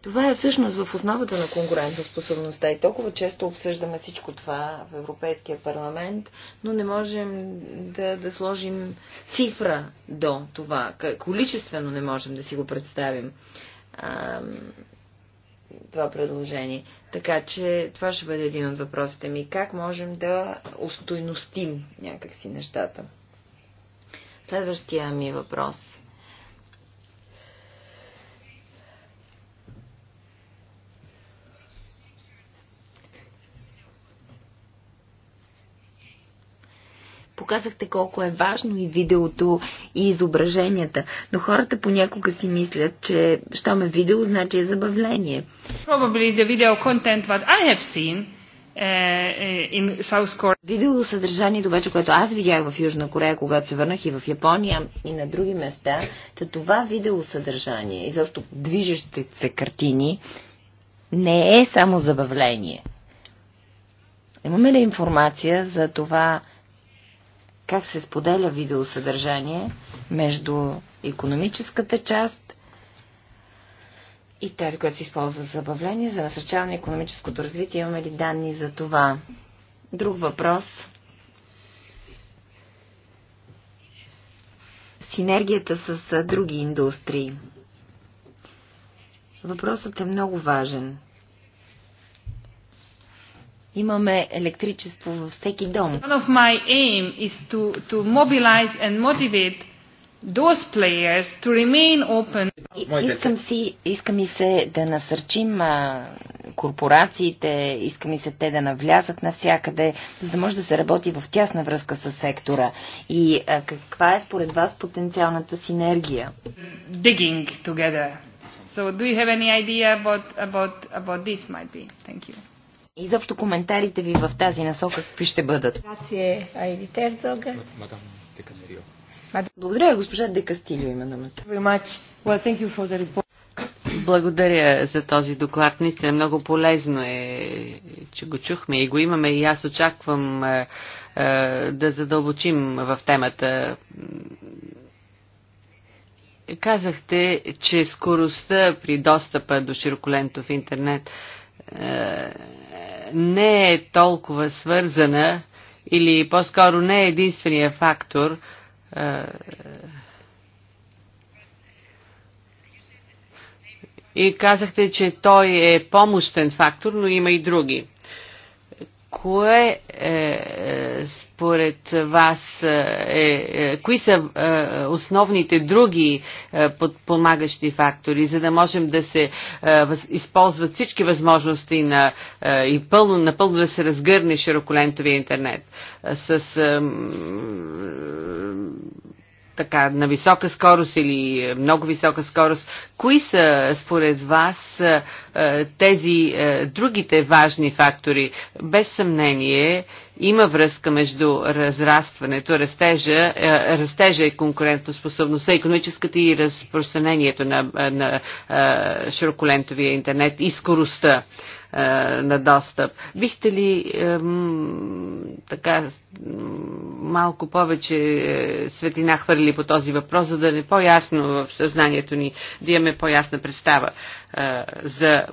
това е всъщност в основата на конкурентоспособността и толкова често обсъждаме всичко това в Европейския парламент, но не можем да, да сложим цифра до това. Количествено не можем да си го представим а, това предложение. Така че това ще бъде един от въпросите ми. Как можем да устойностим някакси нещата? Следващия ми въпрос. показахте колко е важно и видеото, и изображенията. Но хората понякога си мислят, че щом е видео, значи е забавление. Probably the video content what I have seen е, е, in South Korea. Видео съдържанието обаче, което аз видях в Южна Корея, когато се върнах и в Япония и на други места, та това видео съдържание и защо движещите се картини не е само забавление. Имаме ли информация за това как се споделя видеосъдържание между економическата част и тази, която се използва за забавление, за насърчаване на економическото развитие. Имаме ли данни за това? Друг въпрос. Синергията с други индустрии. Въпросът е много важен. Имаме електричество във всеки дом. One of my aim is to, to mobilize and motivate those players to remain open. искам, си, искам и се да насърчим а, корпорациите, искам и се те да навлязат навсякъде, за да може да се работи в тясна връзка с сектора. И а, каква е според вас потенциалната синергия? Digging together. So do you have any idea about, about, about this might be? Thank you. И заобщо коментарите ви в тази насока какви ще бъдат? Грация, Айди Терцога. Мадам, Декасио. Благодаря, госпожа Декастилио има думата. Благодаря за този доклад. Наистина много полезно е, че го чухме и го имаме и аз очаквам е, е, да задълбочим в темата. Казахте, че скоростта при достъпа до широколентов интернет е, не е толкова свързана или по-скоро не е единствения фактор, е, и казахте, че той е помощен фактор, но има и други кое е, е, според вас е, е, кои са е, основните други е, подпомагащи фактори, за да можем да се е, въз, използват всички възможности на, е, и пълно, напълно да се разгърне широколентовия интернет е, с е, така, на висока скорост или много висока скорост. Кои са според вас е, е, тези е, другите важни фактори? Без съмнение има връзка между разрастването, растежа, растежа и конкурентоспособността, економическата и разпространението на, на широколентовия интернет и скоростта е, на достъп. Бихте ли така малко повече е, светлина хвърли по този въпрос, за да не е по-ясно в съзнанието ни, да имаме по-ясна представа за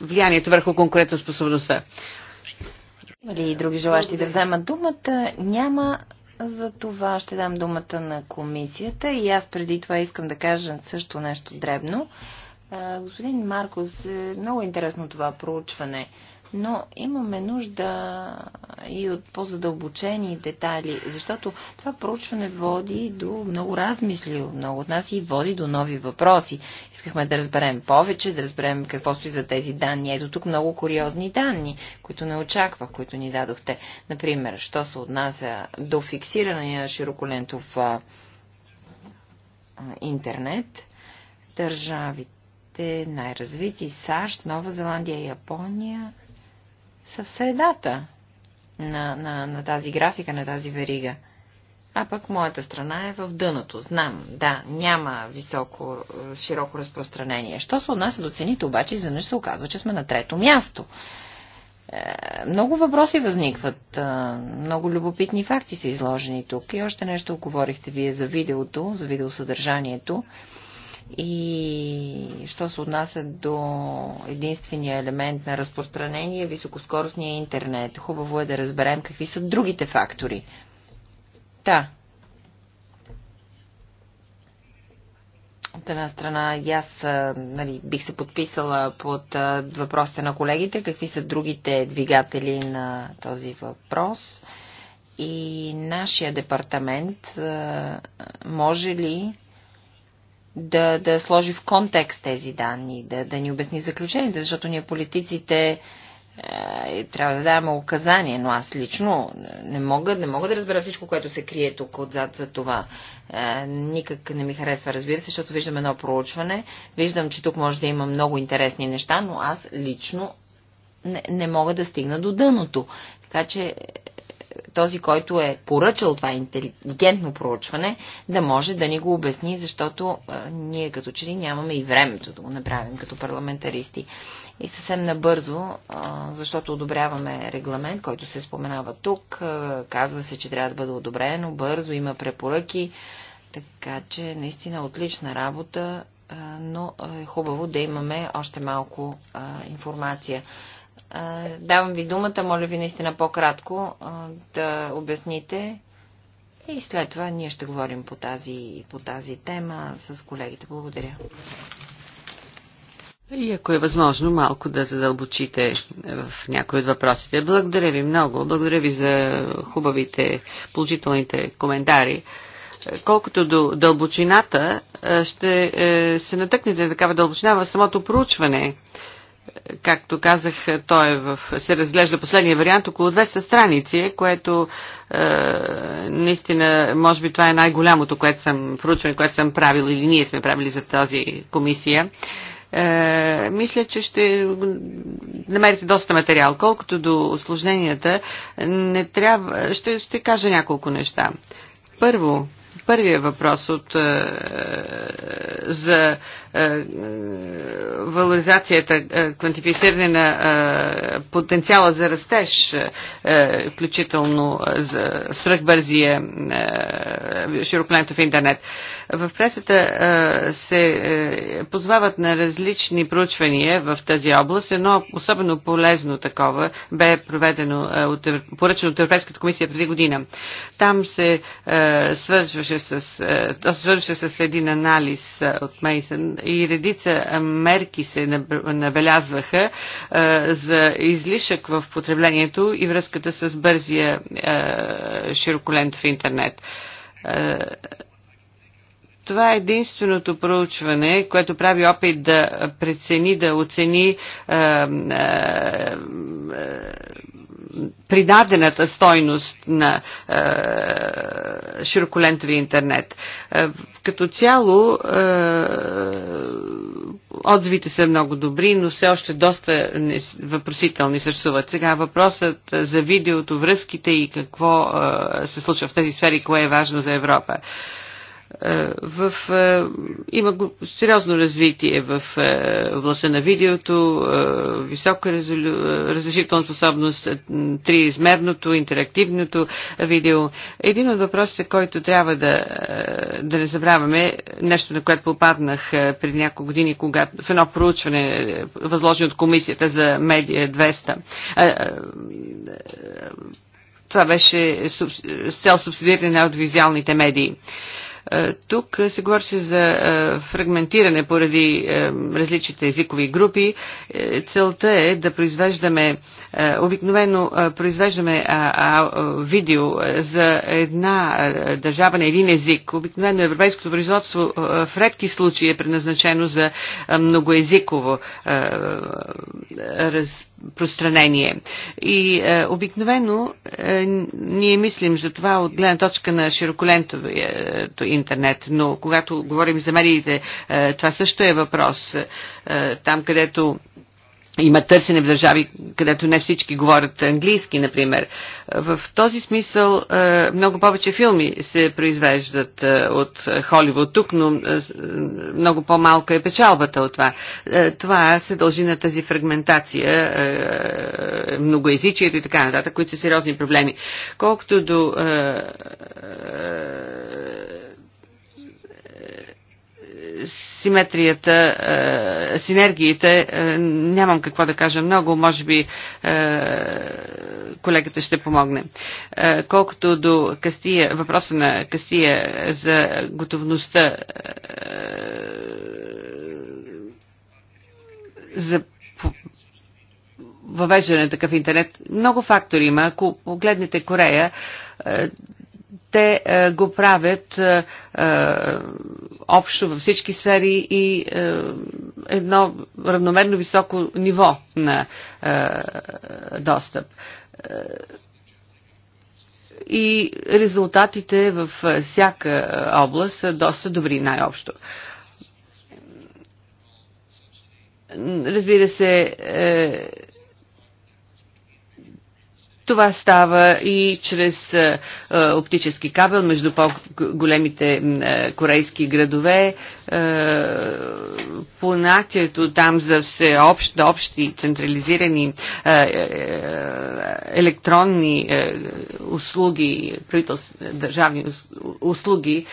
влиянието върху конкурентоспособността? Има ли други желащи да вземат думата? Няма. За това ще дам думата на комисията и аз преди това искам да кажа също нещо дребно. Господин Маркос, е много интересно това проучване, но имаме нужда и от по-задълбочени детайли, защото това проучване води до много размисли от много от нас и води до нови въпроси. Искахме да разберем повече, да разберем какво стои за тези данни. Ето тук много куриозни данни, които не очаквах, които ни дадохте. Например, що се отнася до фиксирания широколентов интернет, държавите най-богатите, най-развити, САЩ, Нова Зеландия, и Япония са в средата на, на, на тази графика, на тази верига. А пък моята страна е в дъното. Знам, да, няма високо, широко разпространение. Що се отнася до цените, обаче изведнъж се оказва, че сме на трето място. Е, много въпроси възникват, е, много любопитни факти са изложени тук. И още нещо говорихте вие за видеото, за видеосъдържанието. съдържанието и що се отнася до единствения елемент на разпространение, високоскоростния интернет. Хубаво е да разберем какви са другите фактори. Та. От една страна, аз нали, бих се подписала под въпросите на колегите, какви са другите двигатели на този въпрос. И нашия департамент може ли да, да сложи в контекст тези данни, да, да ни обясни заключенията, защото ние политиците е, трябва да даваме указания, но аз лично не мога, не мога да разбера всичко, което се крие тук отзад за това. Е, никак не ми харесва, разбира се, защото виждам едно проучване, виждам, че тук може да има много интересни неща, но аз лично не, не мога да стигна до дъното. Така че този, който е поръчал това интелигентно проучване, да може да ни го обясни, защото а, ние като че ли нямаме и времето да го направим като парламентаристи. И съвсем набързо, а, защото одобряваме регламент, който се споменава тук, а, казва се, че трябва да бъде одобрено бързо, има препоръки, така че наистина отлична работа, а, но е хубаво да имаме още малко а, информация. Давам ви думата, моля ви наистина по-кратко да обясните и след това ние ще говорим по тази, по тази тема с колегите. Благодаря. И ако е възможно, малко да задълбочите в някои от въпросите. Благодаря ви много. Благодаря ви за хубавите, положителните коментари. Колкото до дълбочината, ще е, се натъкнете на такава дълбочина в самото проучване както казах, той е в, се разглежда последния вариант, около 200 страници, което е, наистина, може би това е най-голямото, което съм, проучване, което съм правил или ние сме правили за тази комисия. Е, мисля, че ще намерите доста материал. Колкото до осложненията, не трябва, ще, ще кажа няколко неща. Първо, първият въпрос от, е, за е, е, валоризацията, е, квантифициране на потенциала за растеж, включително за свръхбързия в интернет. В пресата се позвават на различни проучвания в тази област. Едно особено полезно такова бе проведено от, поръчено от Европейската комисия преди година. Там се свързваше с, то се свързваше с един анализ от Мейсън и редица мерки се набелязваха за излишък в потреблението и връзката с бързия широколент в интернет. Това е единственото проучване, което прави опит да прецени, да оцени придадената стойност на е, широколентови интернет. Е, като цяло е, отзивите са много добри, но все още доста не, въпросителни съществуват. Сега въпросът за видеото, връзките и какво е, се случва в тези сфери, кое е важно за Европа. Е, е, в, е, има сериозно развитие в властта е, на видеото, висока резолю... разрешителна способност, триизмерното, интерактивното видео. Един от въпросите, който трябва да, да не забравяме, нещо на което попаднах преди няколко години, когато в едно проучване, възложено от комисията за медия 200, това беше с цел субсидиране на аудиовизуалните медии. Е, тук се говореше за е, фрагментиране поради е, различните езикови групи. Целта е да произвеждаме, обикновено произвеждаме видео за една държава на един език. Обикновено европейското производство в редки случаи е предназначено за многоезиково разпространение. И е, обикновено е, ние мислим за това от гледна точка на широколентовото интернет, но когато говорим за медиите, е, това също е въпрос. Е, там, където има търсене в държави, където не всички говорят английски, например. В този смисъл е, много повече филми се произвеждат е, от Холивуд тук, но е, много по-малка е печалбата от това. Това се дължи на тази фрагментация, многоязичието и така нататък, които са сериозни проблеми. Колкото до симетрията, е, синергиите, е, нямам какво да кажа много, може би е, колегата ще помогне. Е, колкото до Кастия, въпроса на Кастия за готовността е, за въвеждане на такъв интернет, много фактори има. Ако погледнете Корея, е, те е, го правят е, е, общо във всички сфери и е, едно равномерно високо ниво на е, достъп. Е, и резултатите във всяка област са доста добри, най-общо. Разбира се, е, това става и чрез е, е, оптически кабел между по-големите е, корейски градове. Понятието там за всеобщи, общи, централизирани електронни услуги, държавни услуги,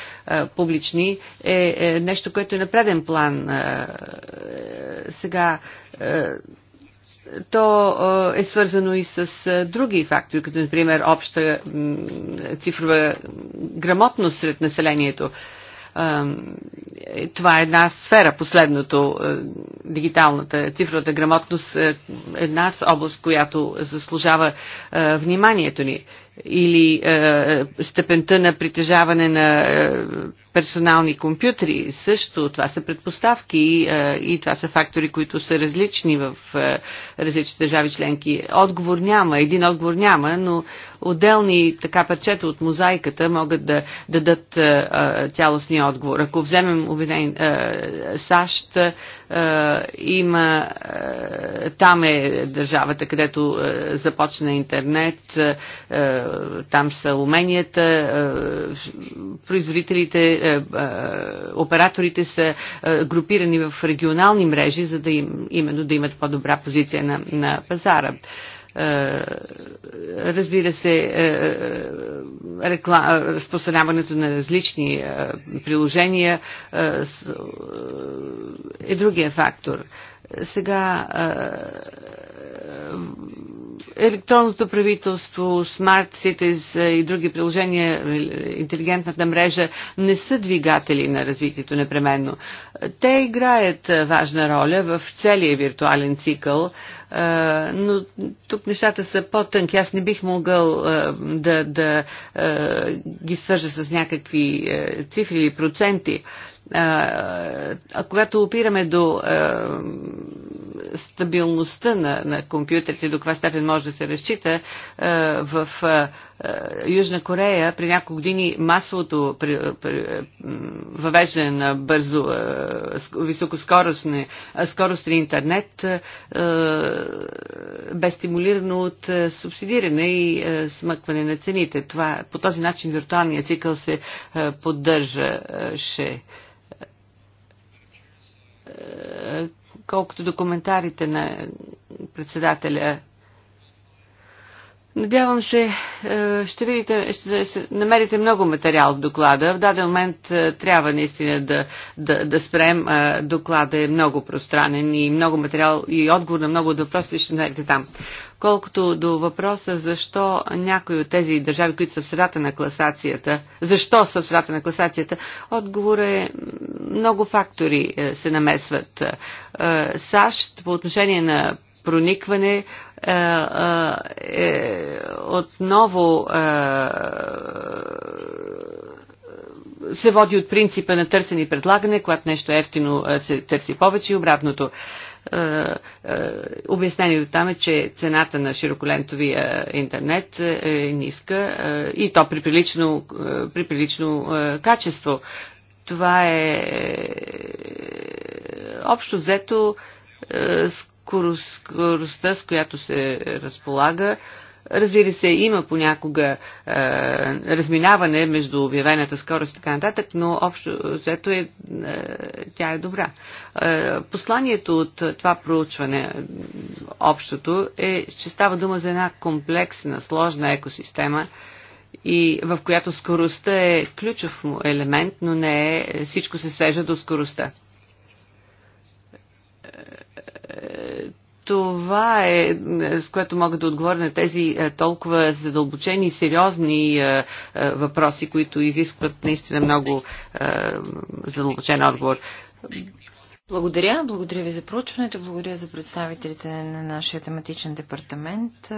публични, е нещо, което е на преден план. Сега то е свързано и с други фактори, като например обща цифрова грамотност сред населението. Е, това е една сфера, последното, дигиталната, цифровата грамотност е една област, която заслужава вниманието ни. Или степента на притежаване на персонални компютри. Също това са предпоставки е, и, това са фактори, които са различни в е, различни държави членки. Отговор няма, един отговор няма, но отделни така парчета от мозайката могат да, да дадат е, цялостния отговор. Ако вземем обвинен, САЩ, има, там е държавата, където започна интернет, там са уменията, производителите е, е, операторите са е, групирани в регионални мрежи, за да им, именно да имат по-добра позиция на, на пазара разбира се, рекла... разпространяването на различни приложения е другия фактор. Сега електронното правителство, смарт cities и други приложения, интелигентната мрежа не са двигатели на развитието непременно. Те играят важна роля в целия виртуален цикъл, но тук нещата са по-тънки. Аз не бих могъл да, да ги свържа с някакви цифри или проценти а, когато опираме до а, стабилността на, на компютрите, до каква степен може да се разчита, а, в а, Южна Корея при няколко години масовото при, при, въвеждане на бързо, а, високоскоростни скоростен интернет а, бе стимулирано от а, субсидиране и а, смъкване на цените. Това, по този начин виртуалният цикъл се а, поддържаше колкото до коментарите на председателя. Надявам се, е, ще, видите, ще намерите много материал в доклада. В даден момент е, трябва наистина да, да, да спрем. Е, докладът е много пространен и много материал и отговор на много от въпросите ще намерите там. Колкото до въпроса защо някои от тези държави, които са в средата на класацията, защо са в средата на класацията, отговор е много фактори е, се намесват. Е, САЩ по отношение на проникване е, е отново се води от принципа на търсене и предлагане, когато нещо ефтино се търси повече и обратното. Е, е, Обяснението там е, че цената на широколентовия е, интернет е ниска и то при прилично, при прилично качество. Това е общо взето скорост, скоростта, с която се разполага Разбира се, има понякога е, разминаване между обявената скорост и така нататък, но общо взето е, е, тя е добра. Е, посланието от това проучване, общото, е, че става дума за една комплексна, сложна екосистема, и в която скоростта е ключов елемент, но не е, всичко се свежа до скоростта е, това е, е, с което мога да отговоря на тези е, толкова задълбочени, сериозни е, въпроси, които изискват наистина много задълбочен отговор. Благодаря. Благодаря ви за проучването. Благодаря за представителите на нашия тематичен департамент.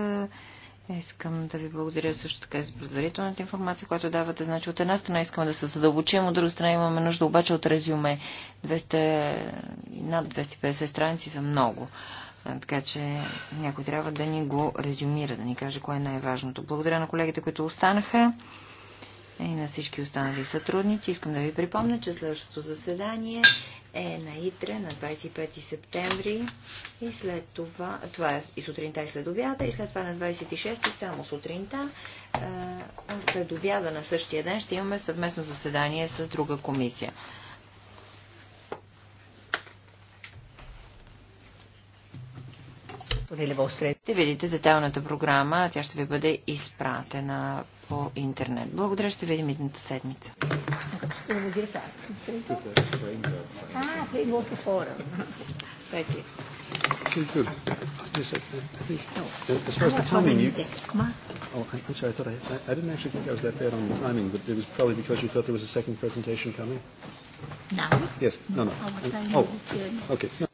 Искам да ви благодаря също така за предварителната информация, която давате. Значи от една страна искаме да се задълбочим, от друга страна имаме нужда обаче от резюме. 200, над 250 страници са много. Така че някой трябва да ни го резюмира, да ни каже кое е най-важното. Благодаря на колегите, които останаха и на всички останали сътрудници. Искам да ви припомня, че следващото заседание е на Итре на 25 септември и след това, това е и сутринта и след обяда, и след това на 26 и само сутринта, а след обяда на същия ден ще имаме съвместно заседание с друга комисия. Ще видите детайлната програма, тя ще ви бъде изпратена по интернет. Благодаря, ще видим едната седмица. Thank you. Good, good. Yes, as far as the timing, you, oh, I'm sorry, I thought I, I didn't actually think I was that bad on the timing, but it was probably because you thought there was a second presentation coming. Now? Yes, no, no. Oh, okay. No.